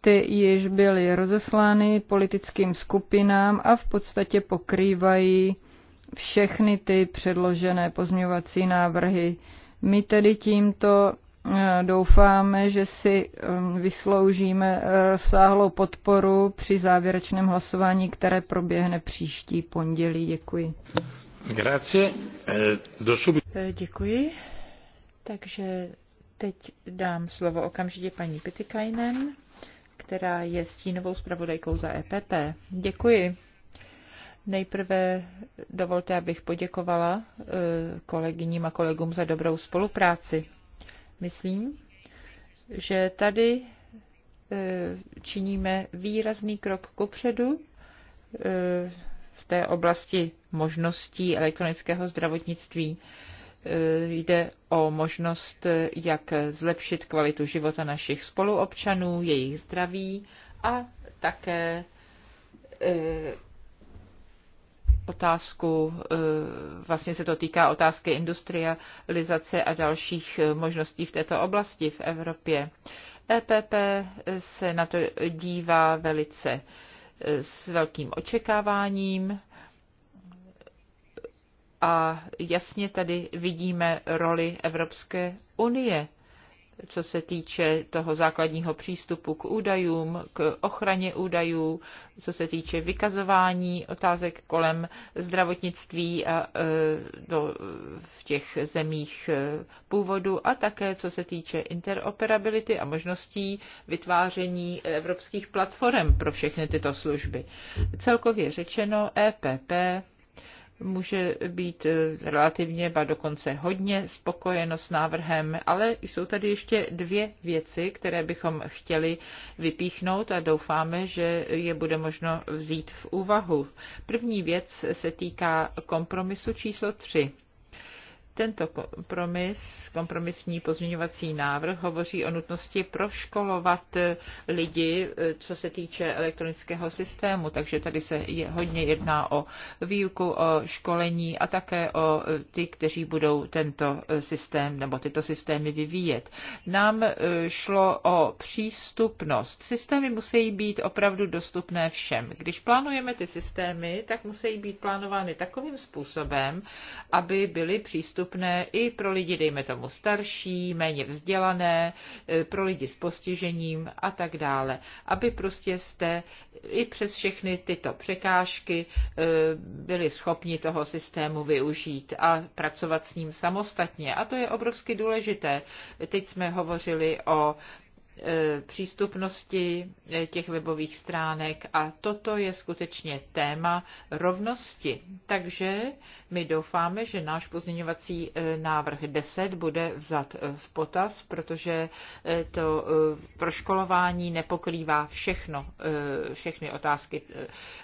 ty již byly rozeslány politickým skupinám a v podstatě pokrývají všechny ty předložené pozměňovací návrhy. My tedy tímto eh, doufáme, že si ehm, vysloužíme eh, rozsáhlou podporu při závěrečném hlasování, které proběhne příští pondělí. Děkuji. Eh, eh, děkuji. Takže teď dám slovo okamžitě paní Pitikainen, která je stínovou zpravodajkou za EPP. Děkuji. Nejprve dovolte, abych poděkovala eh, kolegyním a kolegům za dobrou spolupráci. Myslím, že tady činíme výrazný krok kupředu v té oblasti možností elektronického zdravotnictví. Eh, jde o možnost, eh, jak zlepšit kvalitu života našich spoluobčanů, jejich zdraví a také eh, otázku, vlastně se to týká otázky industrializace a dalších možností v této oblasti v Evropě. EPP se na to dívá velice s velkým očekáváním a jasně tady vidíme roli Evropské unie, co se týče toho základního přístupu k údajům, k ochraně údajů, co se týče vykazování otázek kolem zdravotnictví a, e, do, v těch zemích e, původu a také co se týče interoperability a možností vytváření evropských platform pro všechny tyto služby. Celkově řečeno EPP může být eh, relativně, ba dokonce hodně spokojeno s návrhem, ale jsou tady ještě dvě věci, které bychom chtěli vypíchnout a doufáme, že je bude možno vzít v úvahu. První věc se týká kompromisu číslo 3. Tento kompromis, kompromisní pozměňovací návrh hovoří o nutnosti proškolovat eh, lidi, eh, co se týče elektronického systému, takže tady se je, hodně jedná o výuku, o školení a také o eh, ty, kteří budou tento systém nebo tyto systémy vyvíjet. Nám šlo o přístupnost. Systémy musí být opravdu dostupné všem. Když plánujeme ty systémy, tak musí být plánovány takovým způsobem, aby byly přístupné dostupné i pro lidi, dejme tomu starší, méně vzdělané, e, pro lidi s postižením a tak dále, aby prostě jste i přes všechny tyto překážky e, byli schopni toho systému využít a pracovat s ním samostatně. A to je obrovsky důležité. Teď jsme hovořili o E, přístupnosti e, těch webových stránek a toto je skutečně téma rovnosti. Takže my doufáme, že náš pozměňovací e, návrh 10 bude vzat v potaz, protože to proškolování nepokrývá všechno, všechny otázky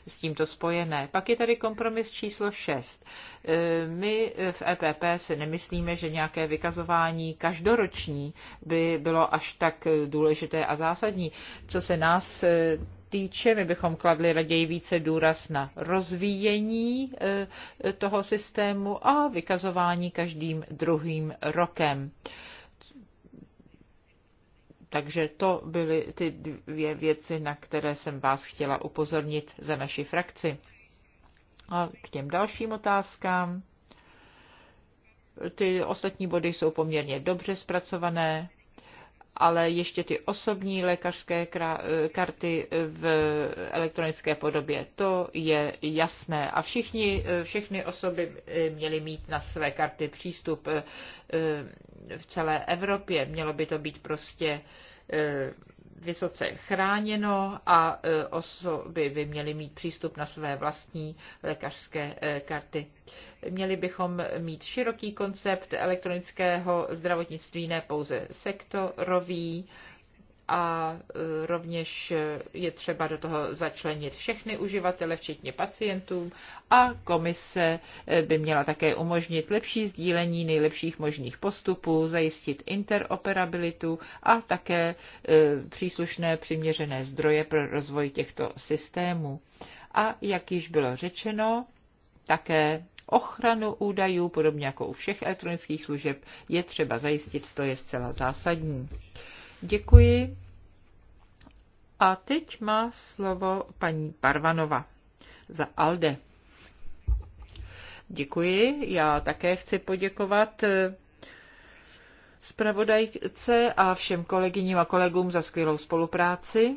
s tímto spojené. Pak je tady kompromis číslo 6. My v EPP se nemyslíme, že nějaké vykazování každoroční by bylo až tak důležité důležité a zásadní. Co se nás eh, týče, my bychom kladli raději více důraz na rozvíjení eh, toho systému a vykazování každým druhým rokem. Takže to byly ty dvě věci, na které jsem vás chtěla upozornit za naši frakci. A k těm dalším otázkám. Ty ostatní body jsou poměrně dobře zpracované ale ještě ty osobní lékařské eh, karty eh, v elektronické podobě. To je jasné. A všichni, eh, všechny osoby měly mít na své karty přístup v celé Evropě. Mělo by to být prostě vysoce chráněno a e, osoby by měly mít přístup na své vlastní lékařské e, karty. Měli bychom mít široký koncept elektronického zdravotnictví, ne pouze sektorový, a e, rovněž je třeba do toho začlenit všechny uživatele, včetně pacientů a komise e, by měla také umožnit lepší sdílení nejlepších možných postupů, zajistit interoperabilitu a také e, příslušné přiměřené zdroje pro rozvoj těchto systémů. A jak již bylo řečeno, také ochranu údajů, podobně jako u všech elektronických služeb, je třeba zajistit, to je zcela zásadní. Děkuji. A teď má slovo paní Parvanova za ALDE. Děkuji. Já také chci poděkovat eh, zpravodajce a všem kolegyním a kolegům za skvělou spolupráci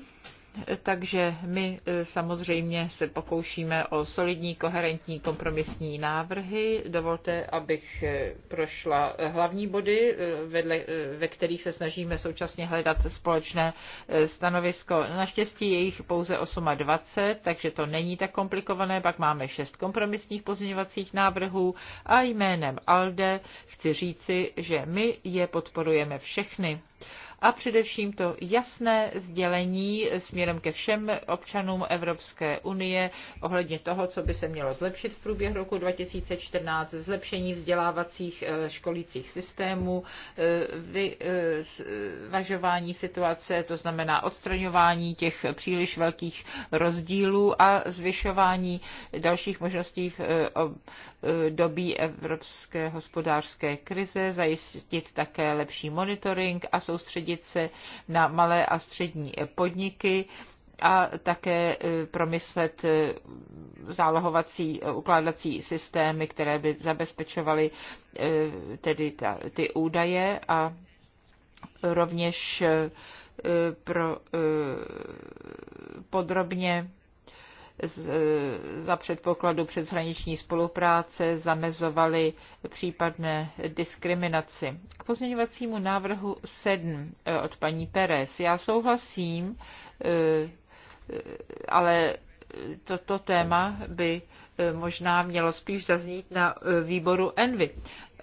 takže my e, samozřejmě se pokoušíme o solidní, koherentní, kompromisní návrhy. Dovolte, abych e, prošla e, hlavní body, vedle, ve kterých se snažíme současně hledat společné stanovisko. Naštěstí je jich pouze 28, takže to není tak komplikované. Pak máme šest kompromisních pozměňovacích návrhů a jménem ALDE chci říci, že my je podporujeme všechny a především to jasné sdělení směrem ke všem občanům Evropské unie ohledně toho, co by se mělo zlepšit v průběhu roku 2014, zlepšení vzdělávacích eh, školících systémů, eh, vyvažování eh, situace, to znamená odstraňování těch příliš velkých rozdílů a zvyšování dalších možností v dobí evropské hospodářské krize, zajistit také lepší monitoring a soustředit soustředit se na malé a střední podniky a také eh, promyslet eh, zálohovací eh, ukládací systémy, které by zabezpečovaly tedy ta, ty údaje a rovněž pro, podrobně E, za předpokladu předhraniční spolupráce zamezovaly případné diskriminaci. K pozměňovacímu návrhu 7 e, od paní Perez. Já souhlasím, e, ale toto téma by možná mělo spíš zaznít na výboru Envy.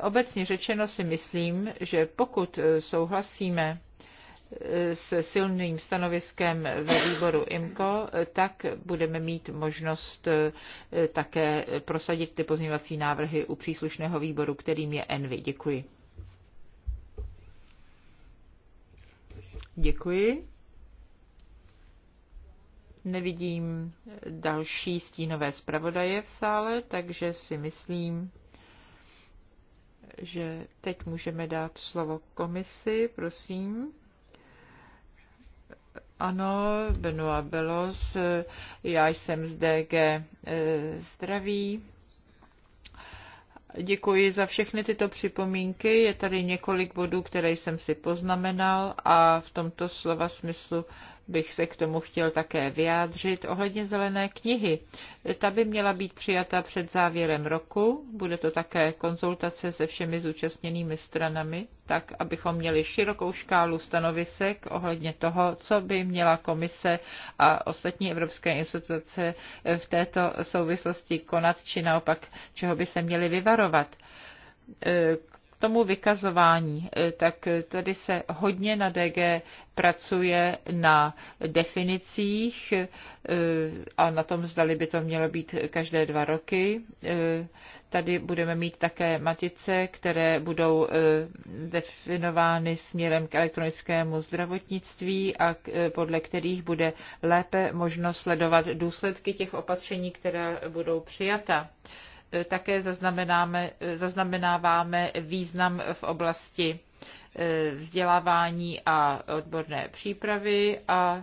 Obecně řečeno si myslím, že pokud souhlasíme se silným stanoviskem ve výboru IMCO, tak budeme mít možnost eh, také prosadit ty pozměňovací návrhy u příslušného výboru, kterým je ENVY. Děkuji. Děkuji. Nevidím další stínové zpravodaje v sále, takže si myslím, že teď můžeme dát slovo komisi, prosím. Ano, Benoit Belos, já jsem z DG eh, Zdraví. Děkuji za všechny tyto připomínky. Je tady několik bodů, které jsem si poznamenal a v tomto slova smyslu bych se k tomu chtěl také vyjádřit ohledně zelené knihy. Ta by měla být přijata před závěrem roku, bude to také konzultace se všemi zúčastněnými stranami, tak abychom měli širokou škálu stanovisek ohledně toho, co by měla komise a ostatní evropské instituce v této souvislosti konat, či naopak, čeho by se měly vyvarovat tomu vykazování, e, tak tady se hodně na DG pracuje na definicích e, a na tom zdali by to mělo být každé dva roky. E, tady budeme mít také matice, které budou definovány směrem k elektronickému zdravotnictví a podle kterých bude lépe možno sledovat důsledky těch opatření, která budou přijata. Eh, také eh, zaznamenáváme význam v oblasti eh, vzdělávání a odborné přípravy a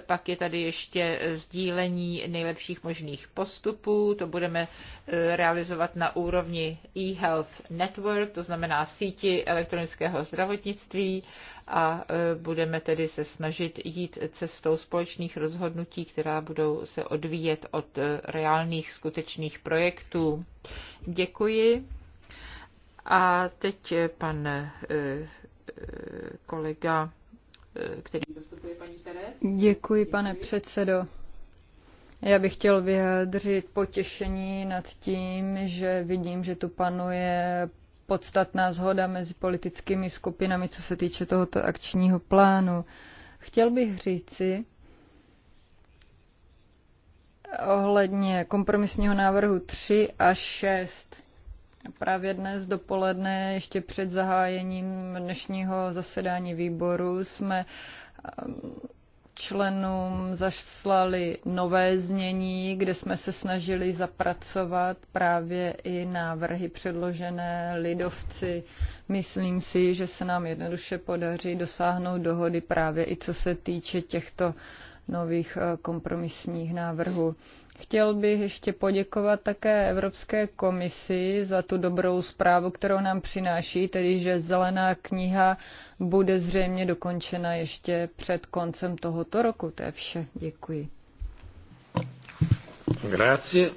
pak je tady ještě sdílení nejlepších možných postupů. To budeme eh, realizovat na úrovni e-health network, to znamená síti elektronického zdravotnictví a eh, budeme tedy se snažit jít cestou společných rozhodnutí, která budou se odvíjet od eh, reálných skutečných projektů. Děkuji. A teď pan kolega který zastupuje paní Teres. Děkuji, pane předsedo. Já bych chtěl vyjádřit potěšení nad tím, že vidím, že tu panuje podstatná zhoda mezi politickými skupinami, co se týče tohoto akčního plánu. Chtěl bych říci ohledně kompromisního návrhu 3 a 6 Právě dnes dopoledne, ještě před zahájením dnešního zasedání výboru, jsme eh, členům zaslali nové znění, kde jsme se snažili zapracovat právě i návrhy předložené lidovci. Myslím si, že se nám jednoduše podaří dosáhnout dohody právě i co se týče těchto nových eh, kompromisních návrhů. Chtěl bych ještě poděkovat také Evropské komisi za tu dobrou zprávu, kterou nám přináší, tedy že zelená kniha bude zřejmě dokončena ještě před koncem tohoto roku. To je vše. Děkuji. Grazie.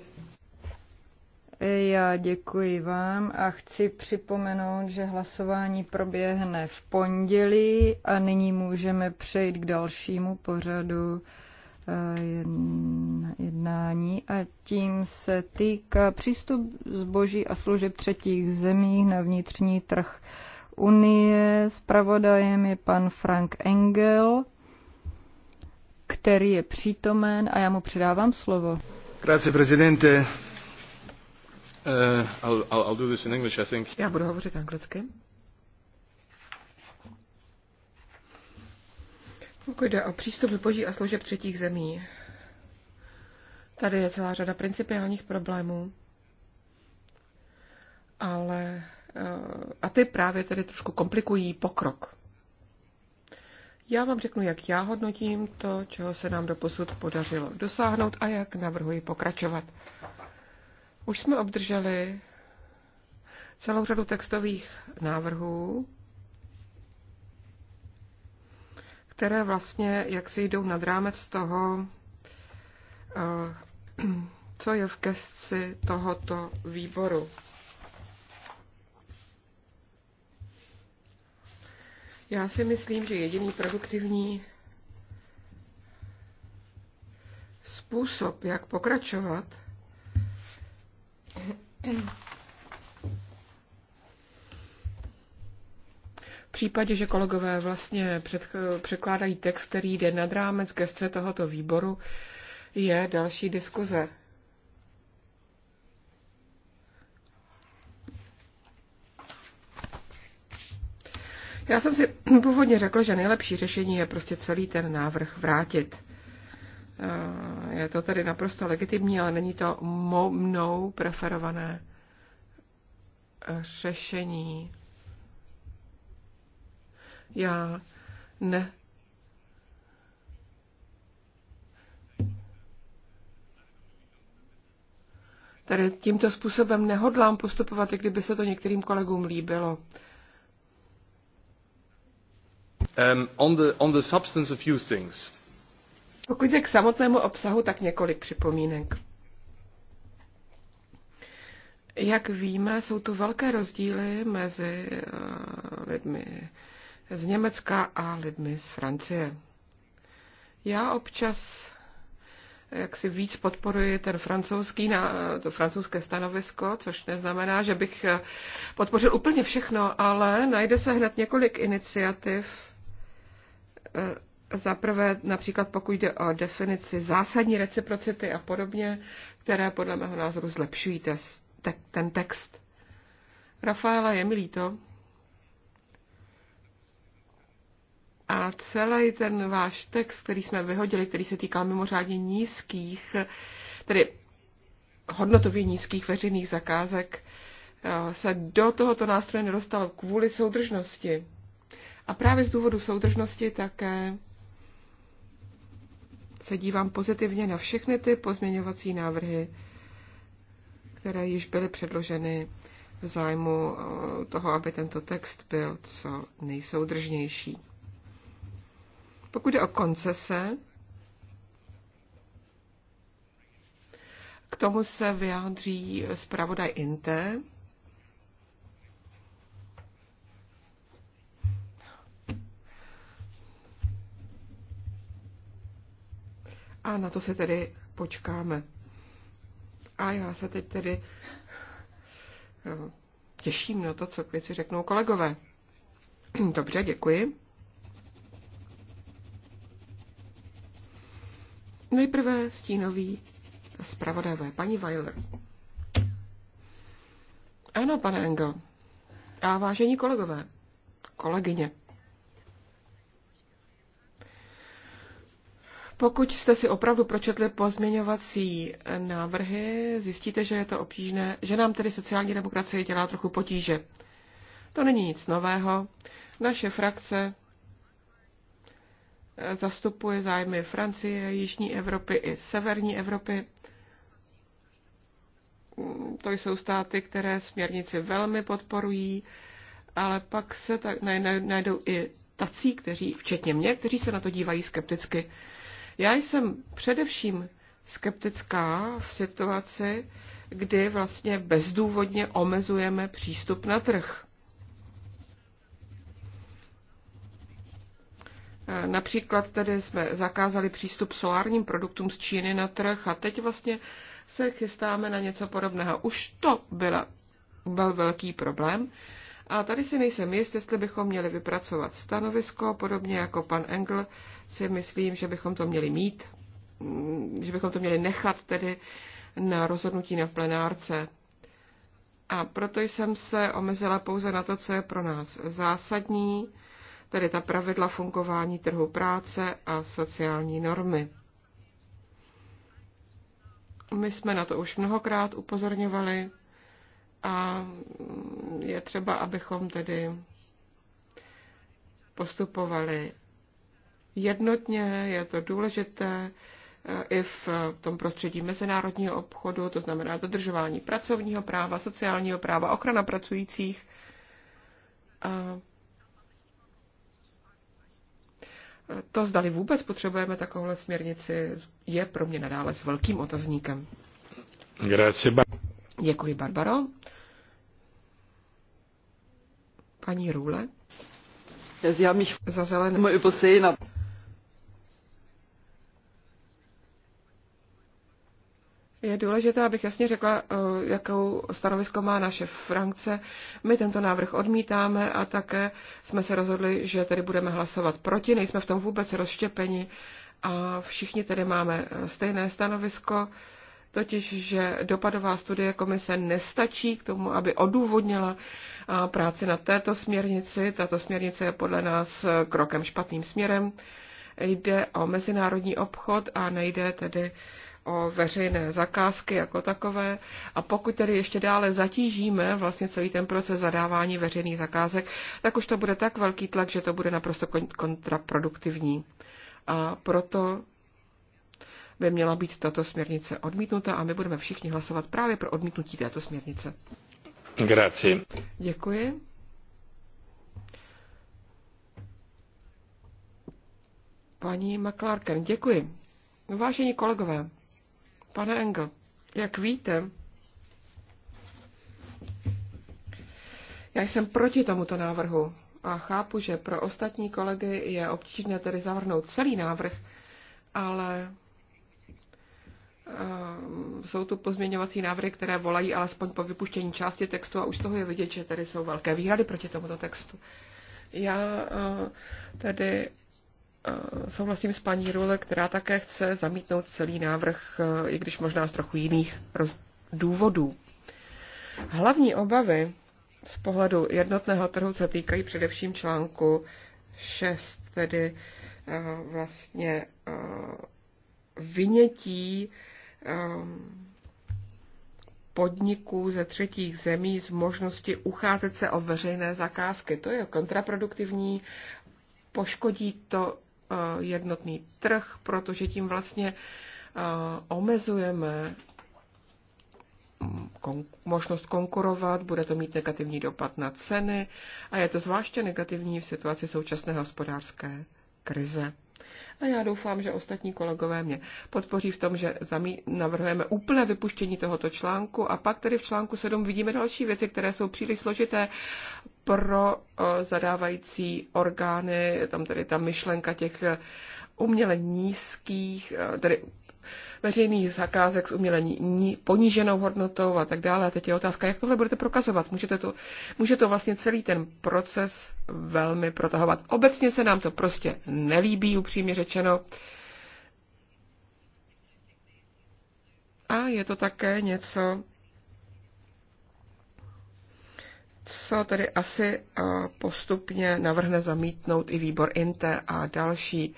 Já děkuji vám a chci připomenout, že hlasování proběhne v pondělí a nyní můžeme přejít k dalšímu pořadu jednání a tím se týká přístup zboží a služeb třetích zemí na vnitřní trh Unie. Spravodajem je pan Frank Engel, který je přítomen a já mu předávám slovo. Krátce prezidente. Uh, eh, I'll, I'll do this in English, I think. Já budu hovořit anglicky. Pokud jde o přístup zboží a služeb třetích zemí, tady je celá řada principiálních problémů, ale eh, a ty právě tedy trošku komplikují pokrok. Já vám řeknu, jak já hodnotím to, čeho se nám doposud podařilo dosáhnout a jak navrhuji pokračovat. Už jsme obdrželi celou řadu textových návrhů které vlastně jak si jdou nad rámec toho, eh, co je v gestci tohoto výboru. Já si myslím, že jediný produktivní způsob, jak pokračovat, případě, že kolegové vlastně před, překládají text, který jde nad rámec gestce tohoto výboru, je další diskuze. Já jsem si původně řekl, že nejlepší řešení je prostě celý ten návrh vrátit. Eh, je to tedy naprosto legitimní, ale není to mnou preferované řešení. Já ne. Tady tímto způsobem nehodlám postupovat, i kdyby se to některým kolegům líbilo. Um, on, the, on the substance of few things. Pokud jde k samotnému obsahu, tak několik připomínek. Jak víme, jsou tu velké rozdíly mezi eh, lidmi z Německa a lidmi z Francie. Já občas jak si víc podporuji ten francouzský, to francouzské stanovisko, což neznamená, že bych podpořil úplně všechno, ale najde se hned několik iniciativ. E, za prvé například pokud jde o definici zásadní reciprocity a podobně, které podle mého názoru zlepšují ten text. Rafaela je mi líto, A celý ten váš text, který jsme vyhodili, který se týkal mimořádně nízkých, tedy hodnotově nízkých veřejných zakázek, eh, se do tohoto nástroje nedostal kvůli soudržnosti. A právě z důvodu soudržnosti také se dívám pozitivně na všechny ty pozměňovací návrhy, které již byly předloženy v zájmu eh, toho, aby tento text byl co nejsoudržnější. Pokud je o koncese, k tomu se vyjádří zpravodaj Inte. A na to se tedy počkáme. A já se teď tedy eh, těším na to, co k věci řeknou kolegové. Dobře, děkuji. Nejprve stínový zpravodajové, paní Weiler. Ano, pane Engel. A vážení kolegové, kolegyně. Pokud jste si opravdu pročetli pozměňovací návrhy, zjistíte, že je to obtížné, že nám tedy sociální demokracie dělá trochu potíže. To není nic nového. Naše frakce zastupuje zájmy Francie, Jižní Evropy i Severní Evropy. To jsou státy, které směrnici velmi podporují, ale pak se tak najdou i tací, kteří, včetně mě, kteří se na to dívají skepticky. Já jsem především skeptická v situaci, kdy vlastně bezdůvodně omezujeme přístup na trh. Eh, například tedy jsme zakázali přístup solárním produktům z Číny na trh a teď vlastně se chystáme na něco podobného. Už to byla, byl velký problém. A tady si nejsem jist, jestli bychom měli vypracovat stanovisko, podobně jako pan Engel si myslím, že bychom to měli mít, mm, že bychom to měli nechat tedy na rozhodnutí na plenárce. A proto jsem se omezila pouze na to, co je pro nás zásadní tedy ta pravidla fungování trhu práce a sociální normy. My jsme na to už mnohokrát upozorňovali a je třeba, abychom tedy postupovali jednotně, je to důležité eh, i v tom prostředí mezinárodního obchodu, to znamená dodržování pracovního práva, sociálního práva, ochrana pracujících. A To, zdali vůbec potřebujeme takovouhle směrnici, je pro mě nadále s velkým otazníkem. Děkuji, Barbaro. Paní Růle. Za zelené. Je důležité, abych jasně řekla, eh, jakou stanovisko má naše Frankce. My tento návrh odmítáme a také jsme se rozhodli, že tedy budeme hlasovat proti. Nejsme v tom vůbec rozštěpeni a všichni tedy máme eh, stejné stanovisko, totiž, že dopadová studie komise nestačí k tomu, aby odůvodnila eh, práci na této směrnici. Tato směrnice je podle nás krokem špatným směrem. Jde o mezinárodní obchod a nejde tedy o veřejné zakázky jako takové. A pokud tedy ještě dále zatížíme vlastně celý ten proces zadávání veřejných zakázek, tak už to bude tak velký tlak, že to bude naprosto kontraproduktivní. A proto by měla být tato směrnice odmítnuta a my budeme všichni hlasovat právě pro odmítnutí této směrnice. Grazie. Děkuji. Paní McClarken, děkuji. Vážení kolegové, Pane Engel, jak víte, já jsem proti tomuto návrhu a chápu, že pro ostatní kolegy je obtížné tedy zavrhnout celý návrh, ale eh, jsou tu pozměňovací návrhy, které volají alespoň po vypuštění části textu a už z toho je vidět, že tady jsou velké výhrady proti tomuto textu. Já eh, tedy Eh, souhlasím s paní Rule, která také chce zamítnout celý návrh, eh, i když možná z trochu jiných důvodů. Hlavní obavy z pohledu jednotného trhu se týkají především článku 6, tedy eh, vlastně vynětí podniků ze třetích zemí z možnosti ucházet se o veřejné zakázky. To je kontraproduktivní, poškodí to Eh, jednotný trh, protože tím vlastně eh, omezujeme možnost konkurovat, bude to mít negativní dopad na ceny a je to zvláště negativní v situaci současné hospodářské krize. A já doufám, že ostatní kolegové mě podpoří v tom, že zamí- navrhujeme úplné vypuštění tohoto článku a pak tedy v článku 7 vidíme další věci, které jsou příliš složité pro eh, zadávající orgány, tam tedy ta myšlenka těch eh, uměle nízkých, eh, tedy veřejných zakázek s umělení poníženou hodnotou a tak dále. A teď je otázka, jak tohle budete prokazovat. Můžete to, může to vlastně celý ten proces velmi protahovat. Obecně se nám to prostě nelíbí, upřímně řečeno. A je to také něco, co tedy asi eh, postupně navrhne zamítnout i výbor Inter a další.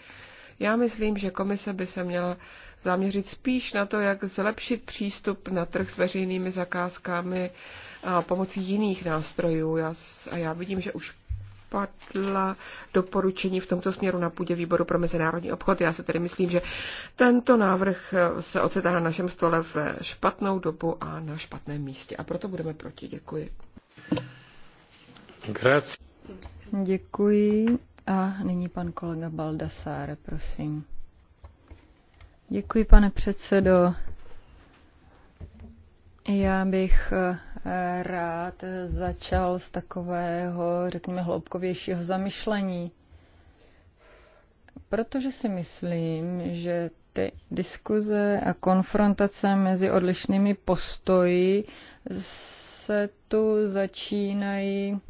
Já myslím, že komise by se měla zaměřit spíš na to, jak zlepšit přístup na trh s veřejnými zakázkami eh, pomocí jiných nástrojů. Já, a já vidím, že už padla doporučení v tomto směru na půdě výboru pro mezinárodní obchod. Já se tedy myslím, že tento návrh eh, se ocitá na našem stole v špatnou dobu a na špatném místě. A proto budeme proti. Děkuji. Děkuji. A nyní pan kolega Baldasáre, prosím. Děkuji, pane předsedo. Já bych eh, rád začal z takového, řekněme, hloubkovějšího zamyšlení, protože si myslím, že ty diskuze a konfrontace mezi odlišnými postoji se tu začínají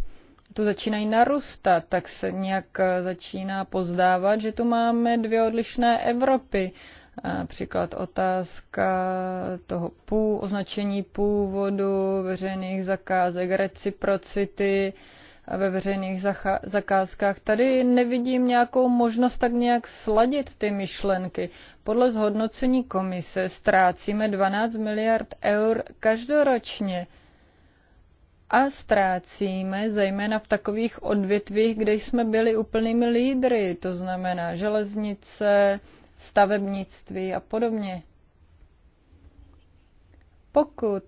to začínají narůstat, tak se nějak eh, začíná pozdávat, že tu máme dvě odlišné Evropy. Eh, Například otázka toho pů, označení původu, veřejných zakázek, reciprocity ve veřejných zakázkách. Tady nevidím nějakou možnost tak nějak sladit ty myšlenky. Podle zhodnocení komise ztrácíme 12 miliard eur každoročně a ztrácíme zejména v takových odvětvích, kde jsme byli úplnými lídry, to znamená železnice, stavebnictví a podobně. Pokud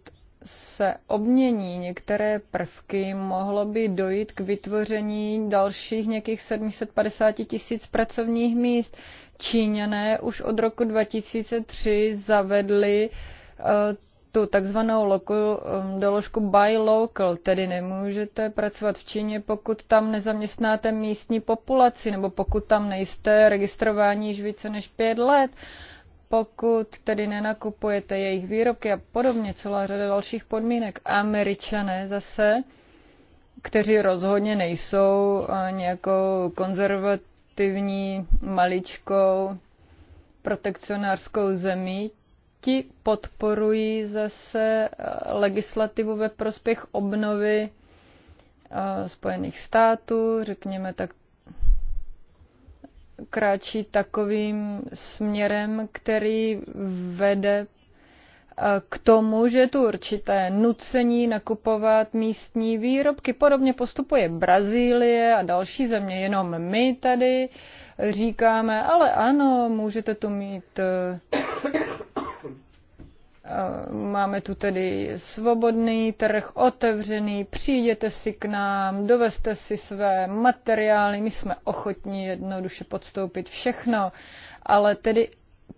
se obmění některé prvky, mohlo by dojít k vytvoření dalších nějakých 750 tisíc pracovních míst. Číňané už od roku 2003 zavedli eh, tu takzvanou loku, um, doložku by local, tedy nemůžete pracovat v Číně, pokud tam nezaměstnáte místní populaci nebo pokud tam nejste registrováni již více než pět let pokud tedy nenakupujete jejich výrobky a podobně, celá řada dalších podmínek. Američané zase, kteří rozhodně nejsou eh, nějakou konzervativní, maličkou, protekcionářskou zemí, ti podporují zase eh, legislativu ve prospěch obnovy eh, Spojených států, řekněme tak kráčí takovým směrem, který vede eh, k tomu, že tu určité nucení nakupovat místní výrobky. Podobně postupuje Brazílie a další země, jenom my tady říkáme, ale ano, můžete tu mít Máme tu tedy svobodný trh, otevřený, přijděte si k nám, doveste si své materiály, my jsme ochotní jednoduše podstoupit všechno, ale tedy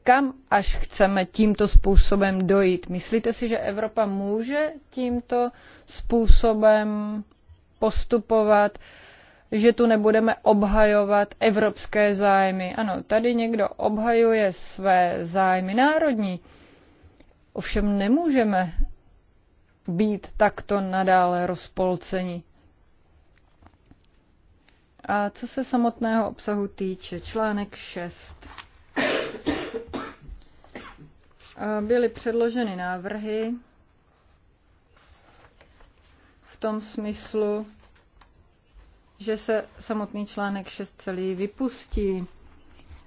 kam až chceme tímto způsobem dojít? Myslíte si, že Evropa může tímto způsobem postupovat? že tu nebudeme obhajovat evropské zájmy. Ano, tady někdo obhajuje své zájmy národní, Ovšem nemůžeme být takto nadále rozpolceni. A co se samotného obsahu týče, článek 6. Byly předloženy návrhy v tom smyslu, že se samotný článek 6 celý vypustí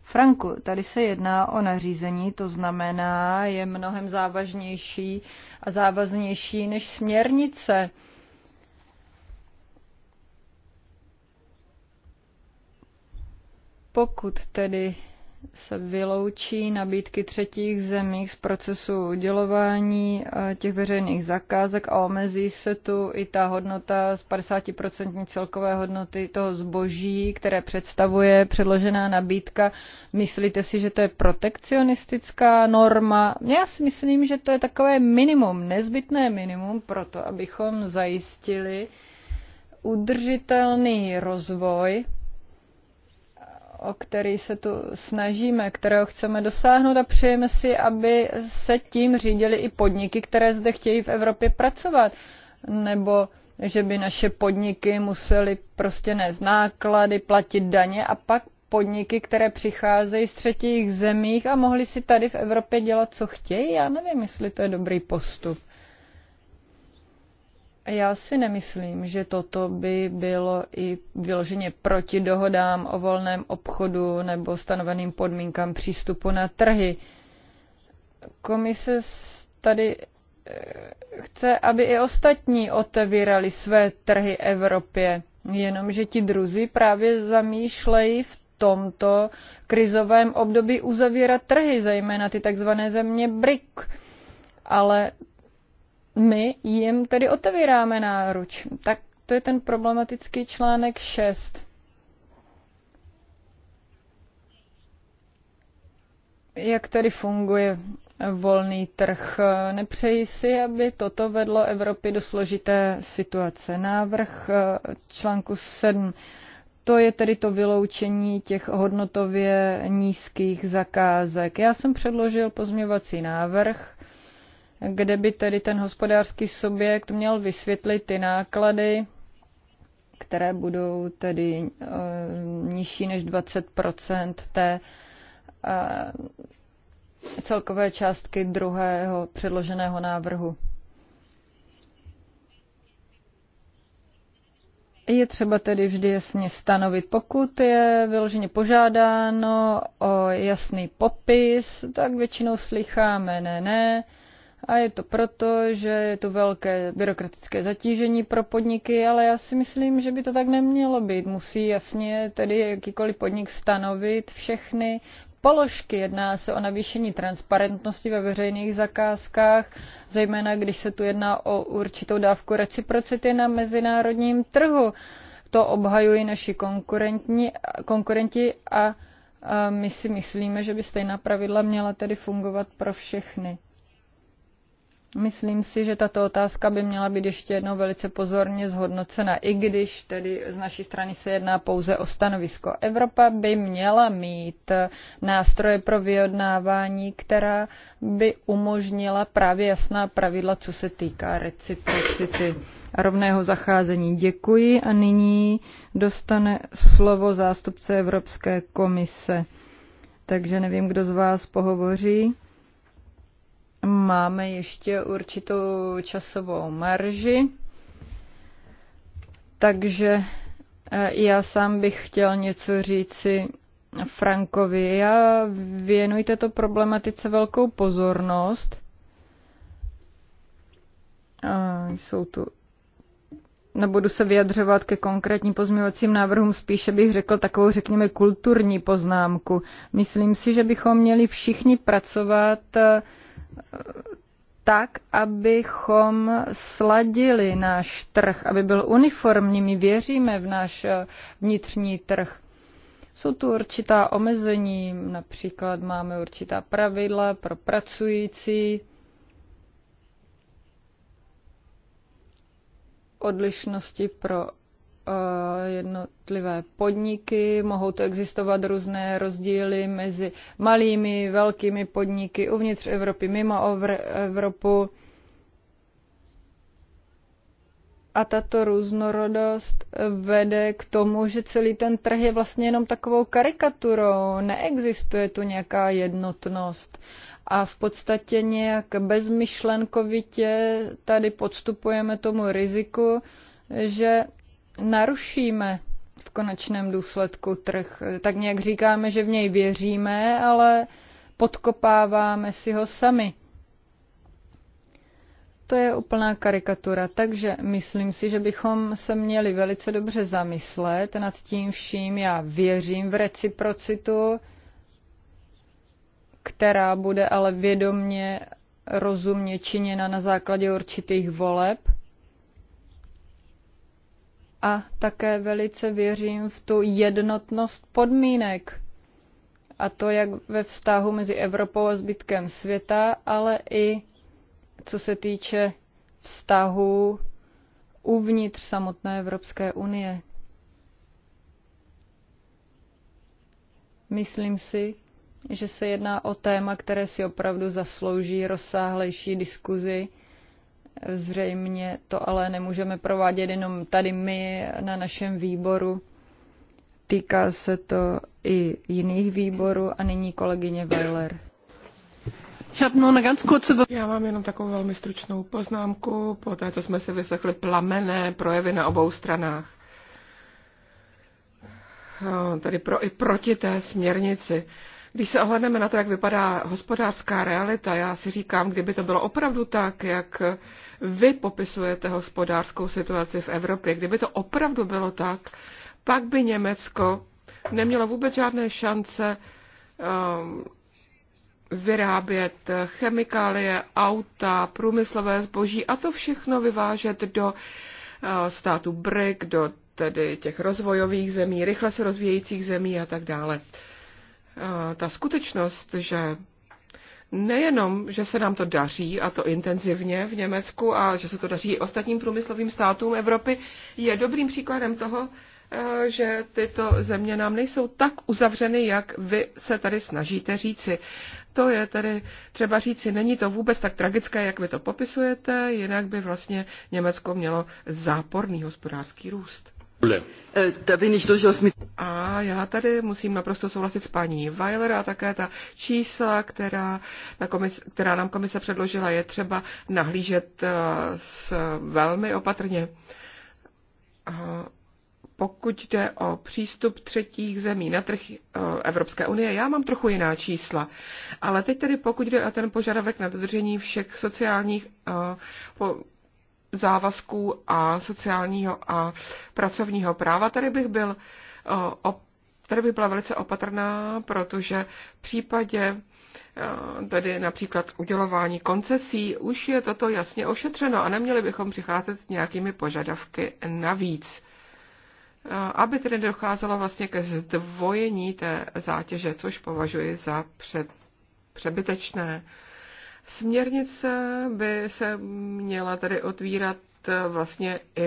franku. Tady se jedná o nařízení, to znamená, je mnohem závažnější a závaznější než směrnice. Pokud tedy se vyloučí nabídky třetích zemí z procesu udělování eh, těch veřejných zakázek a omezí se tu i ta hodnota z 50% celkové hodnoty toho zboží, které představuje předložená nabídka. Myslíte si, že to je protekcionistická norma? Já si myslím, že to je takové minimum, nezbytné minimum pro to, abychom zajistili udržitelný rozvoj o který se tu snažíme, kterého chceme dosáhnout a přejeme si, aby se tím řídili i podniky, které zde chtějí v Evropě pracovat. Nebo že by naše podniky musely prostě nést náklady, platit daně a pak podniky, které přicházejí z třetích zemích a mohli si tady v Evropě dělat, co chtějí. Já nevím, jestli to je dobrý postup. Já si nemyslím, že toto by bylo i vyloženě proti dohodám o volném obchodu nebo stanoveným podmínkám přístupu na trhy. Komise tady eh, chce, aby i ostatní otevírali své trhy Evropě, jenomže ti druzí právě zamýšlejí v tomto krizovém období uzavírat trhy, zejména ty takzvané země BRIC. Ale my jim tedy otevíráme náruč. Tak to je ten problematický článek 6. Jak tedy funguje volný trh? Nepřeji si, aby toto vedlo Evropy do složité situace. Návrh eh, článku 7. To je tedy to vyloučení těch hodnotově nízkých zakázek. Já jsem předložil pozměvací návrh, kde by tedy ten hospodářský subjekt měl vysvětlit ty náklady, které budou tedy eh, nižší než 20 té eh, celkové částky druhého předloženého návrhu. Je třeba tedy vždy jasně stanovit, pokud je vyloženě požádáno o jasný popis, tak většinou slycháme ne, ne, a je to proto, že je to velké byrokratické zatížení pro podniky, ale já si myslím, že by to tak nemělo být. Musí jasně tedy jakýkoliv podnik stanovit všechny položky. Jedná se o navýšení transparentnosti ve veřejných zakázkách, zejména když se tu jedná o určitou dávku reciprocity na mezinárodním trhu. To obhajují naši konkurenti a my si myslíme, že by stejná pravidla měla tedy fungovat pro všechny. Myslím si, že tato otázka by měla být ještě jednou velice pozorně zhodnocena, i když tedy z naší strany se jedná pouze o stanovisko. Evropa by měla mít nástroje pro vyjednávání, která by umožnila právě jasná pravidla, co se týká reciprocity a rovného zacházení. Děkuji a nyní dostane slovo zástupce Evropské komise. Takže nevím, kdo z vás pohovoří. Máme ještě určitou časovou marži, takže eh, já sám bych chtěl něco říci Frankovi. Já věnuji této problematice velkou pozornost. Jsou tu nebudu se vyjadřovat ke konkrétním pozměňovacím návrhům, spíše bych řekl takovou, řekněme, kulturní poznámku. Myslím si, že bychom měli všichni pracovat eh, tak, abychom sladili náš trh, aby byl uniformní. My věříme v náš vnitřní trh. Jsou tu určitá omezení, například máme určitá pravidla pro pracující, odlišnosti pro Eh, jednotlivé podniky, mohou to existovat různé rozdíly mezi malými, velkými podniky uvnitř Evropy, mimo Evropu. A tato různorodost vede k tomu, že celý ten trh je vlastně jenom takovou karikaturou. Neexistuje tu nějaká jednotnost a v podstatě nějak bezmyšlenkovitě tady podstupujeme tomu riziku, že narušíme v konečném důsledku trh. Tak nějak říkáme, že v něj věříme, ale podkopáváme si ho sami. To je úplná karikatura, takže myslím si, že bychom se měli velice dobře zamyslet nad tím vším. Já věřím v reciprocitu, která bude ale vědomně, rozumně činěna na základě určitých voleb – a také velice věřím v tu jednotnost podmínek. A to jak ve vztahu mezi Evropou a zbytkem světa, ale i co se týče vztahu uvnitř samotné Evropské unie. Myslím si, že se jedná o téma, které si opravdu zaslouží rozsáhlejší diskuzi Zřejmě to ale nemůžeme provádět jenom tady my na našem výboru. Týká se to i jiných výborů a nyní kolegyně Weiler. Já mám jenom takovou velmi stručnou poznámku, po té, co jsme si vyslechli plamené projevy na obou stranách. Eh, tady pro i proti té směrnici. Když se ohledneme na to, jak vypadá hospodářská realita, já si říkám, kdyby to bylo opravdu tak, jak vy popisujete hospodářskou situaci v Evropě, kdyby to opravdu bylo tak, pak by Německo nemělo vůbec žádné šance um, vyrábět chemikálie, auta, průmyslové zboží a to všechno vyvážet do uh, státu BRIC, do tedy těch rozvojových zemí, rychle se rozvíjejících zemí a tak dále. Uh, Eh, ta skutečnost, že nejenom, že se nám to daří, a to intenzivně v Německu, a že se to daří i ostatním průmyslovým státům Evropy, je dobrým příkladem toho, eh, že tyto země nám nejsou tak uzavřeny, jak vy se tady snažíte říci. To je tedy třeba říci, není to vůbec tak tragické, jak vy to popisujete, jinak by vlastně Německo mělo záporný hospodářský růst. E, a já tady musím naprosto souhlasit s paní Weiler a také ta čísla, která, na komis, která nám komise předložila, je třeba nahlížet e, s velmi opatrně. A pokud jde o přístup třetích zemí na trh e, Evropské unie, já mám trochu jiná čísla. Ale teď tedy pokud jde o ten požadavek na dodržení všech sociálních závazků a sociálního a pracovního práva. Tady bych byl tady bych byla velice opatrná, protože v případě tedy například udělování koncesí, už je toto jasně ošetřeno a neměli bychom přicházet s nějakými požadavky navíc. Aby tedy docházelo vlastně ke zdvojení té zátěže, což považuji za před, přebytečné. Směrnice by se měla tedy otvírat eh, vlastně i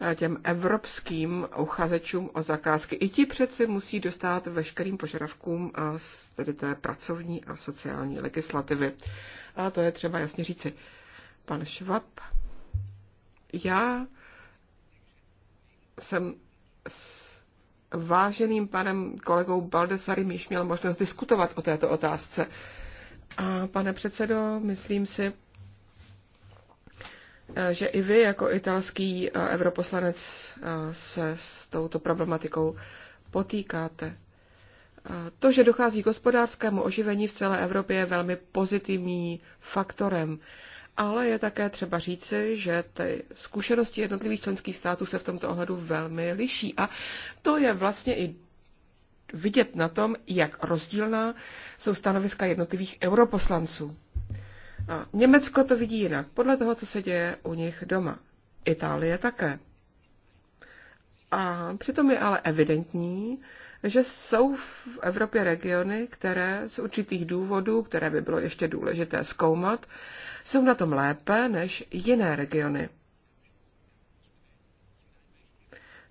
eh, těm evropským uchazečům o zakázky. I ti přeci musí dostat veškerým požadavkům a eh, tedy té pracovní a sociální legislativy. A to je třeba jasně říci. Pan Švab, já jsem s váženým panem kolegou Baldesarym již měl možnost diskutovat o této otázce. A pane předsedo, myslím si, eh, že i vy jako italský eh, europoslanec eh, se s touto problematikou potýkáte. To, že dochází k hospodářskému oživení v celé Evropě, je velmi pozitivní faktorem. Ale je také třeba říci, že ty zkušenosti jednotlivých členských států se v tomto ohledu velmi liší. A to je vlastně i vidět na tom, jak rozdílná jsou stanoviska jednotlivých europoslanců. A Německo to vidí jinak, podle toho, co se děje u nich doma. Itálie také. A přitom je ale evidentní, že jsou v Evropě regiony, které z určitých důvodů, které by bylo ještě důležité zkoumat, jsou na tom lépe než jiné regiony.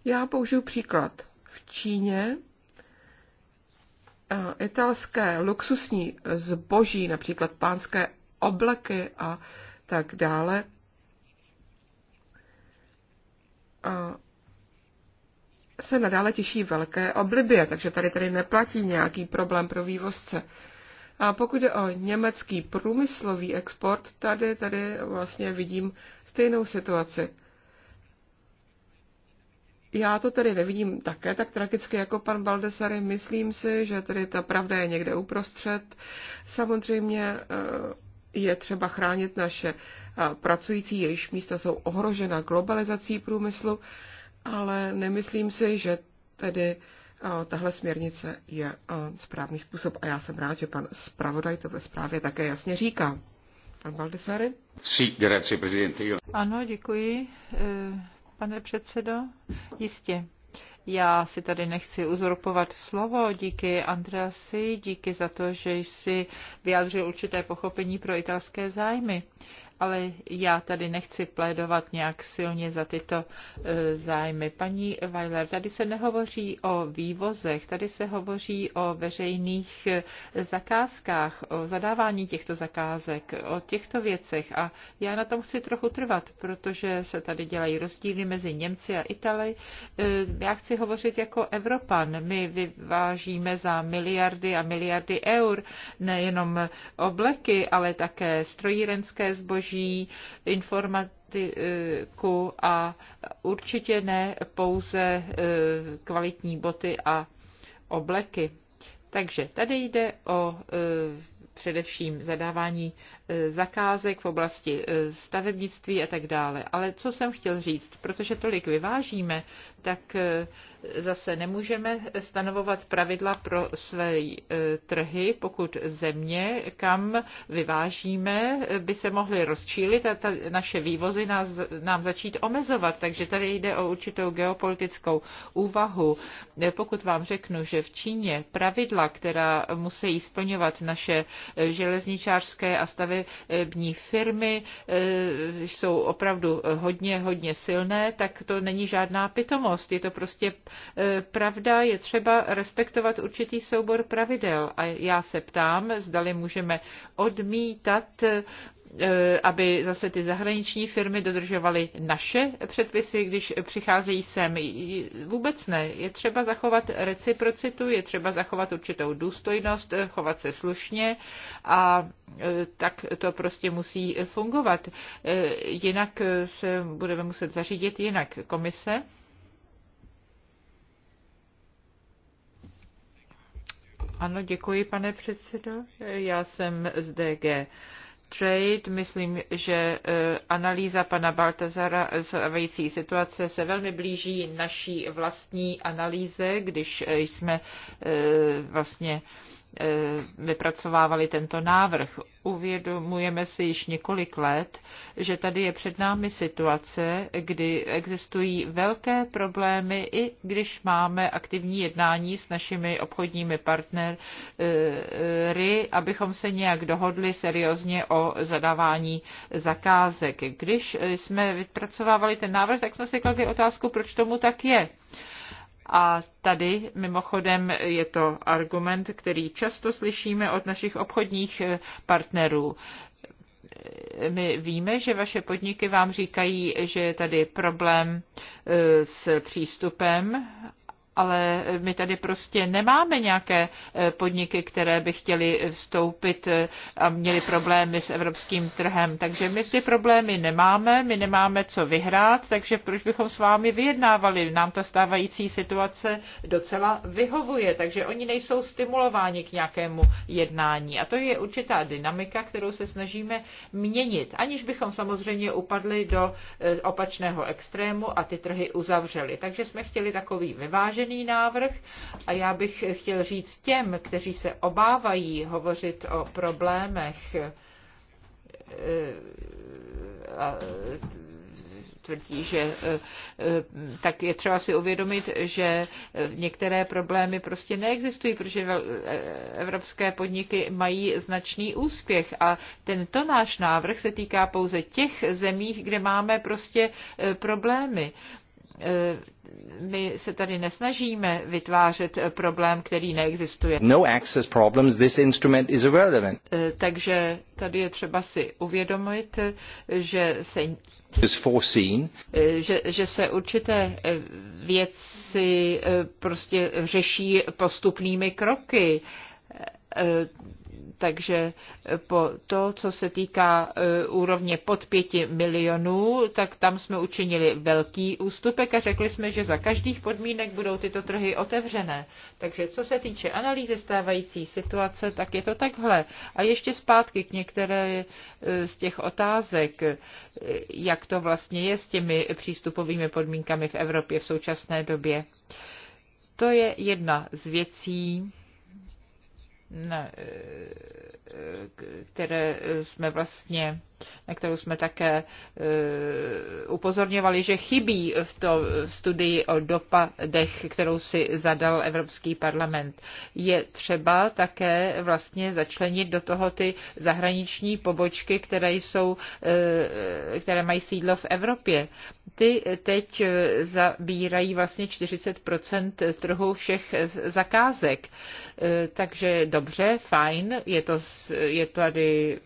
Já použiju příklad. V Číně Eh, italské luxusní zboží, například pánské obleky a tak dále, eh, se nadále těší velké oblibě, takže tady tady neplatí nějaký problém pro vývozce. A pokud je o německý průmyslový export, tady, tady vlastně vidím stejnou situaci. Já to tedy nevidím také tak tragicky jako pan Baldesary. Myslím si, že tedy ta pravda je někde uprostřed. Samozřejmě eh, je třeba chránit naše eh, pracující, jejichž místa jsou ohrožena globalizací průmyslu, ale nemyslím si, že tedy eh, tahle směrnice je správný způsob a já jsem rád, že pan zpravodaj to ve zprávě také jasně říká. Pan Baldesary? Ano, děkuji pane předsedo? Jistě. Já si tady nechci uzurpovat slovo. Díky Andreasi, díky za to, že jsi vyjádřil určité pochopení pro italské zájmy ale já tady nechci plédovat nějak silně za tyto e, zájmy. Paní Weiler, tady se nehovoří o vývozech, tady se hovoří o veřejných e, zakázkách, o zadávání těchto zakázek, o těchto věcech a já na tom chci trochu trvat, protože se tady dělají rozdíly mezi Němci a Itali. E, já chci hovořit jako Evropan. My vyvážíme za miliardy a miliardy eur nejenom obleky, ale také strojírenské zboží, zboží, informatiku a určitě ne pouze e, kvalitní boty a obleky. Takže tady jde o e, především zadávání Eh, zakázek v oblasti eh, stavebnictví a tak dále. Ale co jsem chtěl říct, protože tolik vyvážíme, tak eh, zase nemůžeme stanovovat pravidla pro své trhy, pokud země, kam vyvážíme, by se mohly rozčílit a ta, naše vývozy nás, nám začít omezovat. Takže tady jde o určitou geopolitickou úvahu. Pokud vám řeknu, že v Číně pravidla, která musí splňovat naše železničářské a stavebnictví, stavební firmy eh, jsou opravdu hodně, hodně silné, tak to není žádná pitomost. Je to prostě eh, pravda, je třeba respektovat určitý soubor pravidel. A já se ptám, zdali můžeme odmítat eh, E, aby zase ty zahraniční firmy dodržovaly naše předpisy, když přicházejí sem. Vůbec ne. Je třeba zachovat reciprocitu, je třeba zachovat určitou důstojnost, chovat se slušně a e, tak to prostě musí fungovat. E, jinak se budeme muset zařídit jinak. Komise? Ano, děkuji, pane předsedo. Já jsem z DG Trade. Myslím, že e, analýza pana Baltazara stávající situace se velmi blíží naší vlastní analýze, když e, jsme e, vlastně Eh, vypracovávali tento návrh. Uvědomujeme si již několik let, že tady je před námi situace, kdy existují velké problémy, i když máme aktivní jednání s našimi obchodními partnery, abychom se nějak dohodli seriózně o zadávání zakázek. Když jsme vypracovávali ten návrh, tak jsme si kladli otázku, proč tomu tak je a tady mimochodem je to argument, který často slyšíme od našich obchodních eh, partnerů eh, my víme, že vaše podniky vám říkají, že je tady problém eh, s přístupem ale my tady prostě nemáme nějaké eh, podniky, které by chtěly vstoupit eh, a měly problémy s evropským trhem. Takže my ty problémy nemáme, my nemáme co vyhrát, takže proč bychom s vámi vyjednávali? Nám ta stávající situace docela vyhovuje, takže oni nejsou stimulováni k nějakému jednání. A to je určitá dynamika, kterou se snažíme měnit, aniž bychom samozřejmě upadli do eh, opačného extrému a ty trhy uzavřeli. Takže jsme chtěli takový vyvážený vyvážený návrh a já bych chtěl říct těm, kteří se obávají hovořit o problémech, eh, tvrdí, že eh, tak je třeba si uvědomit, že některé problémy prostě neexistují, protože evropské podniky mají značný úspěch a tento náš návrh se týká pouze těch zemí, kde máme prostě eh, problémy. Eh, my se tady nesnažíme vytvářet problém, který neexistuje. No access problems, this instrument is irrelevant. Eh, takže tady je třeba si uvědomit, že se eh, že, že se určité věci prostě řeší postupnými kroky Eh, takže po to, co se týká eh, úrovně pod 5 milionů, tak tam jsme učinili velký ústupek a řekli jsme, že za každých podmínek budou tyto trhy otevřené. Takže co se týče analýzy stávající situace, tak je to takhle. A ještě zpátky k některé eh, z těch otázek, jak to vlastně je s těmi přístupovými podmínkami v Evropě v současné době. To je jedna z věcí, Eh, eh, které jsme vlastně na kterou jsme také e, upozorňovali, že chybí v to studii o dopadech, kterou si zadal Evropský parlament. Je třeba také vlastně začlenit do toho ty zahraniční pobočky, které, jsou, e, které mají sídlo v Evropě. Ty teď e, zabírají vlastně 40 trhu všech zakázek. Takže dobře, fajn, je, to, je tady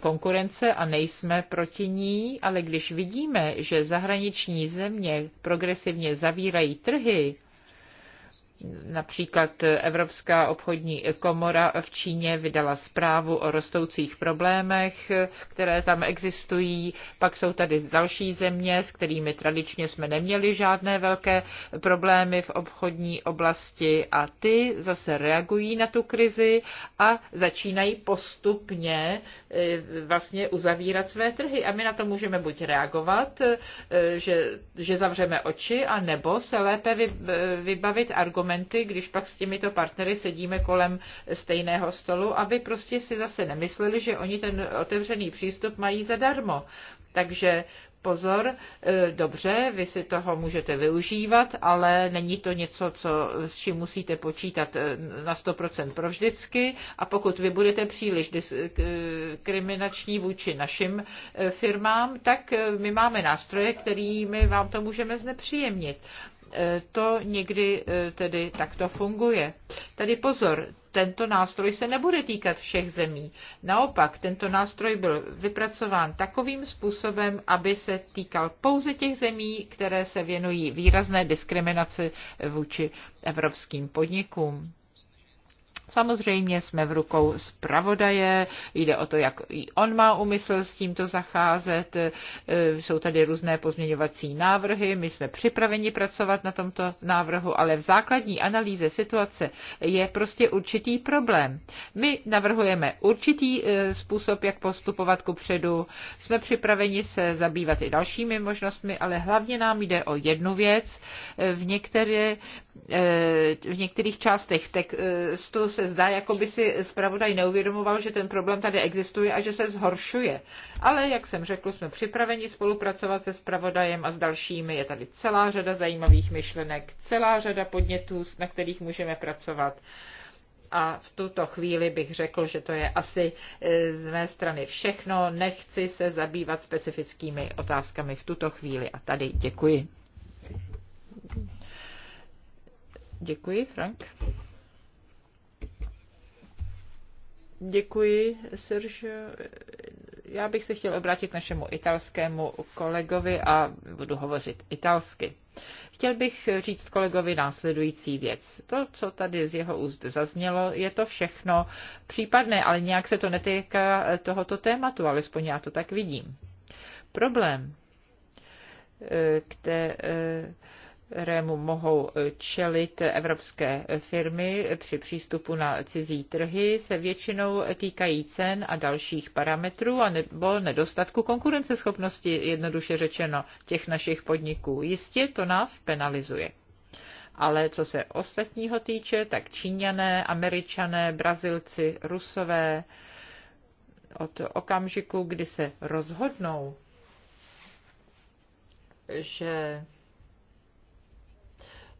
konkurence a nejsme proti ní, ale když vidíme, že zahraniční země progresivně zavírají trhy, Například Evropská obchodní komora v Číně vydala zprávu o rostoucích problémech, které tam existují. Pak jsou tady další země, s kterými tradičně jsme neměli žádné velké problémy v obchodní oblasti a ty zase reagují na tu krizi a začínají postupně eh, vlastně uzavírat své trhy. A my na to můžeme buď reagovat, eh, že, že zavřeme oči, anebo se lépe eh, vybavit argumenty, argumenty, když pak s těmito partnery sedíme kolem stejného stolu, aby prostě si zase nemysleli, že oni ten otevřený přístup mají zadarmo. Takže pozor, e, dobře, vy si toho můžete využívat, ale není to něco, co, s čím musíte počítat e, na 100% pro vždycky a pokud vy budete příliš diskriminační e, vůči našim firmám, tak my máme nástroje, kterými vám to můžeme znepříjemnit. To někdy eh, tedy takto funguje. Tady pozor, tento nástroj se nebude týkat všech zemí. Naopak, tento nástroj byl vypracován takovým způsobem, aby se týkal pouze těch zemí, které se věnují výrazné diskriminaci vůči evropským podnikům. Samozřejmě jsme v rukou zpravodaje, jde o to, jak i on má úmysl s tímto zacházet, e, jsou tady různé pozměňovací návrhy, my jsme připraveni pracovat na tomto návrhu, ale v základní analýze situace je prostě určitý problém. My navrhujeme určitý e, způsob, jak postupovat ku předu, jsme připraveni se zabývat i dalšími možnostmi, ale hlavně nám jde o jednu věc. E, v, některé, v některých částech textu se zdá, jako by si zpravodaj neuvědomoval, že ten problém tady existuje a že se zhoršuje. Ale, jak jsem řekl, jsme připraveni spolupracovat se zpravodajem a s dalšími. Je tady celá řada zajímavých myšlenek, celá řada podnětů, na kterých můžeme pracovat. A v tuto chvíli bych řekl, že to je asi eh, z mé strany všechno. Nechci se zabývat specifickými otázkami v tuto chvíli. A tady děkuji. Děkuji, Frank. Děkuji, Serge. Já bych se chtěl obrátit k našemu italskému kolegovi a budu hovořit italsky. Chtěl bych říct kolegovi následující věc. To, co tady z jeho úst zaznělo, je to všechno případné, ale nějak se to netýká tohoto tématu, alespoň já to tak vidím. Problém, eh, které eh, kterému mohou čelit evropské firmy při přístupu na cizí trhy, se většinou týkají cen a dalších parametrů a nebo nedostatku konkurenceschopnosti, jednoduše řečeno, těch našich podniků. Jistě to nás penalizuje. Ale co se ostatního týče, tak Číňané, Američané, Brazilci, Rusové od okamžiku, kdy se rozhodnou, že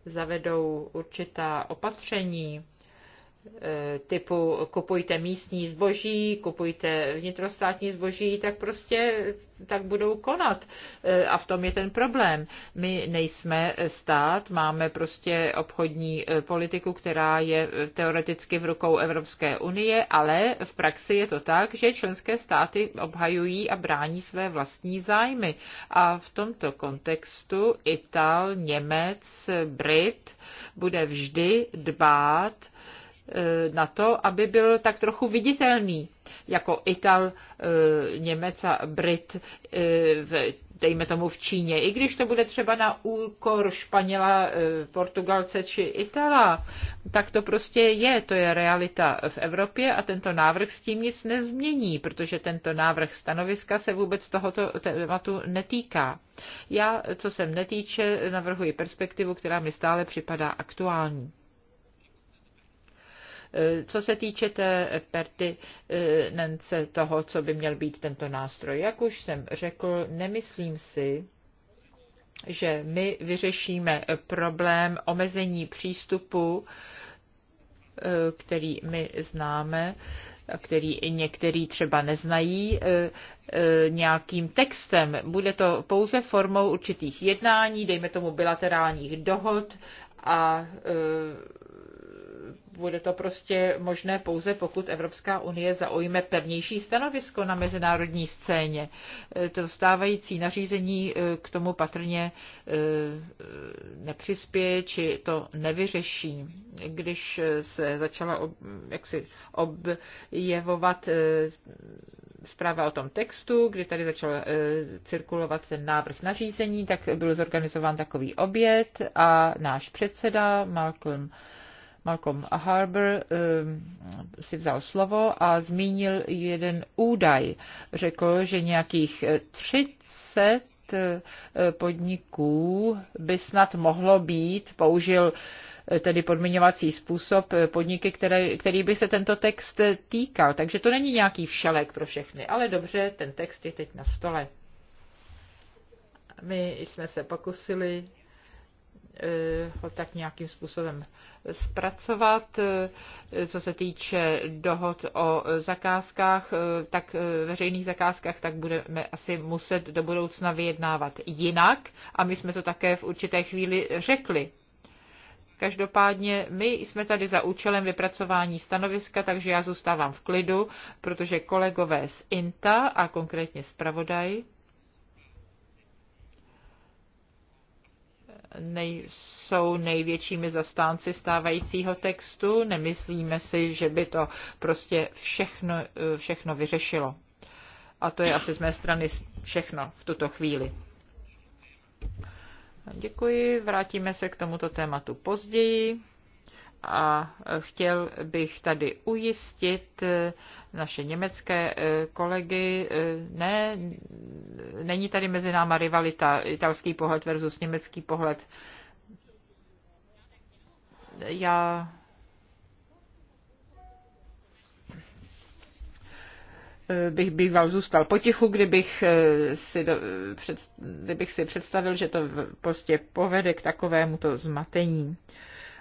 zavedou určitá opatření, Eh, typu kupujte místní zboží, kupujte vnitrostátní zboží, tak prostě tak budou konat. Eh, a v tom je ten problém. My nejsme stát, máme prostě obchodní eh, politiku, která je teoreticky v rukou Evropské unie, ale v praxi je to tak, že členské státy obhajují a brání své vlastní zájmy. A v tomto kontextu Ital, Němec, Brit bude vždy dbát, Eh, na to, aby byl tak trochu viditelný, jako Ital, eh, Němec a Brit, eh, dejme tomu v Číně, i když to bude třeba na úkor Španěla, Portugalce či Itala, tak to prostě je, to je realita v Evropě a tento návrh s tím nic nezmění, protože tento návrh stanoviska se vůbec tohoto tématu netýká. Já, co se netýče, navrhuji perspektivu, která mi stále připadá aktuální. Co se týče té pertinence toho, co by měl být tento nástroj, jak už jsem řekl, nemyslím si, že my vyřešíme problém omezení přístupu, který my známe, a který i některý třeba neznají, nějakým textem. Bude to pouze formou určitých jednání, dejme tomu bilaterálních dohod a bude to prostě možné pouze, pokud Evropská unie zaujme pevnější stanovisko na mezinárodní scéně. E, to stávající nařízení e, k tomu patrně e, nepřispěje, či to nevyřeší. Když se začala ob, jaksi objevovat zpráva o tom textu, kdy tady začal cirkulovat ten návrh nařízení, tak byl zorganizován takový oběd a náš předseda Malcolm Malcolm Harbour ehm, si vzal slovo a zmínil jeden údaj. Řekl, že nějakých 30 eh, podniků by snad mohlo být, použil eh, tedy podmiňovací způsob eh, podniky, které, který by se tento text týkal. Takže to není nějaký všelek pro všechny, ale dobře, ten text je teď na stole. My jsme se pokusili Eh, ho tak nějakým způsobem zpracovat. Eh, co se týče dohod o zakázkách, eh, tak veřejných zakázkách, tak budeme asi muset do budoucna vyjednávat jinak a my jsme to také v určité chvíli řekli. Každopádně my jsme tady za účelem vypracování stanoviska, takže já zůstávám v klidu, protože kolegové z INTA a konkrétně zpravodaj nejsou největšími zastánci stávajícího textu. Nemyslíme si, že by to prostě všechno, všechno vyřešilo. A to je asi z mé strany všechno v tuto chvíli. Děkuji, vrátíme se k tomuto tématu později a chtěl bych tady ujistit naše německé eh, kolegy, eh, ne, není tady mezi náma rivalita italský pohled versus německý pohled. Já eh, bych býval zůstal potichu, kdybych si, do, před, kdybych si představil, že to prostě povede k takovému to zmatení.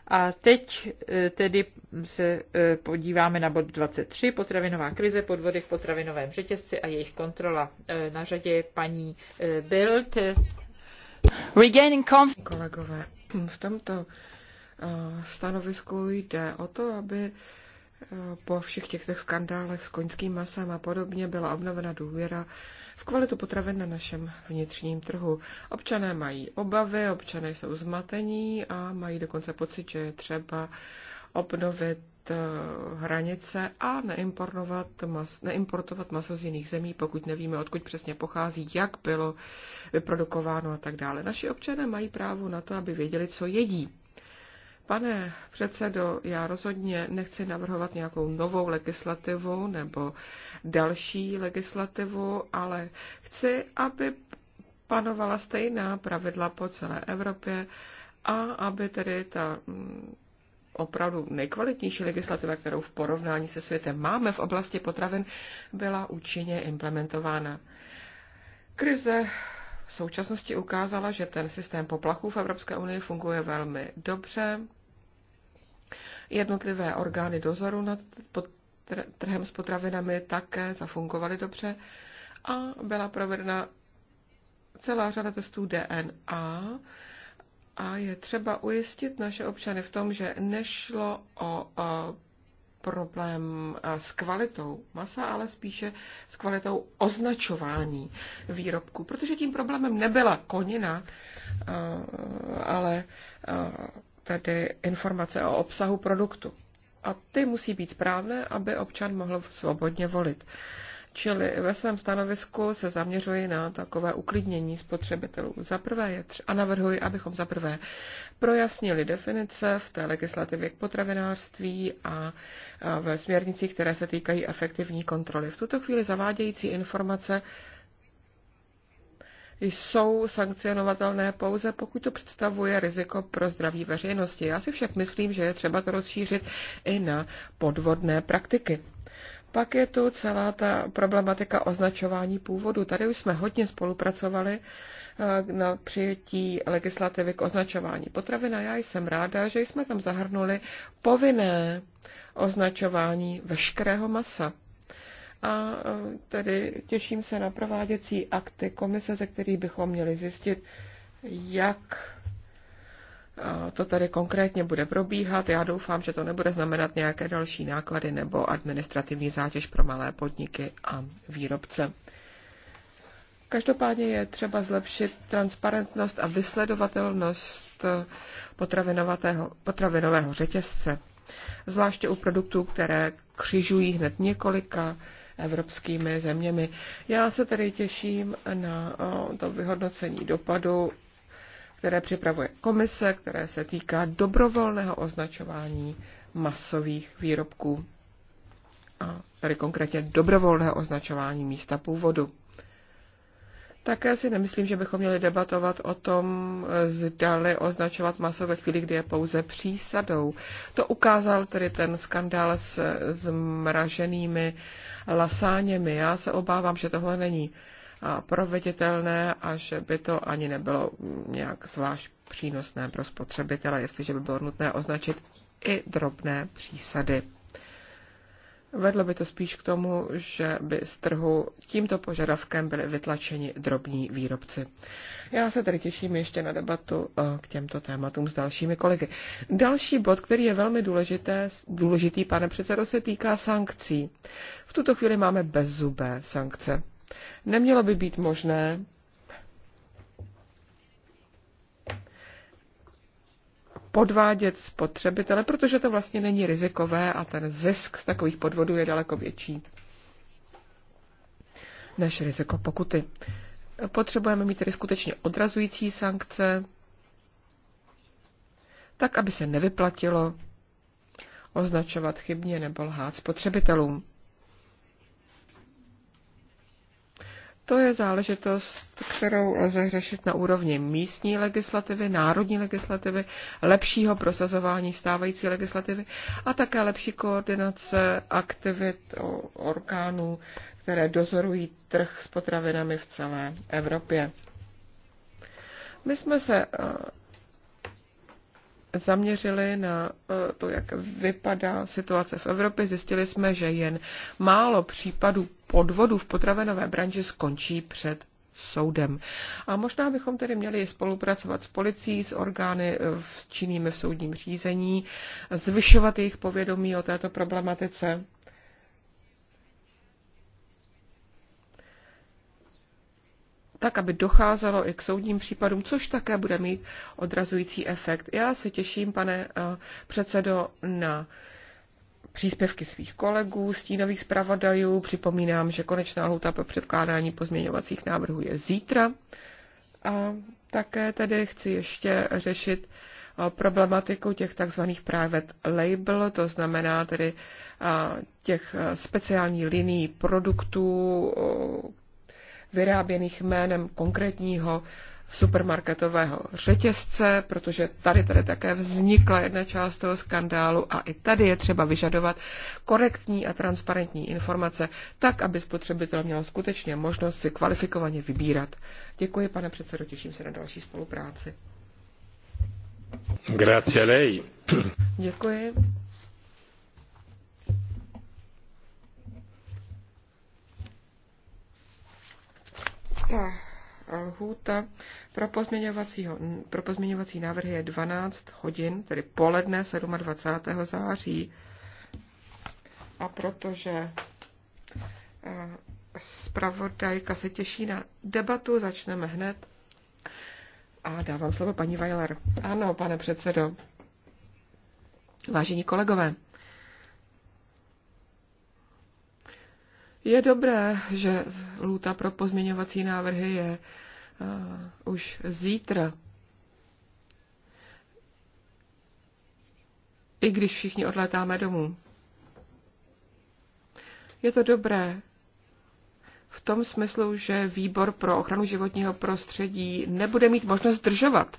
A teď e, tedy se e, podíváme na bod 23, potravinová krize, podvody v potravinovém řetězci a jejich kontrola. E, na řadě je paní Bild. Regaining Kolegové, v tomto stanovisku jde o to, aby po všech těchto skandálech s koňským masem a podobně byla obnovena důvěra v kvalitu potravin na našem vnitřním trhu. Občané mají obavy, občané jsou zmatení a mají dokonce pocit, že je třeba obnovit eh, hranice a neimportovat mas, neimportovat maso z jiných zemí, pokud nevíme, odkud přesně pochází, jak bylo vyprodukováno a tak dále. Naši občané mají právo na to, aby věděli, co jedí. Pane předsedo, já rozhodně nechci navrhovat nějakou novou legislativu nebo další legislativu, ale chci, aby panovala stejná pravidla po celé Evropě a aby tedy ta mm, opravdu nejkvalitnější legislativa, kterou v porovnání se světem máme v oblasti potravin, byla účinně implementována. Krize v současnosti ukázala, že ten systém poplachů v Evropské unii funguje velmi dobře. Jednotlivé orgány dozoru nad trhem s potravinami také zafungovaly dobře a byla provedena celá řada testů DNA a je třeba ujistit naše občany v tom, že nešlo o, o problém eh, s kvalitou masa, ale spíše s kvalitou označování výrobku, protože tím problémem nebyla konina, eh, ale eh, tedy informace o obsahu produktu. A ty musí být správné, aby občan mohl svobodně volit. Čili ve svém stanovisku se zaměřuji na takové uklidnění spotřebitelů. Za prvé je tři, a navrhuji, abychom za prvé projasnili definice v té legislativě k potravinářství a ve směrnicích, které se týkají efektivní kontroly. V tuto chvíli zavádějící informace jsou sankcionovatelné pouze, pokud to představuje riziko pro zdraví veřejnosti. Já si však myslím, že je třeba to rozšířit i na podvodné praktiky. Pak je tu celá ta problematika označování původu. Tady už jsme hodně spolupracovali eh, na přijetí legislativy k označování potravina. já jsem ráda, že jsme tam zahrnuli povinné označování veškerého masa. A eh, tedy těším se na prováděcí akty komise, ze kterých bychom měli zjistit, jak to tady konkrétně bude probíhat. Já doufám, že to nebude znamenat nějaké další náklady nebo administrativní zátěž pro malé podniky a výrobce. Každopádně je třeba zlepšit transparentnost a vysledovatelnost potravinového řetězce, zvláště u produktů, které křižují hned několika evropskými zeměmi. Já se tedy těším na to vyhodnocení dopadu které připravuje komise, které se týká dobrovolného označování masových výrobků, a tady konkrétně dobrovolného označování místa původu. Také si nemyslím, že bychom měli debatovat o tom, zdali označovat maso ve chvíli, kdy je pouze přísadou. To ukázal tedy ten skandál s zmraženými lasáněmi. Já se obávám, že tohle není proveditelné a že by to ani nebylo nějak zvlášť přínosné pro spotřebitele, jestliže by bylo nutné označit i drobné přísady. Vedlo by to spíš k tomu, že by z trhu tímto požadavkem byly vytlačeni drobní výrobci. Já se tedy těším ještě na debatu eh, k těmto tématům s dalšími kolegy. Další bod, který je velmi důležité, důležitý, pane předsedo, se týká sankcí. V tuto chvíli máme bezzubé sankce. Nemělo by být možné podvádět spotřebitele, protože to vlastně není rizikové a ten zisk z takových podvodů je daleko větší než riziko pokuty. Potřebujeme mít tedy skutečně odrazující sankce, tak aby se nevyplatilo označovat chybně nebo lhát spotřebitelům. To je záležitost, kterou lze řešit na úrovni místní legislativy, národní legislativy, lepšího prosazování stávající legislativy a také lepší koordinace aktivit orgánů, které dozorují trh s potravinami v celé Evropě. My jsme se zaměřili na eh, to, jak vypadá situace v Evropě, zjistili jsme, že jen málo případů podvodů v potravenové branži skončí před soudem. A možná bychom tedy měli spolupracovat s policií, s orgány eh, činnými v soudním řízení, zvyšovat jejich povědomí o této problematice tak, aby docházelo i k soudním případům, což také bude mít odrazující efekt. Já se těším, pane eh, předsedo, na příspěvky svých kolegů, stínových zpravodajů. Připomínám, že konečná lhuta pro předkládání pozměňovacích návrhů je zítra. A také tedy chci ještě řešit eh, problematiku těch takzvaných private label, to znamená tedy eh, těch speciální liní produktů, vyráběných jménem konkrétního supermarketového řetězce, protože tady tady také vznikla jedna část toho skandálu a i tady je třeba vyžadovat korektní a transparentní informace, tak, aby spotřebitel měl skutečně možnost si kvalifikovaně vybírat. Děkuji, pane předsedo, těším se na další spolupráci. Grazie lei. Děkuji. Obvyklá lhůta pro, pro pozměňovací návrhy je 12 hodin, tedy poledne 27. září. A protože zpravodajka se těší na debatu, začneme hned. A dávám slovo paní Weiler. Ano, pane předsedo. Vážení kolegové, Je dobré, že lůta pro pozměňovací návrhy je uh, už zítra. I když všichni odletáme domů. Je to dobré v tom smyslu, že výbor pro ochranu životního prostředí nebude mít možnost zdržovat,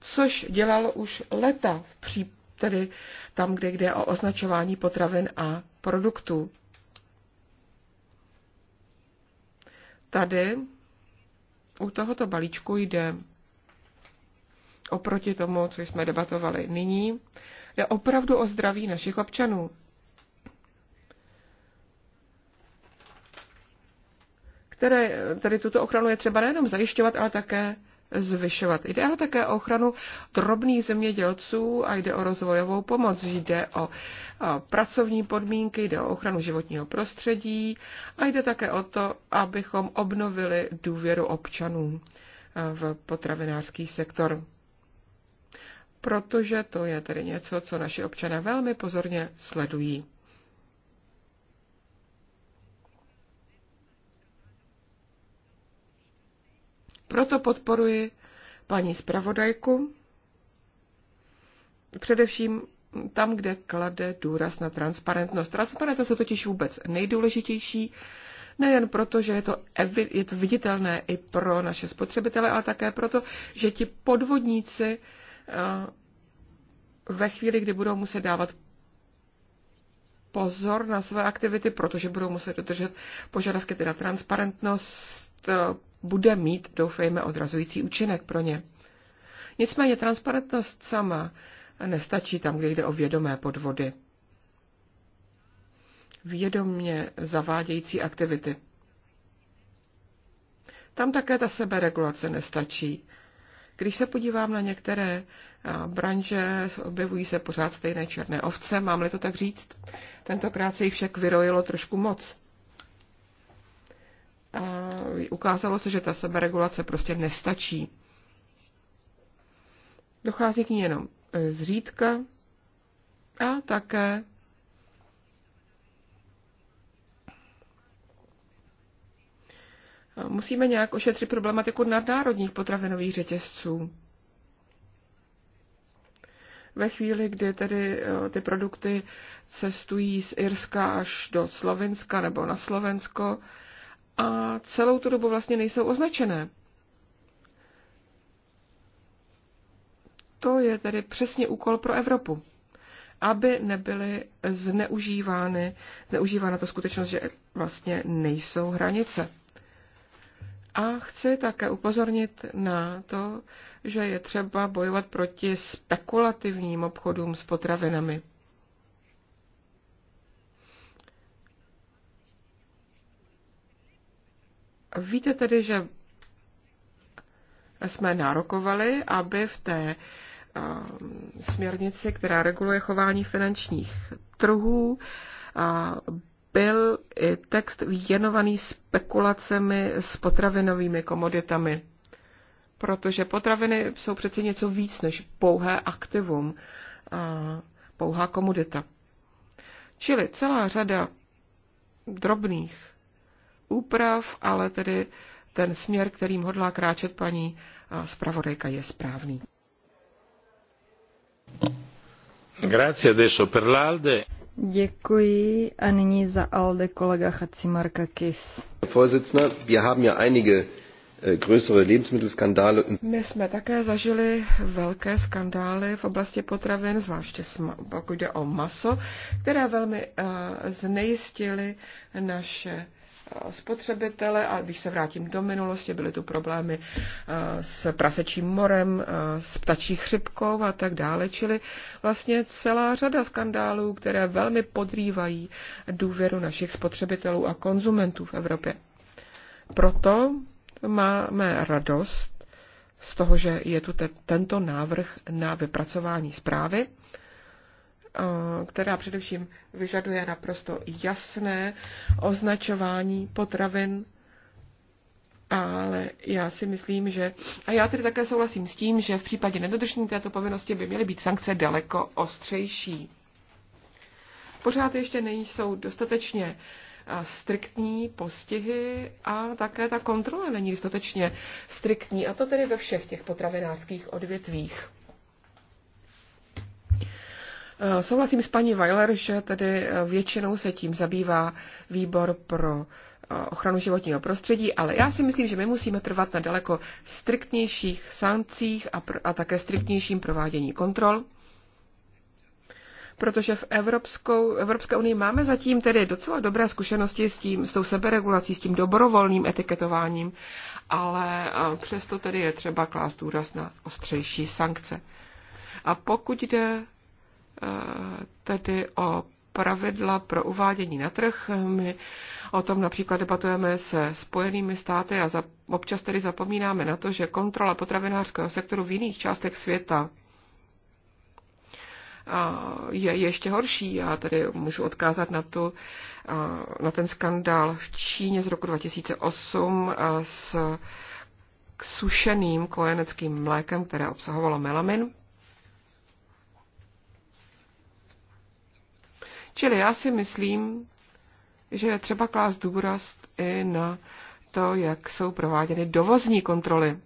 což dělalo už leta v tedy tam, kde jde o označování potravin a produktů. Tady u tohoto balíčku jde oproti tomu, co jsme debatovali nyní, jde opravdu o zdraví našich občanů. Které, tady tuto ochranu je třeba nejenom zajišťovat, ale také zvyšovat. Jde ale také o ochranu drobných zemědělců a jde o rozvojovou pomoc. Jde o, pracovní podmínky, jde o ochranu životního prostředí a jde také o to, abychom obnovili důvěru občanů e, v potravinářský sektor. Protože to je tedy něco, co naši občané velmi pozorně sledují. Proto podporuji paní zpravodajku, především tam, kde klade důraz na transparentnost. Transparentnost je totiž vůbec nejdůležitější, nejen proto, že je to, je to viditelné i pro naše spotřebitele, ale také proto, že ti podvodníci eh, ve chvíli, kdy budou muset dávat pozor na své aktivity, protože budou muset dodržet požadavky na transparentnost, eh, bude mít, doufejme, odrazující účinek pro ně. Nicméně transparentnost sama nestačí tam, kde jde o vědomé podvody. Vědomě zavádějící aktivity. Tam také ta seberegulace nestačí. Když se podívám na některé branže, objevují se pořád stejné černé ovce, mám-li to tak říct. Tentokrát se jich však vyrojilo trošku moc ukázalo se, že ta seberegulace prostě nestačí. Dochází k ní jenom e, zřídka a také musíme nějak ošetřit problematiku nadnárodních potravinových řetězců. Ve chvíli, kdy tedy e, ty produkty cestují z Irska až do Slovenska nebo na Slovensko, a celou tu dobu vlastně nejsou označené. To je tedy přesně úkol pro Evropu, aby nebyly zneužívány, zneužívána to skutečnost, že vlastně nejsou hranice. A chci také upozornit na to, že je třeba bojovat proti spekulativním obchodům s potravinami. Víte tedy, že jsme nárokovali, aby v té eh, směrnici, která reguluje chování finančních trhů, eh, byl i text věnovaný spekulacemi s potravinovými komoditami. Protože potraviny jsou přeci něco víc než pouhé aktivum, eh, pouhá komodita. Čili celá řada drobných úprav, ale tedy ten směr, kterým hodlá kráčet paní eh, zpravodajka, je správný. Grazie adesso per l'Alde. Děkuji a nyní za ALDE kolega Chacimarka Kis. Vorsitzender, wir haben ja einige eh, größere Lebensmittelskandale. My jsme také zažili velké skandály v oblasti potravin, zvláště pokud jde o maso, které velmi uh, znejistily naše spotřebitele a když se vrátím do minulosti, byly tu problémy eh, s prasečím morem, eh, s ptačí chřipkou a tak dále, čili vlastně celá řada skandálů, které velmi podrývají důvěru našich spotřebitelů a konzumentů v Evropě. Proto máme radost z toho, že je tu te- tento návrh na vypracování zprávy která především vyžaduje naprosto jasné označování potravin, ale já si myslím, že... A já tedy také souhlasím s tím, že v případě nedodržení této povinnosti by měly být sankce daleko ostřejší. Pořád ještě nejsou dostatečně striktní postihy a také ta kontrola není dostatečně striktní, a to tedy ve všech těch potravinářských odvětvích. Eh, souhlasím s paní Weiler, že tedy eh, většinou se tím zabývá výbor pro eh, ochranu životního prostředí, ale já si myslím, že my musíme trvat na daleko striktnějších sankcích a, pr- a také striktnějším provádění kontrol, protože v Evropskou, Evropské unii máme zatím tedy docela dobré zkušenosti s, tím, s tou seberegulací, s tím dobrovolným etiketováním, ale přesto tedy je třeba klást důraz na ostřejší sankce. A pokud jde tedy o pravidla pro uvádění na trh. My o tom například debatujeme se Spojenými státy a za, občas tedy zapomínáme na to, že kontrola potravinářského sektoru v jiných částech světa je ještě horší. Já tady můžu odkázat na, tu, na ten skandál v Číně z roku 2008 s sušeným kojeneckým mlékem, které obsahovalo melamin. Čili já si myslím, že je třeba klást důraz i na to, jak jsou prováděny dovozní kontroly.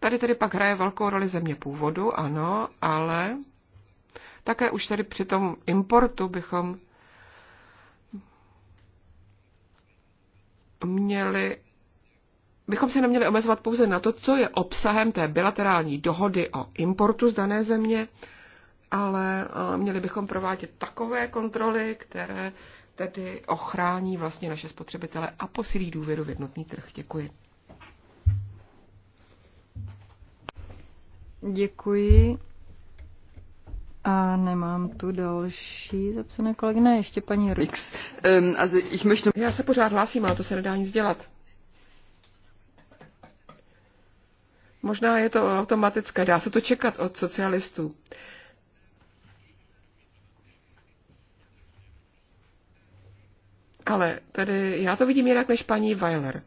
Tady tedy pak hraje velkou roli země původu, ano, ale také už tady při tom importu bychom měli bychom se neměli omezovat pouze na to, co je obsahem té bilaterální dohody o importu z dané země, ale eh, měli bychom provádět takové kontroly, které tedy ochrání vlastně naše spotřebitele a posílí důvěru v jednotný trh. Děkuji. Děkuji. A nemám tu další zapsané ne? ještě paní Rux. Já se pořád hlásím, ale to se nedá nic dělat. Možná je to automatické, dá se to čekat od socialistů. Ale tedy já to vidím jinak než paní Weiler.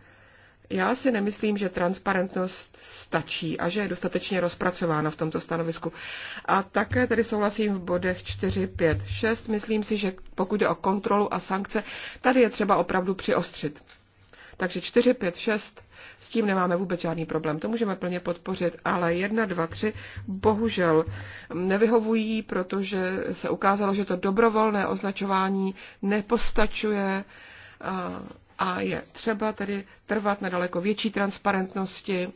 Já si nemyslím, že transparentnost stačí a že je dostatečně rozpracována v tomto stanovisku. A také tedy souhlasím v bodech 4, 5, 6. Myslím si, že pokud jde o kontrolu a sankce, tady je třeba opravdu přiostřit. Takže 4, 5, 6, s tím nemáme vůbec žádný problém. To můžeme plně podpořit, ale 1, 2, 3 bohužel nevyhovují, protože se ukázalo, že to dobrovolné označování nepostačuje a je třeba tedy trvat na daleko větší transparentnosti,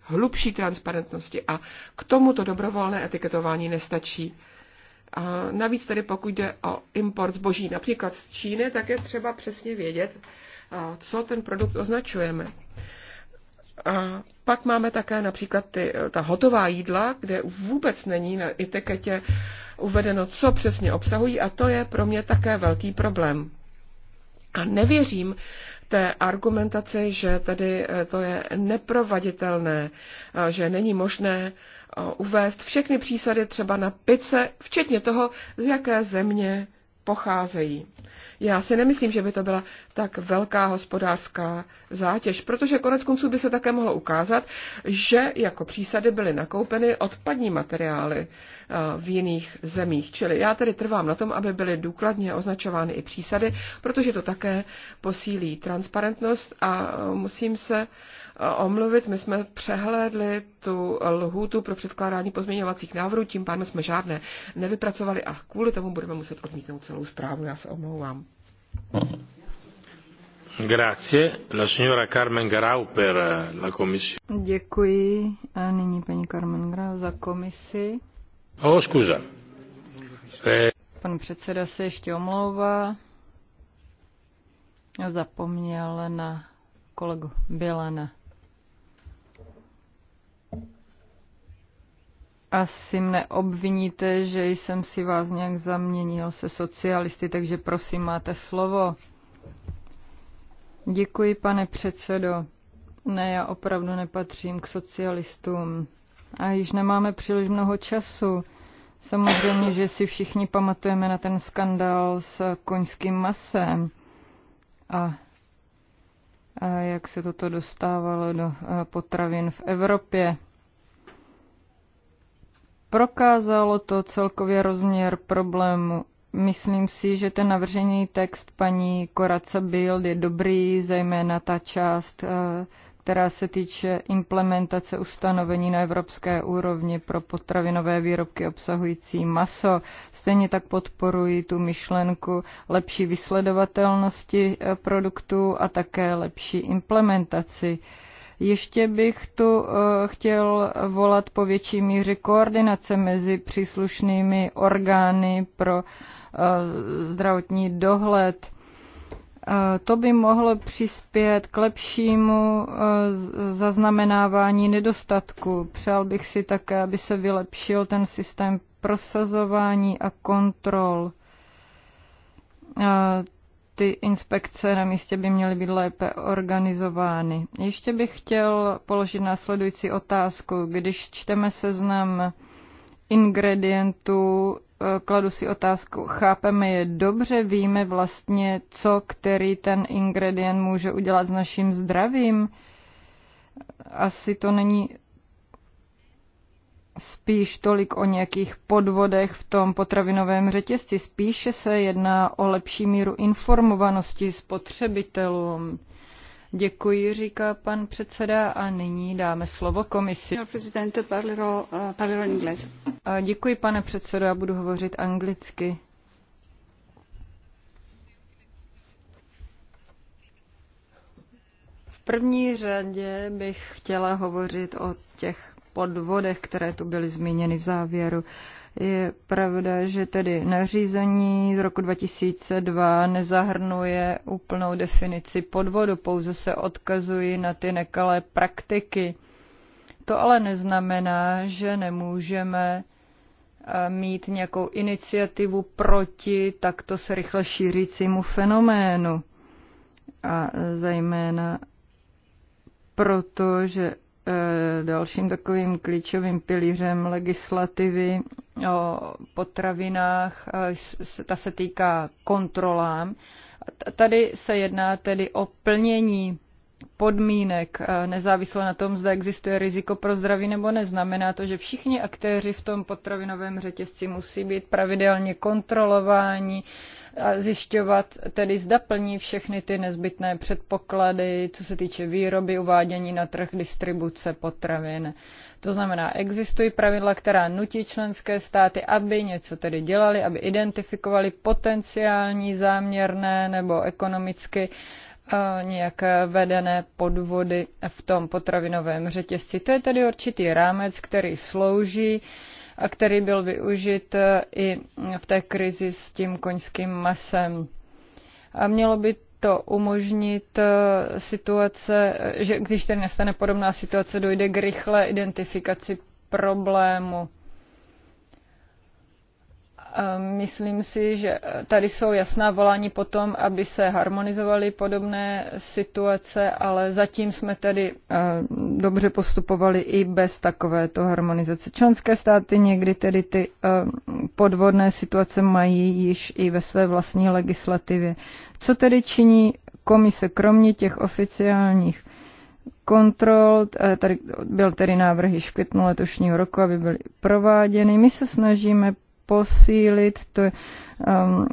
hlubší transparentnosti a k tomu to dobrovolné etiketování nestačí. A navíc tedy pokud jde o import zboží například z Číny, tak je třeba přesně vědět, co ten produkt označujeme. A pak máme také například ty, ta hotová jídla, kde vůbec není na etiketě uvedeno, co přesně obsahují a to je pro mě také velký problém. A nevěřím té argumentaci, že tady eh, to je neprovaditelné, eh, že není možné eh, uvést všechny přísady třeba na pice, včetně toho, z jaké země pocházejí. Já si nemyslím, že by to byla tak velká hospodářská zátěž, protože konec konců by se také mohlo ukázat, že jako přísady byly nakoupeny odpadní materiály eh, v jiných zemích. Čili já tedy trvám na tom, aby byly důkladně označovány i přísady, protože to také posílí transparentnost a eh, musím se omluvit. My jsme přehlédli tu lhůtu pro předkládání pozměňovacích návrhů, tím pádem jsme žádné nevypracovali a kvůli tomu budeme muset odmítnout celou zprávu. Já se omlouvám. Grazie. La signora Carmen Grau per la commissione. Děkuji. A nyní paní Carmen Grau za komisi. Oh, scusa. Eh, Pan předseda se ještě omlouvá. Zapomněl na kolegu Bělana. asi mne obviníte, že jsem si vás nějak zaměnil se socialisty, takže prosím, máte slovo. Děkuji, pane předsedo. Ne, já opravdu nepatřím k socialistům. A již nemáme příliš mnoho času. Samozřejmě, že si všichni pamatujeme na ten skandál s koňským masem. A, a jak se toto dostávalo do potravin v Evropě prokázalo to celkově rozměr problému. Myslím si, že ten navržený text paní Koraca Bild je dobrý, zejména ta část, eh, která se týče implementace ustanovení na evropské úrovni pro potravinové výrobky obsahující maso. Stejně tak podporuji tu myšlenku lepší vysledovatelnosti eh, produktů a také lepší implementaci. Uh, ještě bych tu eh, chtěl volat po větší míře koordinace mezi příslušnými orgány pro eh, zdravotní dohled. Eh, to by mohlo přispět k lepšímu zaznamenávání nedostatku. Přál bych si také, aby se vylepšil ten systém prosazování a kontrol ty inspekce na místě by měly být lépe organizovány. Ještě bych chtěl položit následující otázku. Když čteme seznam ingredientů, eh, kladu si otázku, chápeme je dobře, víme vlastně, co který ten ingredient může udělat s naším zdravím? Asi to není spíš tolik o nějakých podvodech v tom potravinovém řetězci. Spíše se jedná o lepší míru informovanosti spotřebitelům. Děkuji, říká pan předseda a nyní dáme slovo komisi. Eh, děkuji, pane předsedo, já budu hovořit anglicky. V první řadě bych chtěla hovořit o těch podvodech, které tu byly zmíněny v závěru. Je pravda, že tedy nařízení z roku 2002 nezahrnuje úplnou definici podvodu, pouze se odkazují na ty nekalé praktiky. To ale neznamená, že nemůžeme eh, mít nějakou iniciativu proti takto se rychle šířícímu fenoménu. A zejména proto, že Eh, dalším takovým klíčovým pilířem legislativy o potravinách. Ta se týká kontrolám. Tady se jedná tedy o plnění podmínek, nezávisle na tom, zda existuje riziko pro zdraví nebo neznamená to, že všichni aktéři v tom potravinovém řetězci musí být pravidelně kontrolováni, a zjišťovat tedy zda plní všechny ty nezbytné předpoklady, co se týče výroby, uvádění na trh, distribuce potravin. To znamená, existují pravidla, která nutí členské státy, aby něco tedy dělali, aby identifikovali potenciální záměrné nebo ekonomicky eh, nějaké vedené podvody v tom potravinovém řetězci. To je tedy určitý rámec, který slouží uh, a který byl využit eh, i v té krizi s tím koňským masem. A mělo by to umožnit eh, situace, eh, že když tedy nestane podobná situace, dojde k rychlé identifikaci problému. Myslím si, že tady jsou jasná volání potom, aby se harmonizovaly podobné situace, ale zatím jsme tedy eh, dobře postupovali i bez takovéto harmonizace. Členské státy někdy tedy ty eh, podvodné situace mají již i ve své vlastní legislativě. Co tedy činí komise, kromě těch oficiálních kontrol, eh, tady byl tedy návrh již v květnu letošního roku, aby byly prováděny. My se snažíme posílit to, um,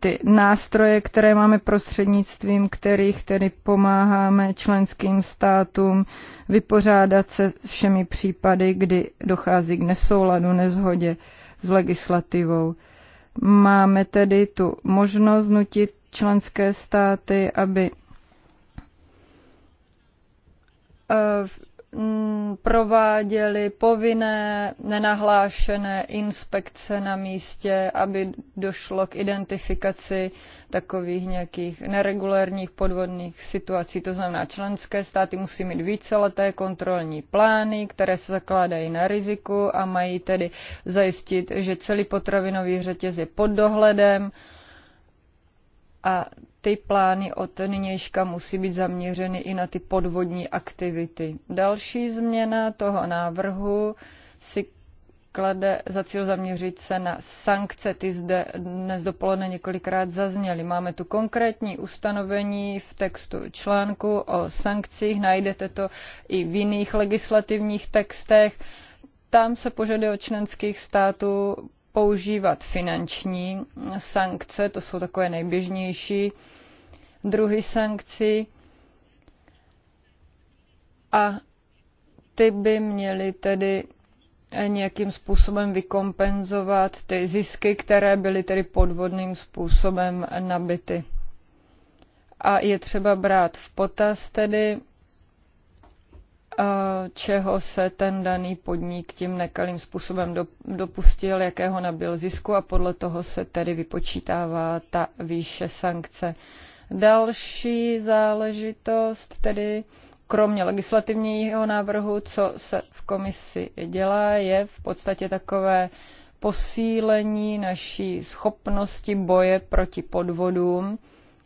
ty nástroje, které máme prostřednictvím, kterých tedy pomáháme členským státům vypořádat se všemi případy, kdy dochází k nesouladu, nezhodě s legislativou. Máme tedy tu možnost nutit členské státy, aby uh, Mm, prováděli povinné nenahlášené inspekce na místě, aby došlo k identifikaci takových nějakých neregulérních podvodných situací. To znamená, členské státy musí mít víceleté kontrolní plány, které se zakládají na riziku a mají tedy zajistit, že celý potravinový řetěz je pod dohledem, a ty plány od nynějška musí být zaměřeny i na ty podvodní aktivity. Další změna toho návrhu si klade za cíl zaměřit se na sankce. Ty zde dnes dopoledne několikrát zazněly. Máme tu konkrétní ustanovení v textu článku o sankcích, najdete to i v jiných legislativních textech. Tam se požaduje od členských států používat finanční sankce, to jsou takové nejběžnější druhy sankcí. A ty by měly tedy nějakým způsobem vykompenzovat ty zisky, které byly tedy podvodným způsobem nabity. A je třeba brát v potaz tedy čeho se ten daný podnik tím nekalým způsobem dopustil, jakého nabil zisku a podle toho se tedy vypočítává ta výše sankce. Další záležitost tedy kromě legislativního návrhu, co se v komisi dělá, je v podstatě takové posílení naší schopnosti boje proti podvodům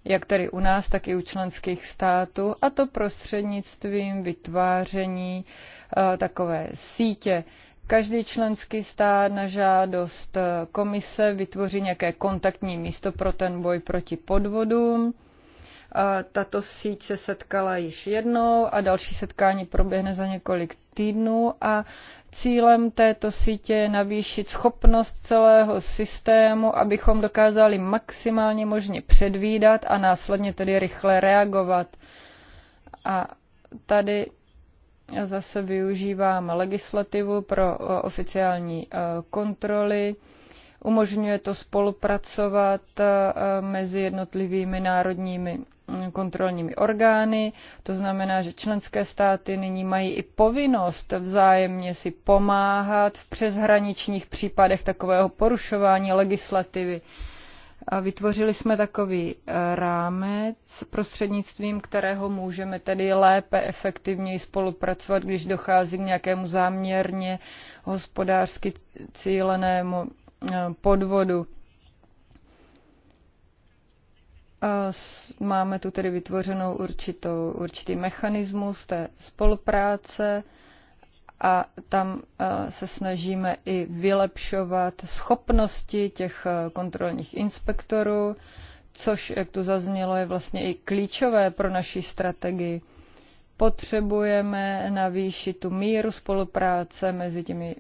jak tedy u nás, tak i u členských států, a to prostřednictvím vytváření eh, takové sítě. Každý členský stát na žádost eh, komise vytvoří nějaké kontaktní místo pro ten boj proti podvodům tato síť se setkala již jednou a další setkání proběhne za několik týdnů a cílem této sítě je navýšit schopnost celého systému, abychom dokázali maximálně možně předvídat a následně tedy rychle reagovat. A tady zase využívám legislativu pro oficiální e, kontroly. Umožňuje to spolupracovat e, mezi jednotlivými národními kontrolními orgány. To znamená, že členské státy nyní mají i povinnost vzájemně si pomáhat v přeshraničních případech takového porušování legislativy. A vytvořili jsme takový eh, rámec, prostřednictvím kterého můžeme tedy lépe, efektivněji spolupracovat, když dochází k nějakému záměrně hospodářsky cílenému eh, podvodu. Máme tu tedy vytvořenou určitou, určitý mechanismus té spolupráce a tam se snažíme i vylepšovat schopnosti těch kontrolních inspektorů, což, jak tu zaznělo, je vlastně i klíčové pro naši strategii. Potřebujeme navýšit tu míru spolupráce mezi těmi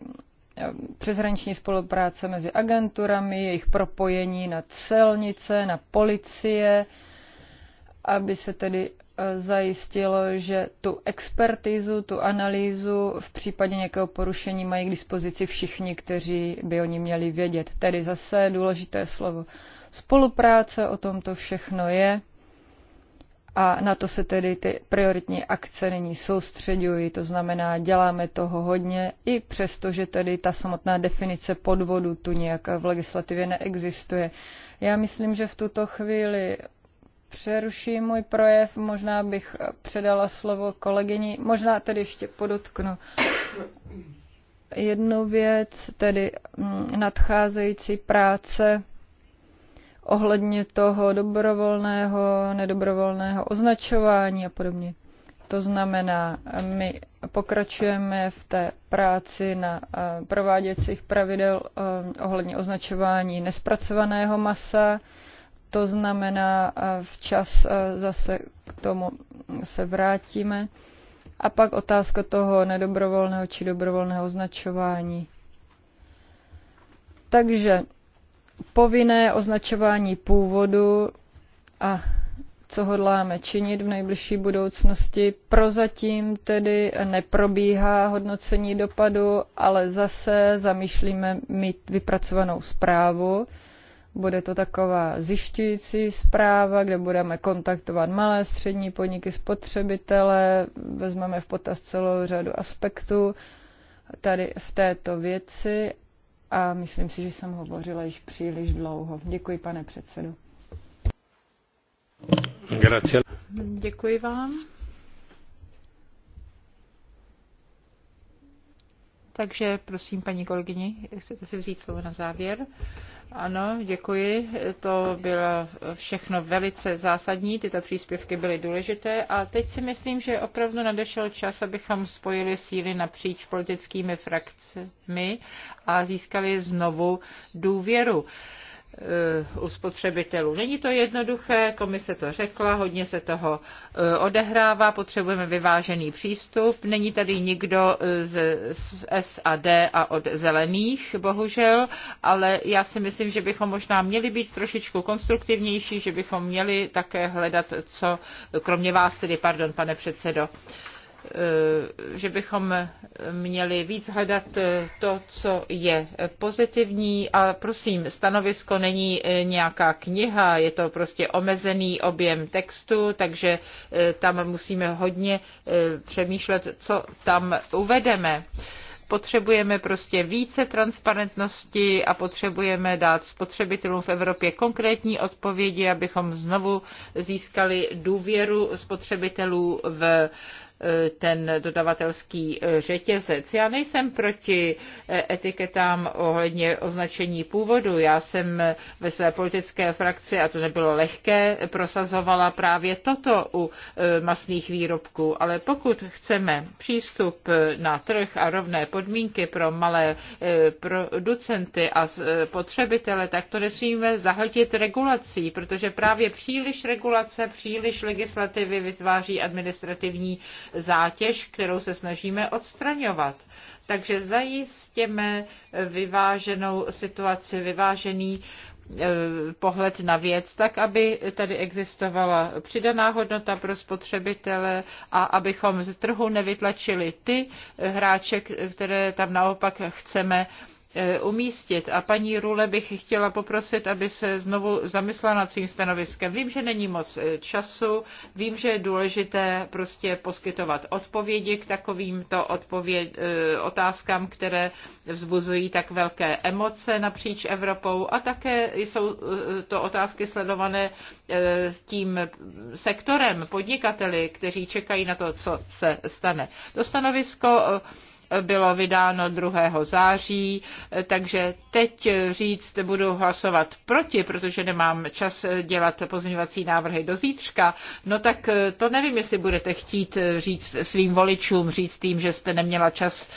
přeshraniční spolupráce mezi agenturami, jejich propojení na celnice, na policie, aby se tedy eh, zajistilo, že tu expertizu, tu analýzu v případě nějakého porušení mají k dispozici všichni, kteří by o ní měli vědět. Tedy zase důležité slovo spolupráce, o tom to všechno je a na to se tedy ty prioritní akce nyní soustředují, to znamená, děláme toho hodně, i přesto, že tedy ta samotná definice podvodu tu nějak v legislativě neexistuje. Já myslím, že v tuto chvíli přeruším můj projev, možná bych předala slovo kolegyni, možná tedy ještě podotknu jednu věc, tedy mm, nadcházející práce ohledně toho dobrovolného, nedobrovolného označování a podobně. To znamená, my pokračujeme v té práci na eh, prováděcích pravidel eh, ohledně označování nespracovaného masa. To znamená, eh, včas zase k tomu se vrátíme. A pak otázka toho nedobrovolného či dobrovolného označování. Takže povinné označování původu a co hodláme činit v nejbližší budoucnosti. Prozatím tedy neprobíhá hodnocení dopadu, ale zase zamýšlíme mít vypracovanou zprávu. Bude to taková zjišťující zpráva, kde budeme kontaktovat malé, střední podniky, spotřebitele, vezmeme v potaz celou řadu aspektů tady v této věci a myslím si, že jsem hovořila již příliš dlouho. Děkuji, pane předsedu. Grazie. Děkuji vám. Takže prosím, paní kolegyni, chcete si vzít slovo na závěr? Ano, děkuji. To bylo všechno velice zásadní. Tyto příspěvky byly důležité. A teď si myslím, že opravdu nadešel čas, abychom spojili síly napříč politickými frakcemi a získali znovu důvěru. Eh, u spotřebitelů. Není to jednoduché, komise to řekla, hodně se toho eh, odehrává, potřebujeme vyvážený přístup. Není tady nikdo eh, z SAD a od zelených, bohužel, ale já si myslím, že bychom možná měli být trošičku konstruktivnější, že bychom měli také hledat, co, kromě vás tedy, pardon, pane předsedo, Eh, že bychom měli víc hledat eh, to, co je pozitivní. A prosím, stanovisko není eh, nějaká kniha, je to prostě omezený objem textu, takže tam musíme hodně přemýšlet, co tam uvedeme potřebujeme prostě více transparentnosti a potřebujeme dát spotřebitelům v Evropě konkrétní odpovědi, abychom znovu získali důvěru spotřebitelů v ten dodavatelský eh, řetězec. Já nejsem proti eh, etiketám ohledně označení původu. Já jsem eh, ve své politické frakci, a to nebylo lehké, prosazovala právě toto u masných výrobků. Ale pokud chceme přístup na trh a rovné podmínky pro malé producenty a potřebitele, tak to nesmíme zahltit regulací, protože právě příliš regulace, příliš legislativy vytváří administrativní zátěž, kterou se snažíme odstraňovat. Takže zajistěme vyváženou situaci, vyvážený e, pohled na věc, tak aby tady existovala přidaná hodnota pro spotřebitele a abychom z trhu nevytlačili ty hráče, které tam naopak chceme E, umístit. A paní Rule bych chtěla poprosit, aby se znovu zamyslela nad svým stanoviskem. Vím, že není moc e, času, vím, že je důležité prostě poskytovat odpovědi k takovýmto odpověd, e, otázkám, které vzbuzují tak velké emoce napříč Evropou a také jsou to otázky sledované tím sektorem, podnikateli, kteří čekají na to, co se stane. To stanovisko bylo vydáno 2. září, takže teď říct, budu hlasovat proti, protože nemám čas dělat pozměňovací návrhy do zítřka, no tak to nevím, jestli budete chtít říct svým voličům, říct tím, že jste neměla čas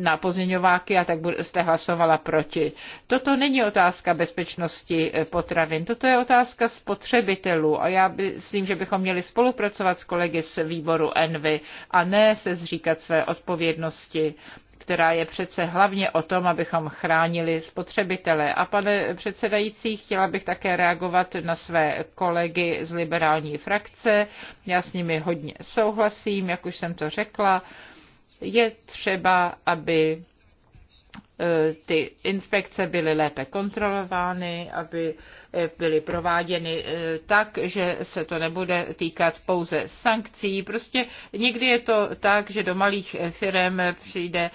na pozměňováky a tak jste hlasovala proti. Toto není otázka bezpečnosti eh, potravin, toto je otázka spotřebitelů a já myslím, že bychom měli spolupracovat s kolegy z výboru Envy a ne se zříkat své odpovědnosti oblasti která je přece hlavně o tom, abychom chránili spotřebitele. A pane předsedající, chtěla bych také reagovat na své kolegy z liberální frakce. Já s nimi hodně souhlasím, jak už jsem to řekla. Je třeba, aby E, ty inspekce byly lépe kontrolovány, aby e, byly prováděny e, tak, že se to nebude týkat pouze sankcí. Prostě někdy je to tak, že do malých firm přijde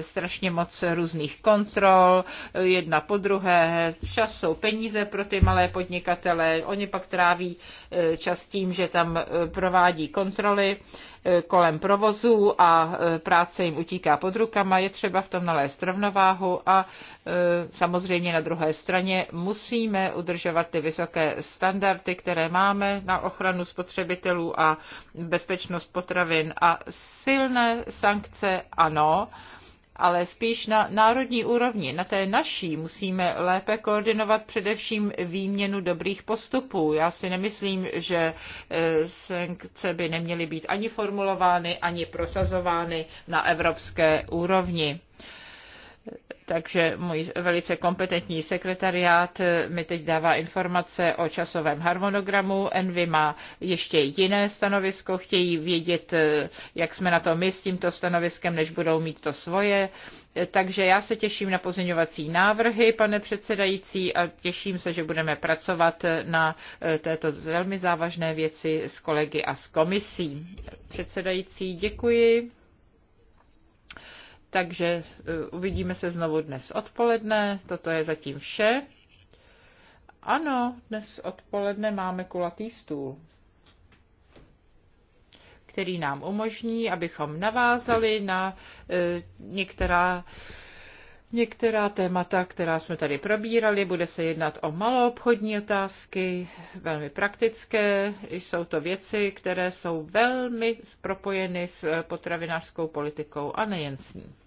strašně moc různých kontrol, jedna po druhé, čas jsou peníze pro ty malé podnikatele, oni pak tráví čas tím, že tam provádí kontroly kolem provozu a e, práce jim utíká pod rukama. Je třeba v tom nalézt rovnováhu a e, samozřejmě na druhé straně musíme udržovat ty vysoké standardy, které máme na ochranu spotřebitelů a bezpečnost potravin a silné sankce ano, ale spíš na národní úrovni. Na té naší musíme lépe koordinovat především výměnu dobrých postupů. Já si nemyslím, že e, sankce by neměly být ani formulovány, ani prosazovány na evropské úrovni takže můj velice kompetentní sekretariát eh, mi teď dává informace o časovém harmonogramu. Envy má ještě jiné stanovisko, chtějí vědět, eh, jak jsme na to my s tímto stanoviskem, než budou mít to svoje. Eh, takže já se těším na pozměňovací návrhy, pane předsedající, a těším se, že budeme pracovat na této velmi závažné věci s kolegy a s komisí. Předsedající, děkuji. Takže eh, uvidíme se znovu dnes odpoledne. Toto je zatím vše. Ano, dnes odpoledne máme kulatý stůl, který nám umožní, abychom navázali na e, některá Některá témata, která jsme tady probírali, bude se jednat o maloobchodní otázky, velmi praktické. Jsou to věci, které jsou velmi propojeny s eh, potravinářskou politikou a nejen s ní.